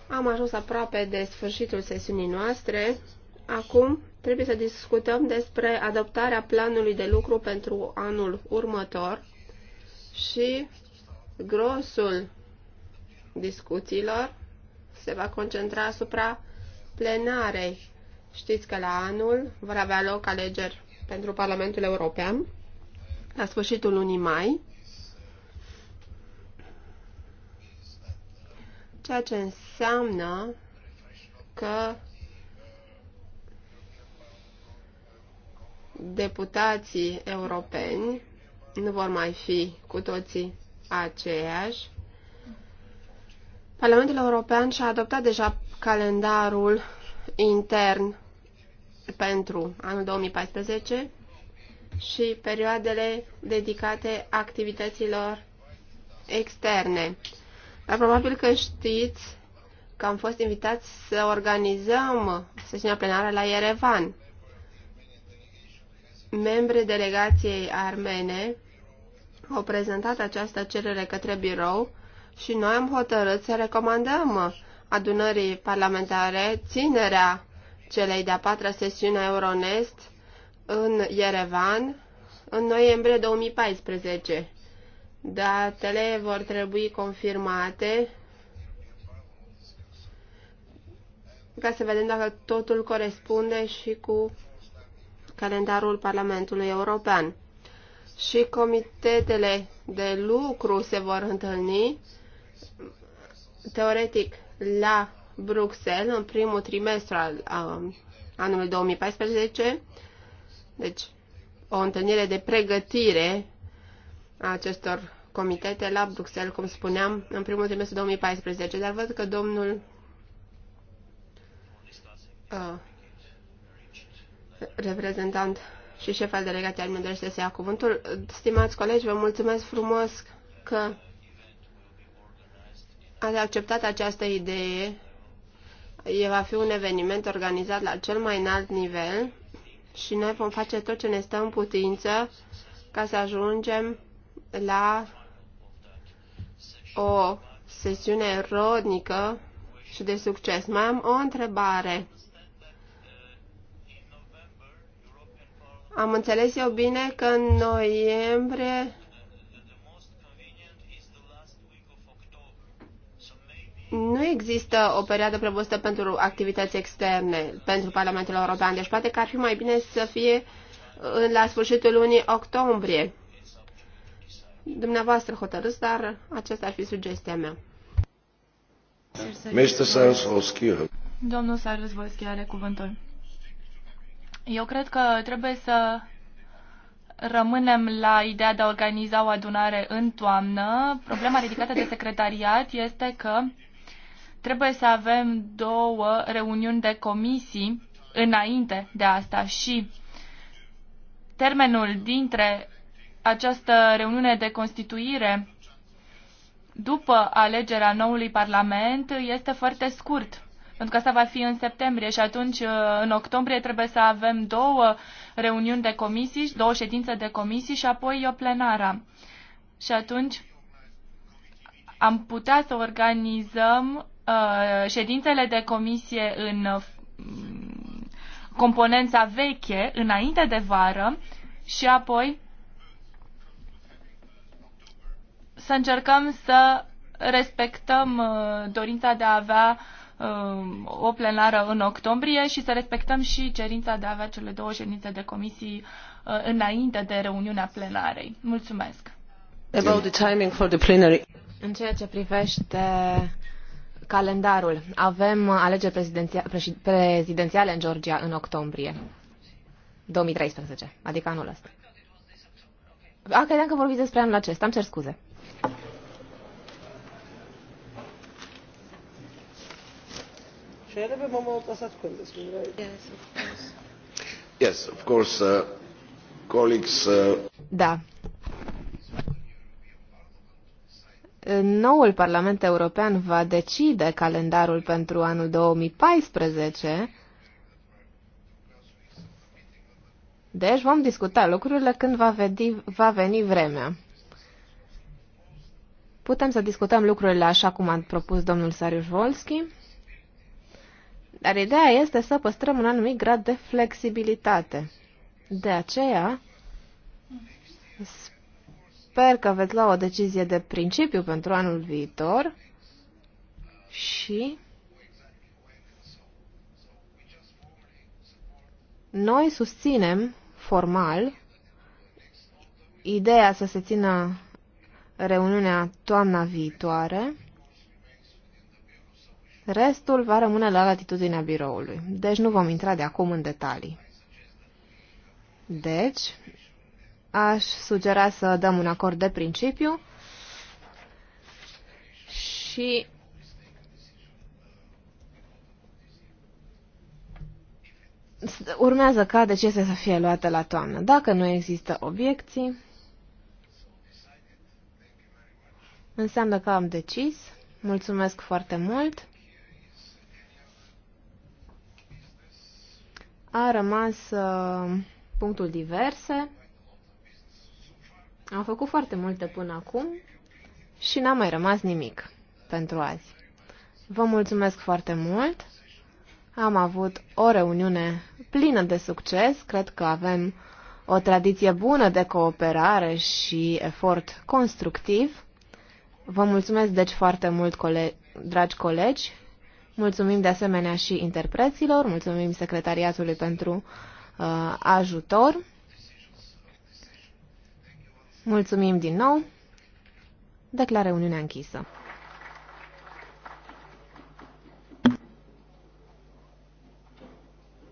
am ajuns aproape de sfârșitul sesiunii noastre. Acum trebuie să discutăm despre adoptarea planului de lucru pentru anul următor și grosul discuțiilor se va concentra asupra plenarei. Știți că la anul vor avea loc alegeri pentru Parlamentul European la sfârșitul lunii mai, ceea ce înseamnă înseamnă că deputații europeni nu vor mai fi cu toții aceiași. Parlamentul European și-a adoptat deja calendarul intern pentru anul 2014 și perioadele dedicate activităților externe. Dar probabil că știți că am fost invitați să organizăm sesiunea plenară la Erevan. Membrii delegației armene au prezentat această cerere către birou și noi am hotărât să recomandăm adunării parlamentare ținerea celei de-a patra sesiune Euronest în Yerevan în noiembrie 2014. Datele vor trebui confirmate ca să vedem dacă totul corespunde și cu calendarul Parlamentului European. Și comitetele de lucru se vor întâlni teoretic la Bruxelles în primul trimestru al anului 2014, deci o întâlnire de pregătire a acestor comitete la Bruxelles, cum spuneam, în primul trimestru 2014, dar văd că domnul reprezentant și șef al delegației al Mânderește să ia cuvântul. Stimați colegi, vă mulțumesc frumos că ați acceptat această idee. E va fi un eveniment organizat la cel mai înalt nivel și noi vom face tot ce ne stă în putință ca să ajungem la o sesiune rodnică și de succes. Mai am o întrebare. Am înțeles eu bine că în noiembrie nu există o perioadă prevăzută pentru activități externe pentru Parlamentul European, deci poate că ar fi mai bine să fie la sfârșitul lunii octombrie. Dumneavoastră hotărâți, dar aceasta ar fi sugestia mea. Domnul Sarsovski are cuvântul. Eu cred că trebuie să rămânem la ideea de a organiza o adunare în toamnă. Problema ridicată de secretariat este că trebuie să avem două reuniuni de comisii înainte de asta și termenul dintre această reuniune de constituire după alegerea noului Parlament este foarte scurt pentru că asta va fi în septembrie și atunci uh, în octombrie trebuie să avem două reuniuni de comisii, două ședințe de comisii și apoi o uh, plenară. Și atunci am putea să organizăm uh, ședințele de comisie în uh, componența veche înainte de vară și apoi să încercăm să respectăm dorința de a avea uh, Um, o plenară în octombrie și să respectăm și cerința de a avea cele două ședințe de comisii uh, înainte de reuniunea plenarei. Mulțumesc. About the timing for the plenary. În ceea ce privește calendarul, avem alegeri prezidenția- prezidențiale în Georgia în octombrie 2013, adică anul ăsta. A, ah, credeam că vorbiți despre anul acesta, am cer scuze. Deci, yes, of course. uh, colleagues. Uh... Da. Noul Parlament European va decide calendarul pentru anul 2014 Deci vom discuta lucrurile când va, vedi, va veni vremea. Putem să discutăm lucrurile așa cum a propus domnul Sariusz Volski. Dar ideea este să păstrăm un anumit grad de flexibilitate. De aceea, sper că veți lua o decizie de principiu pentru anul viitor și noi susținem formal ideea să se țină reuniunea toamna viitoare Restul va rămâne la latitudinea biroului, deci nu vom intra de acum în detalii. Deci, aș sugera să dăm un acord de principiu și urmează ca decizia să fie luată la toamnă. Dacă nu există obiecții, înseamnă că am decis. Mulțumesc foarte mult! A rămas ă, punctul diverse. Am făcut foarte multe până acum și n-a mai rămas nimic pentru azi. Vă mulțumesc foarte mult. Am avut o reuniune plină de succes. Cred că avem o tradiție bună de cooperare și efort constructiv. Vă mulțumesc deci foarte mult, cole- dragi colegi, Mulțumim de asemenea și interpreților, mulțumim secretariatului pentru uh, ajutor. Mulțumim din nou. Declară Uniunea închisă.